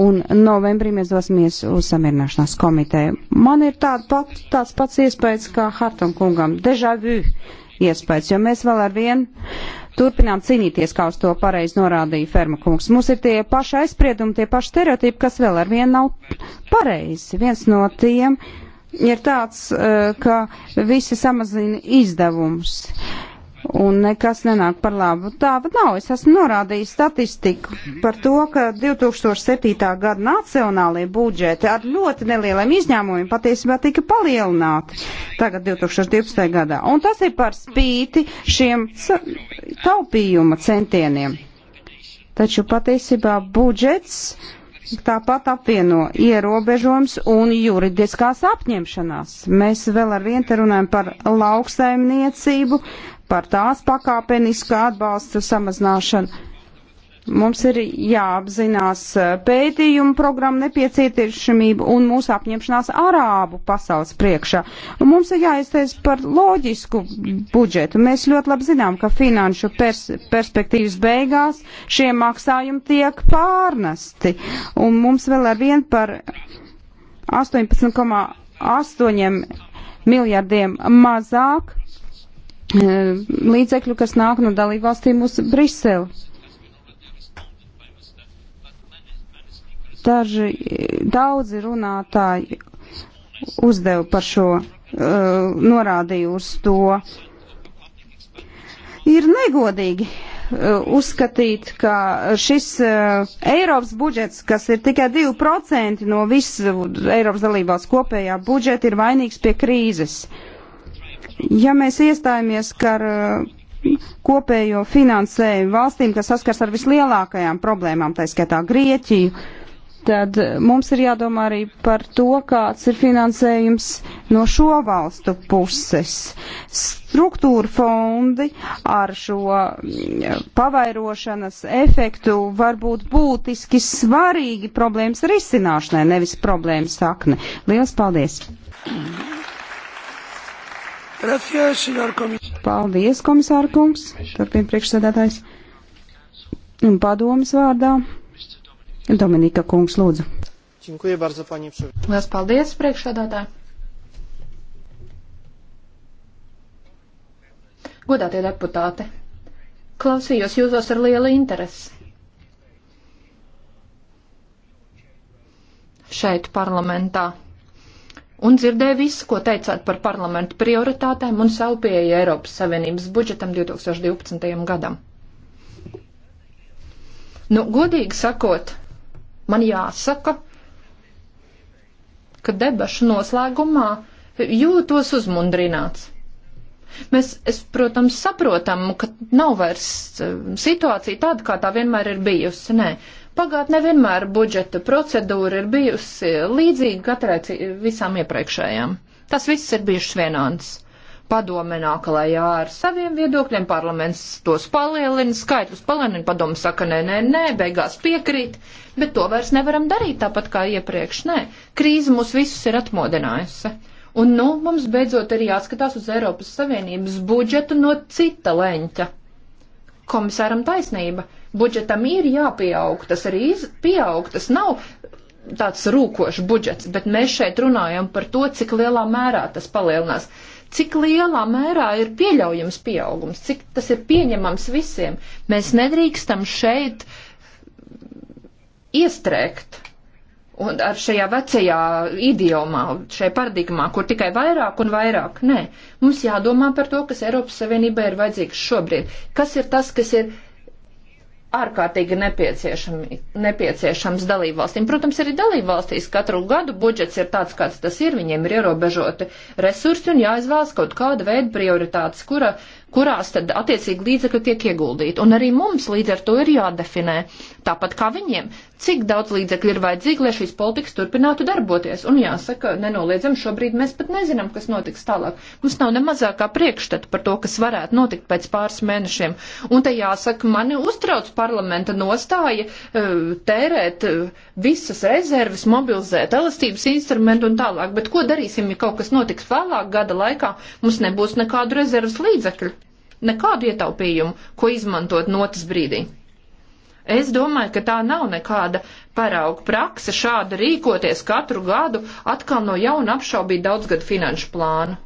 Un novembrī mēs dosimies uz samierināšanās komiteju. Man ir tād pat, tāds pats iespējas kā Hartam kungam, deja vu iespējas, jo mēs vēl ar vienu turpinām cīnīties, kā uz to pareizi norādīja Ferma kungs. Mums ir tie paši aizspriedumi, tie paši stereotipi, kas vēl ar vienu nav pareizi. Viens no tiem ir tāds, eh, ka visi samazina izdevumus. Uh, un nekas nenāk par labu. Tā pat nav. Es esmu norādījis statistiku par to, ka 2007. gada nacionālajie budžeti ar ļoti nelieliem izņēmumiem patiesībā tika palielināti tagad 2012. gadā. Un tas ir par spīti šiem taupījuma centieniem. Taču patiesībā budžets tāpat apvieno ierobežojums un juridiskās apņemšanās. Mēs vēl ar vienu te runājam par lauksaimniecību, par tās pakāpeniskā atbalsta samazināšanu. Mums ir jāapzinās eh, pētījumu programmu nepieciešamība un mūsu apņemšanās arābu pasaules priekšā. Un mums ir jāizteic par loģisku budžetu. Mēs ļoti labi zinām, ka finanšu pers perspektīvas beigās šie maksājumi tiek pārnesti. Un mums vēl ar vien par 18,8 miljardiem mazāk līdzekļu, kas nāk no dalībvalstīm uz Briseli. Daži, daudzi runātāji uzdeva par šo, uh, eh, norādīja uz to. Ir negodīgi uh, uzskatīt, ka šis uh, Eiropas budžets, kas ir tikai 2% no visu Eiropas dalībās kopējā budžeta, ir vainīgs pie krīzes. Uh, Ja mēs iestājamies, ka ar eh, kopējo finansējumu valstīm, kas saskars ar vislielākajām problēmām, tā skaitā Grieķiju, tad mums ir jādomā arī par to, kāds ir finansējums no šo valstu puses. Struktūra fondi ar šo mm, pavairošanas efektu var būt būtiski svarīgi problēmas risināšanai, nevis problēmas sakne. Lielas paldies! Mm. Paldies, komisāra kungs, turpina priekšsēdētājs. Un padomas vārdā Dominika kungs lūdzu. Lielas paldies, priekšsēdētāji. Godātie deputāti, klausījos jūsos ar lielu interesi. Šeit parlamentā un dzirdēju visu, ko teicāt par parlamentu prioritātēm un savu pieeju Eiropas Savienības budžetam 2012. gadam. Nu, godīgi sakot, man jāsaka, ka debašu noslēgumā jūtos uzmundrināts. Mēs, es, protams, saprotam, ka nav vairs eh, situācija tāda, kā tā vienmēr ir bijusi. Nē, uh, Pagātnē vienmēr budžeta procedūra ir bijusi līdzīga katrai visām iepriekšējām. Tas viss ir bijušas vienāds. Padome nāk lajā ar saviem viedokļiem, parlaments tos palielina, skaitļus palielina, padome saka, nē, nē, nē, beigās piekrīt, bet to vairs nevaram darīt tāpat kā iepriekš, nē. Krīze mūs visus ir atmodinājusi. Un, nu, mums beidzot ir jāskatās uz Eiropas Savienības budžetu no cita leņķa. Komisāram taisnība Budžetam ir jāpieaug, tas arī pieaug, tas nav tāds rūkošs budžets, bet mēs šeit runājam par to, cik lielā mērā tas palielinās. Cik lielā mērā ir pieļaujams pieaugums, cik tas ir pieņemams visiem. Mēs nedrīkstam šeit iestrēgt un ar šajā vecajā idiomā, šajā paradigmā, kur tikai vairāk un vairāk. Nē, mums jādomā par to, kas Eiropas Savienībai ir vajadzīgs šobrīd. Kas ir tas, kas ir ārkārtīgi nepieciešams dalībvalstīm. Protams, arī dalībvalstīs katru gadu budžets ir tāds, kāds tas ir, viņiem ir ierobežoti resursi un jāizvēlas kaut kāda veida prioritātes, kura kurās tad attiecīgi līdzekļi tiek ieguldīti. Un arī mums līdz ar to ir jādefinē, tāpat kā viņiem, cik daudz līdzekļu ir vajadzīgi, lai šīs politikas turpinātu darboties. Un jāsaka, nenoliedzam, šobrīd mēs pat nezinām, kas notiks tālāk. Mums nav ne mazākā priekšstata par to, kas varētu notikt pēc pāris mēnešiem. Un te jāsaka, mani uztrauc parlamenta nostāja eh, tērēt eh, visas rezerves, mobilizēt elastības instrumentu un tālāk. Bet ko darīsim, ja kaut kas notiks vēlāk gada laikā? Mums nebūs nekādu rezerves līdzekļu nekādu ietaupījumu, ko izmantot notas brīdī. Es domāju, ka tā nav nekāda parauga prakse šāda rīkoties katru gadu, atkal no jauna apšaubīt daudzgadu finanšu plānu.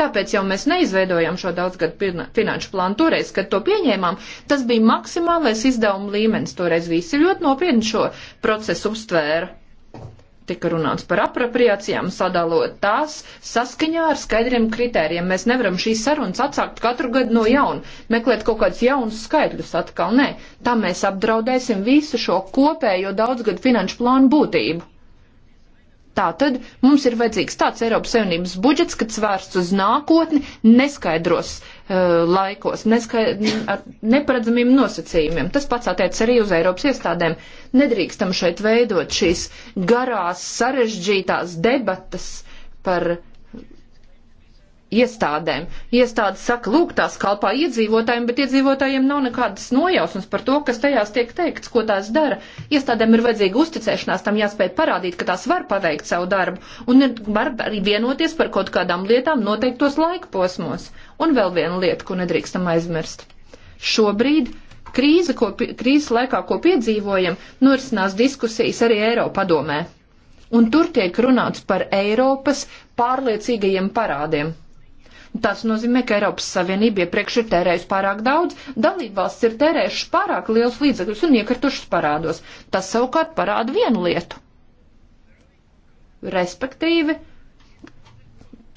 Tāpēc jau mēs neizveidojam šo daudzgadu finanšu plānu. Toreiz, kad to pieņēmām, tas bija maksimālais izdevuma līmenis. Toreiz visi ļoti nopietni šo procesu uztvēra tika runāts par apropriācijām, sadalot tās saskaņā ar skaidriem kritērijiem. Mēs nevaram šīs sarunas atsākt katru gadu no jauna, meklēt kaut kādus jaunus skaidrus atkal. Nē, tā mēs apdraudēsim visu šo kopējo daudzgadu finanšu plānu būtību. Tātad mums ir vajadzīgs tāds Eiropas Savienības budžets, kas vērsts uz nākotni, neskaidros uh, Uh, laikos, neskai, ar neparedzamiem nosacījumiem. Tas pats attiec arī uz Eiropas iestādēm. Nedrīkstam šeit veidot šīs garās, sarežģītās debatas par iestādēm. Iestādes saka, lūk, tās kalpā iedzīvotājiem, bet iedzīvotājiem nav nekādas nojausmas par to, kas tajās tiek teikts, ko tās dara. Iestādēm ir vajadzīga uzticēšanās, tam jāspēj parādīt, ka tās var paveikt savu darbu un var arī vienoties par kaut kādām lietām noteiktos laika posmos. Un vēl viena lieta, ko nedrīkstam aizmirst. Šobrīd krīze, ko, krīzes laikā, ko piedzīvojam, norisinās diskusijas arī Eiropadomē. Un tur tiek runāts par Eiropas pārliecīgajiem parādiem. Tas nozīmē, ka Eiropas Savienība iepriekš ir tērējusi pārāk daudz, dalībvalsts ir tērējuši pārāk liels līdzekļus un iekritušas parādos. Tas savukārt parāda vienu lietu. Respektīvi,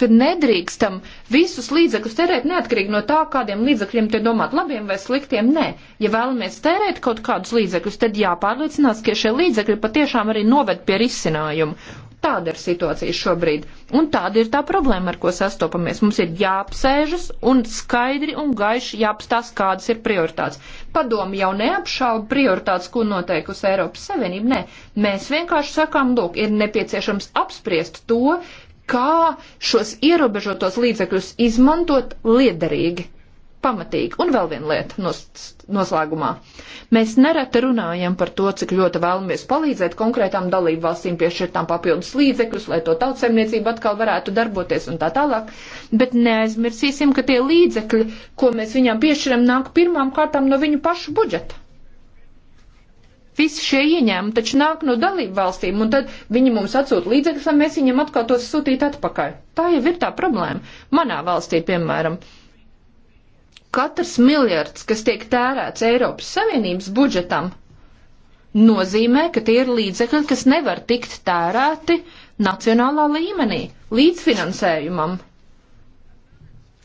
ka nedrīkstam visus līdzekļus tērēt neatkarīgi no tā, kādiem līdzekļiem te domāt, labiem vai sliktiem. Nē, ja vēlamies tērēt kaut kādus līdzekļus, tad jāpārliecinās, ka šie līdzekļi patiešām arī noved pie risinājuma. Tāda ir situācija šobrīd. Un tāda ir tā problēma, ar ko sastopamies. Mums ir jāapsēžas un skaidri un gaiši jāapstāsta, kādas ir prioritātes. Padomi jau neapšauba prioritātes, ko noteikusi Eiropas Savienība. Nē, mēs vienkārši sakām, lūk, ir nepieciešams apspriest to, kā šos ierobežotos līdzekļus izmantot liederīgi pamatīgi. Un vēl viena lieta nos, noslēgumā. Mēs nereti runājam par to, cik ļoti vēlamies palīdzēt konkrētām dalību valstīm piešķirtām papildus līdzekļus, lai to tautsemniecību atkal varētu darboties un tā tālāk, bet neaizmirsīsim, ka tie līdzekļi, ko mēs viņām piešķiram, nāk pirmām kārtām no viņu pašu budžeta. Visi šie ieņēmumi taču nāk no dalību valstīm, un tad viņi mums atsūta līdzekļus, lai mēs viņiem atkal tos sūtītu atpakaļ. Tā jau ir tā problēma. Manā valstī, piemēram, uh, katrs miljards, kas tiek tērēts Eiropas Savienības budžetam, nozīmē, ka tie ir līdzekļi, kas nevar tikt tērēti nacionālā līmenī līdzfinansējumam.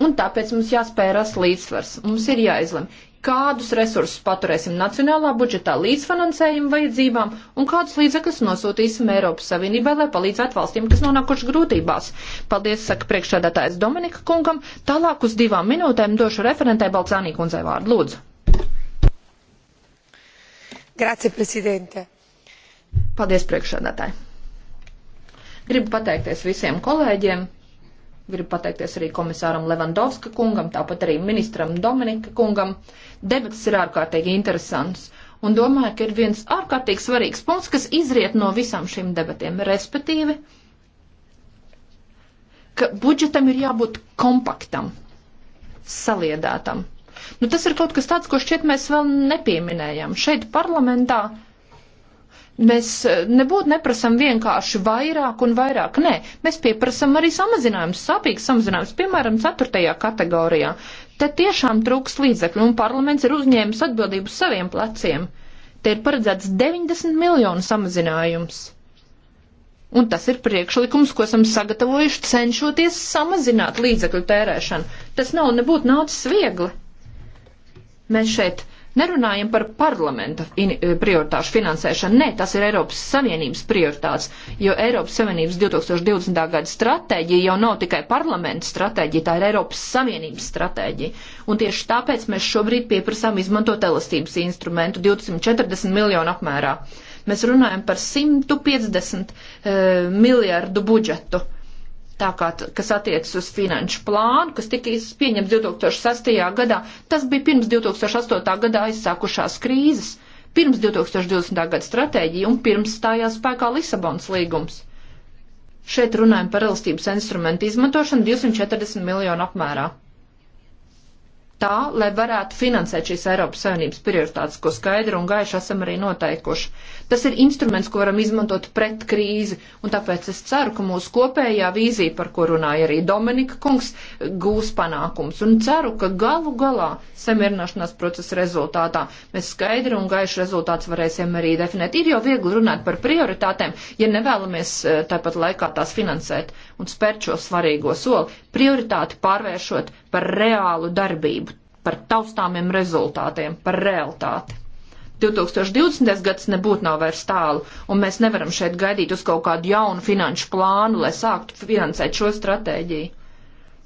Un tāpēc mums jāspēj rast līdzsvars. Mums ir jāizlem kādus resursus paturēsim nacionālā budžetā līdzfinansējuma vajadzībām un kādus līdzekļus nosūtīsim Eiropas Savienībai, lai palīdzētu valstīm, kas nonākuši grūtībās. Paldies, saka priekšsēdētājs Dominika kungam. Tālāk uz divām minūtēm došu referentē Balcānī kundzei vārdu. Lūdzu. Grazie, prezidente. Paldies, priekšsēdētāji. Gribu pateikties visiem kolēģiem, Gribu pateikties arī komisāram Levandovska kungam, tāpat arī ministram Dominika kungam. Debats ir ārkārtīgi interesants. Un domāju, ka ir viens ārkārtīgi svarīgs punkts, kas izriet no visām šīm debatiem, respektīvi, ka budžetam ir jābūt kompaktam, saliedētam. Nu, tas ir kaut kas tāds, ko šķiet mēs vēl nepieminējam. Šeit parlamentā uh, Mēs eh, nebūtu neprasam vienkārši vairāk un vairāk, nē, mēs pieprasam arī samazinājumus, sāpīgs samazinājums, piemēram, ceturtajā kategorijā. Te tiešām trūks līdzekļu, un parlaments ir uzņēmis atbildību saviem pleciem. Te ir paredzēts 90 miljonu samazinājums. Un tas ir priekšlikums, ko esam sagatavojuši cenšoties samazināt līdzekļu tērēšanu. Tas nav nebūtu nācis viegli. Mēs šeit Nerunājam par parlamenta eh, prioritāšu finansēšanu. Nē, tas ir Eiropas Savienības prioritāts, jo Eiropas Savienības 2020. gada stratēģija jau nav tikai parlamenta stratēģija, tā ir Eiropas Savienības stratēģija. Un tieši tāpēc mēs šobrīd pieprasām izmantot elastības instrumentu 240 miljonu apmērā. Mēs runājam par 150 uh, eh, miljardu budžetu. Uh, tā kā, kas attiecas uz finanšu plānu, kas tika pieņemts 2006. gadā, tas bija pirms 2008. gadā aizsākušās krīzes, pirms 2020. gada stratēģija un pirms stājās spēkā Lisabonas līgums. Šeit runājam par elastības instrumentu izmantošanu 240 miljonu apmērā tā, lai varētu finansēt šīs Eiropas Savienības prioritātes, ko skaidri un gaiši esam arī noteikuši. Tas ir instruments, ko varam izmantot pret krīzi, un tāpēc es ceru, ka mūsu kopējā vīzija, par ko runāja arī Dominika kungs, gūs panākums, un ceru, ka galu galā samierināšanās procesa rezultātā mēs skaidri un gaiši rezultāts varēsim arī definēt. Ir jau viegli runāt par prioritātēm, ja nevēlamies eh, tāpat laikā tās finansēt un spērt šo svarīgo soli, prioritāti pārvēršot par reālu darbību, par taustāmiem rezultātiem, par realitāti. 2020. gads nebūtu nav vairs tālu, un mēs nevaram šeit gaidīt uz kaut kādu jaunu finanšu plānu, lai sāktu finansēt šo stratēģiju.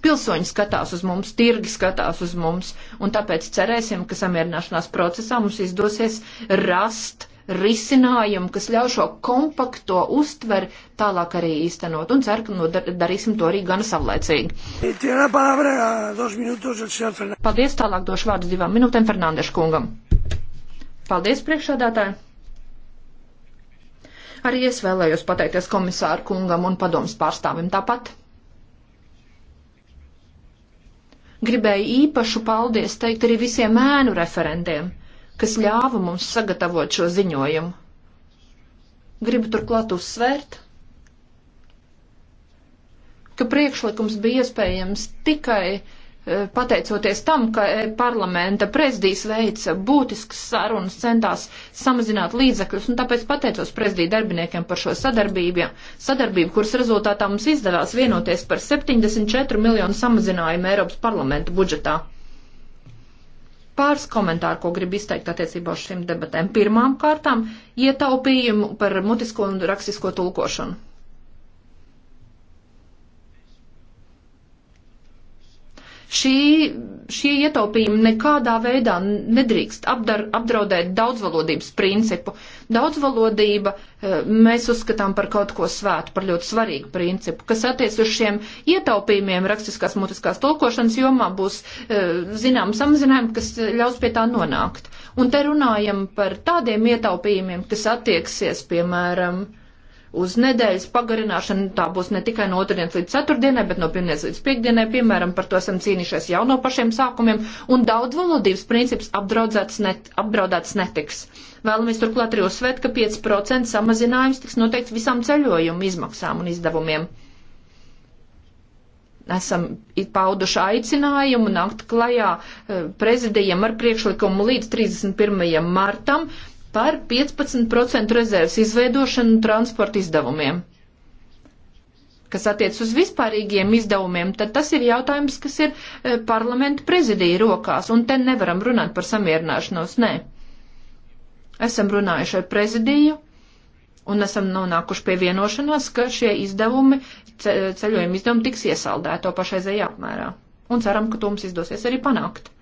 Pilsoņi skatās uz mums, tirgi skatās uz mums, un tāpēc cerēsim, ka samierināšanās procesā mums izdosies rast risinājumu, kas ļauj šo kompakto uztver tālāk arī īstenot. Un ceru, ka no, dar, darīsim to arī gan savlaicīgi. Eh, eh, paldies, tālāk došu vārdu divām minūtēm Fernandešu kungam. Paldies, priekšādātāji! Arī es vēlējos pateikties komisāru kungam un padomas pārstāvim tāpat. Gribēju īpašu paldies teikt arī visiem ēnu referentiem kas ļāva mums sagatavot šo ziņojumu. Gribu turklāt uzsvērt, ka priekšlikums bija iespējams tikai e, pateicoties tam, ka e, parlamenta prezidijas veica būtiskas sarunas, centās samazināt līdzekļus, un tāpēc pateicos prezidiju darbiniekiem par šo sadarbību, sadarbību, kuras rezultātā mums izdevās vienoties par 74 miljonu samazinājumu Eiropas parlamenta budžetā. Pāris komentāru, ko gribu izteikt attiecībā uz šīm debatēm. Pirmām kārtām ietaupījumu par mutisko un rakstisko tulkošanu. Šī, šie ietaupījumi nekādā veidā nedrīkst apdar, apdraudēt daudzvalodības principu. Daudzvalodība eh, mēs uzskatām par kaut ko svētu, par ļoti svarīgu principu, kas attiec uz šiem ietaupījumiem rakstiskās mutiskās tulkošanas jomā būs eh, zinām samazinājumi, kas ļaus pie tā nonākt. Un te runājam par tādiem ietaupījumiem, kas attieksies, piemēram, uz nedēļas pagarināšanu. Tā būs ne tikai no otrdienas līdz ceturtdienai, bet no pirmdienas līdz piekdienai. Piemēram, par to esam cīnījušies jau no pašiem sākumiem. Un daudz valodības princips apdraudēts, net, apdraudēts netiks. Vēlamies turklāt arī uzsvērt, ka 5% samazinājums tiks noteikts visām ceļojumu izmaksām un izdevumiem. Esam pauduši aicinājumu nākt klajā eh, prezidijam ar priekšlikumu līdz 31. martam par 15% rezerves izveidošanu transporta izdevumiem. Kas attiec uz vispārīgiem izdevumiem, tad tas ir jautājums, kas ir e, parlamentu prezidija rokās, un te nevaram runāt par samierināšanos, nē. Esam runājuši ar prezidiju, un esam nonākuši pie vienošanās, ka šie izdevumi, ceļojuma izdevumi tiks iesaldēto pašreizējā apmērā. Un ceram, ka to mums izdosies arī panākt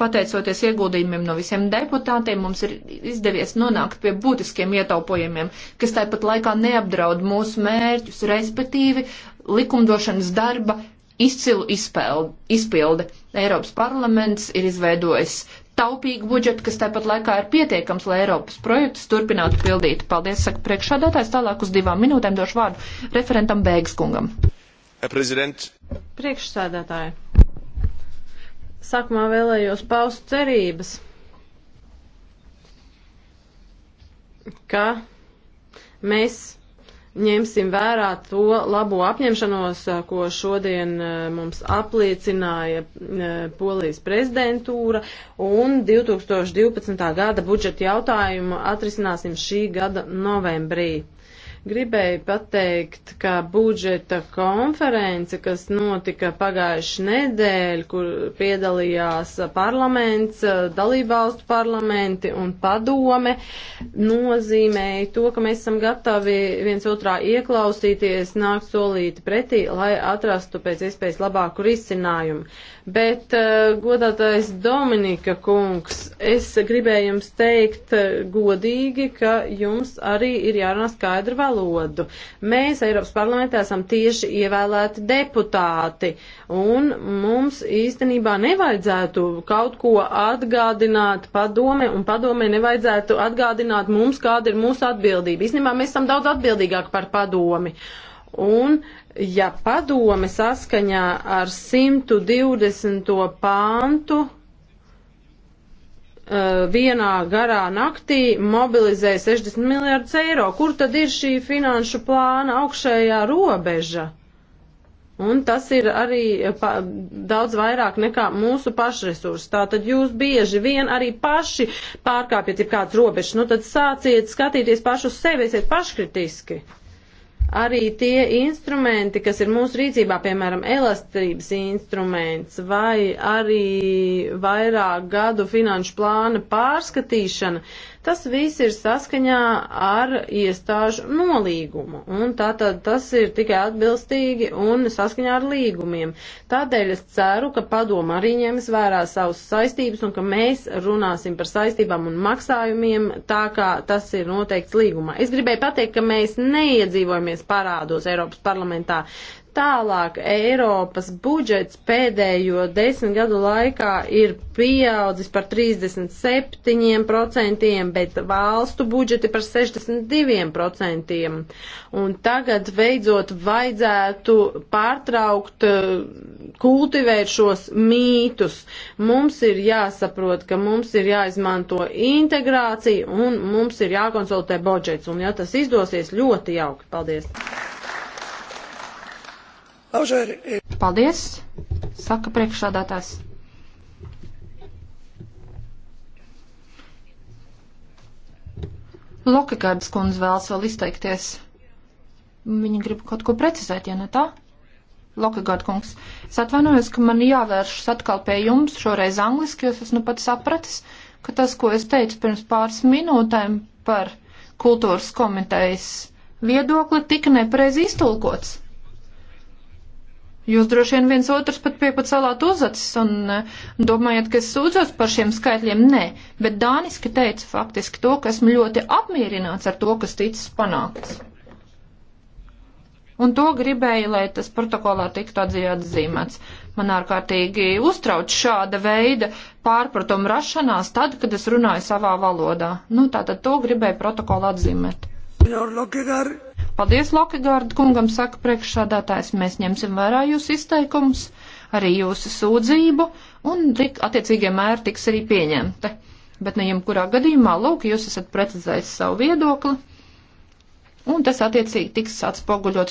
pateicoties ieguldījumiem no visiem deputātiem, mums ir izdevies nonākt pie būtiskiem ietaupojumiem, kas tāpat laikā neapdraud mūsu mērķus, respektīvi likumdošanas darba izcilu izpeldi, izpildi. Eiropas parlaments ir izveidojis taupīgu budžetu, kas tāpat laikā ir pietiekams, lai Eiropas projektus turpinātu pildīt. Paldies, saka priekšādātājs. Tālāk uz divām minūtēm došu vārdu referentam Bēgas kungam. Prezident. Priekšsēdētāji. Sākumā vēlējos paust cerības, ka mēs ņemsim vērā to labo apņemšanos, ko šodien eh, mums apliecināja eh, Polijas prezidentūra, un 2012. gada budžeta jautājumu atrisināsim šī gada novembrī. Gribēju pateikt, ka budžeta konference, kas notika pagājuši nedēļ, kur piedalījās parlaments, dalībvalstu parlamenti un padome, nozīmēja to, ka mēs esam gatavi viens otrā ieklausīties, nākt solīti pretī, lai atrastu pēc iespējas labāku risinājumu. Bet, eh, godātais Dominika kungs, es gribēju jums teikt eh, godīgi, ka jums arī ir jārunā skaidru valodu. Mēs Eiropas parlamentā esam tieši ievēlēti deputāti, un mums īstenībā nevajadzētu kaut ko atgādināt padome, un padome nevajadzētu atgādināt mums, kāda ir mūsu atbildība. Īstenībā mēs esam daudz atbildīgāki par padomi. Un, ja padome saskaņā ar 120. pāntu eh, vienā garā naktī mobilizē 60 miljārdus eiro, kur tad ir šī finanšu plāna augšējā robeža? Un tas ir arī eh, pa, daudz vairāk nekā mūsu pašresursi. Tātad jūs bieži vien arī paši pārkāpjat ir kāds robežs. Nu tad sāciet skatīties pašu sevi, esiet paškritiski arī tie instrumenti, kas ir mūsu rīcībā, piemēram, elastības instruments vai arī vairāk gadu finanšu plāna pārskatīšana, Tas viss ir saskaņā ar iestāžu nolīgumu, un tātad tas ir tikai atbilstīgi un saskaņā ar līgumiem. Tādēļ es ceru, ka padoma arī ņems vērā savus saistības un ka mēs runāsim par saistībām un maksājumiem tā, kā tas ir noteikts līgumā. Es gribēju pateikt, ka mēs neiedzīvojamies parādos Eiropas parlamentā. Tālāk Eiropas budžets pēdējo desmit gadu laikā ir pieaudzis par 37%, bet valstu budžeti par 62%. Un tagad beidzot vajadzētu pārtraukt eh, kultivēt šos mītus. Mums ir jāsaprot, ka mums ir jāizmanto integrācija un mums ir jākonsultē budžets. Un ja tas izdosies, ļoti jauki. Paldies! E- Paldies, saka priekšādātājs. Lokigārdas kundze vēlas vēl izteikties. Viņa grib kaut ko precizēt, ja ne tā? Lokigārda kungs, es atvainojos, ka man jāvēršas atkal pie jums, šoreiz angliski, jo es nu pat sapratis, ka tas, ko es teicu pirms pāris minūtēm par kultūras komitejas viedokli, tika nepareizi iztulkots. Jūs droši vien viens otrs pat piepat salāt uzacis un eh, domājat, ka es sūdzos par šiem skaitļiem. Nē, bet Dāniski teica faktiski to, ka esmu ļoti apmierināts ar to, kas ticis panākts. Un to gribēju, lai tas protokolā tiktu atzīmēts. Man ārkārtīgi uztrauc šāda veida pārpratuma rašanās tad, kad es runāju savā valodā. Nu, tātad to gribēju protokolā atzīmēt. Señor Lokegar, Paldies, Lokegārda kungam, saka priekšsādātājs, mēs ņemsim vērā jūs izteikums, arī jūsu sūdzību, un tik, attiecīgie mēri tiks arī pieņemti. Bet ne jebkurā gadījumā, lūk, jūs esat precizējis savu viedokli, un tas attiecīgi tiks atspoguļots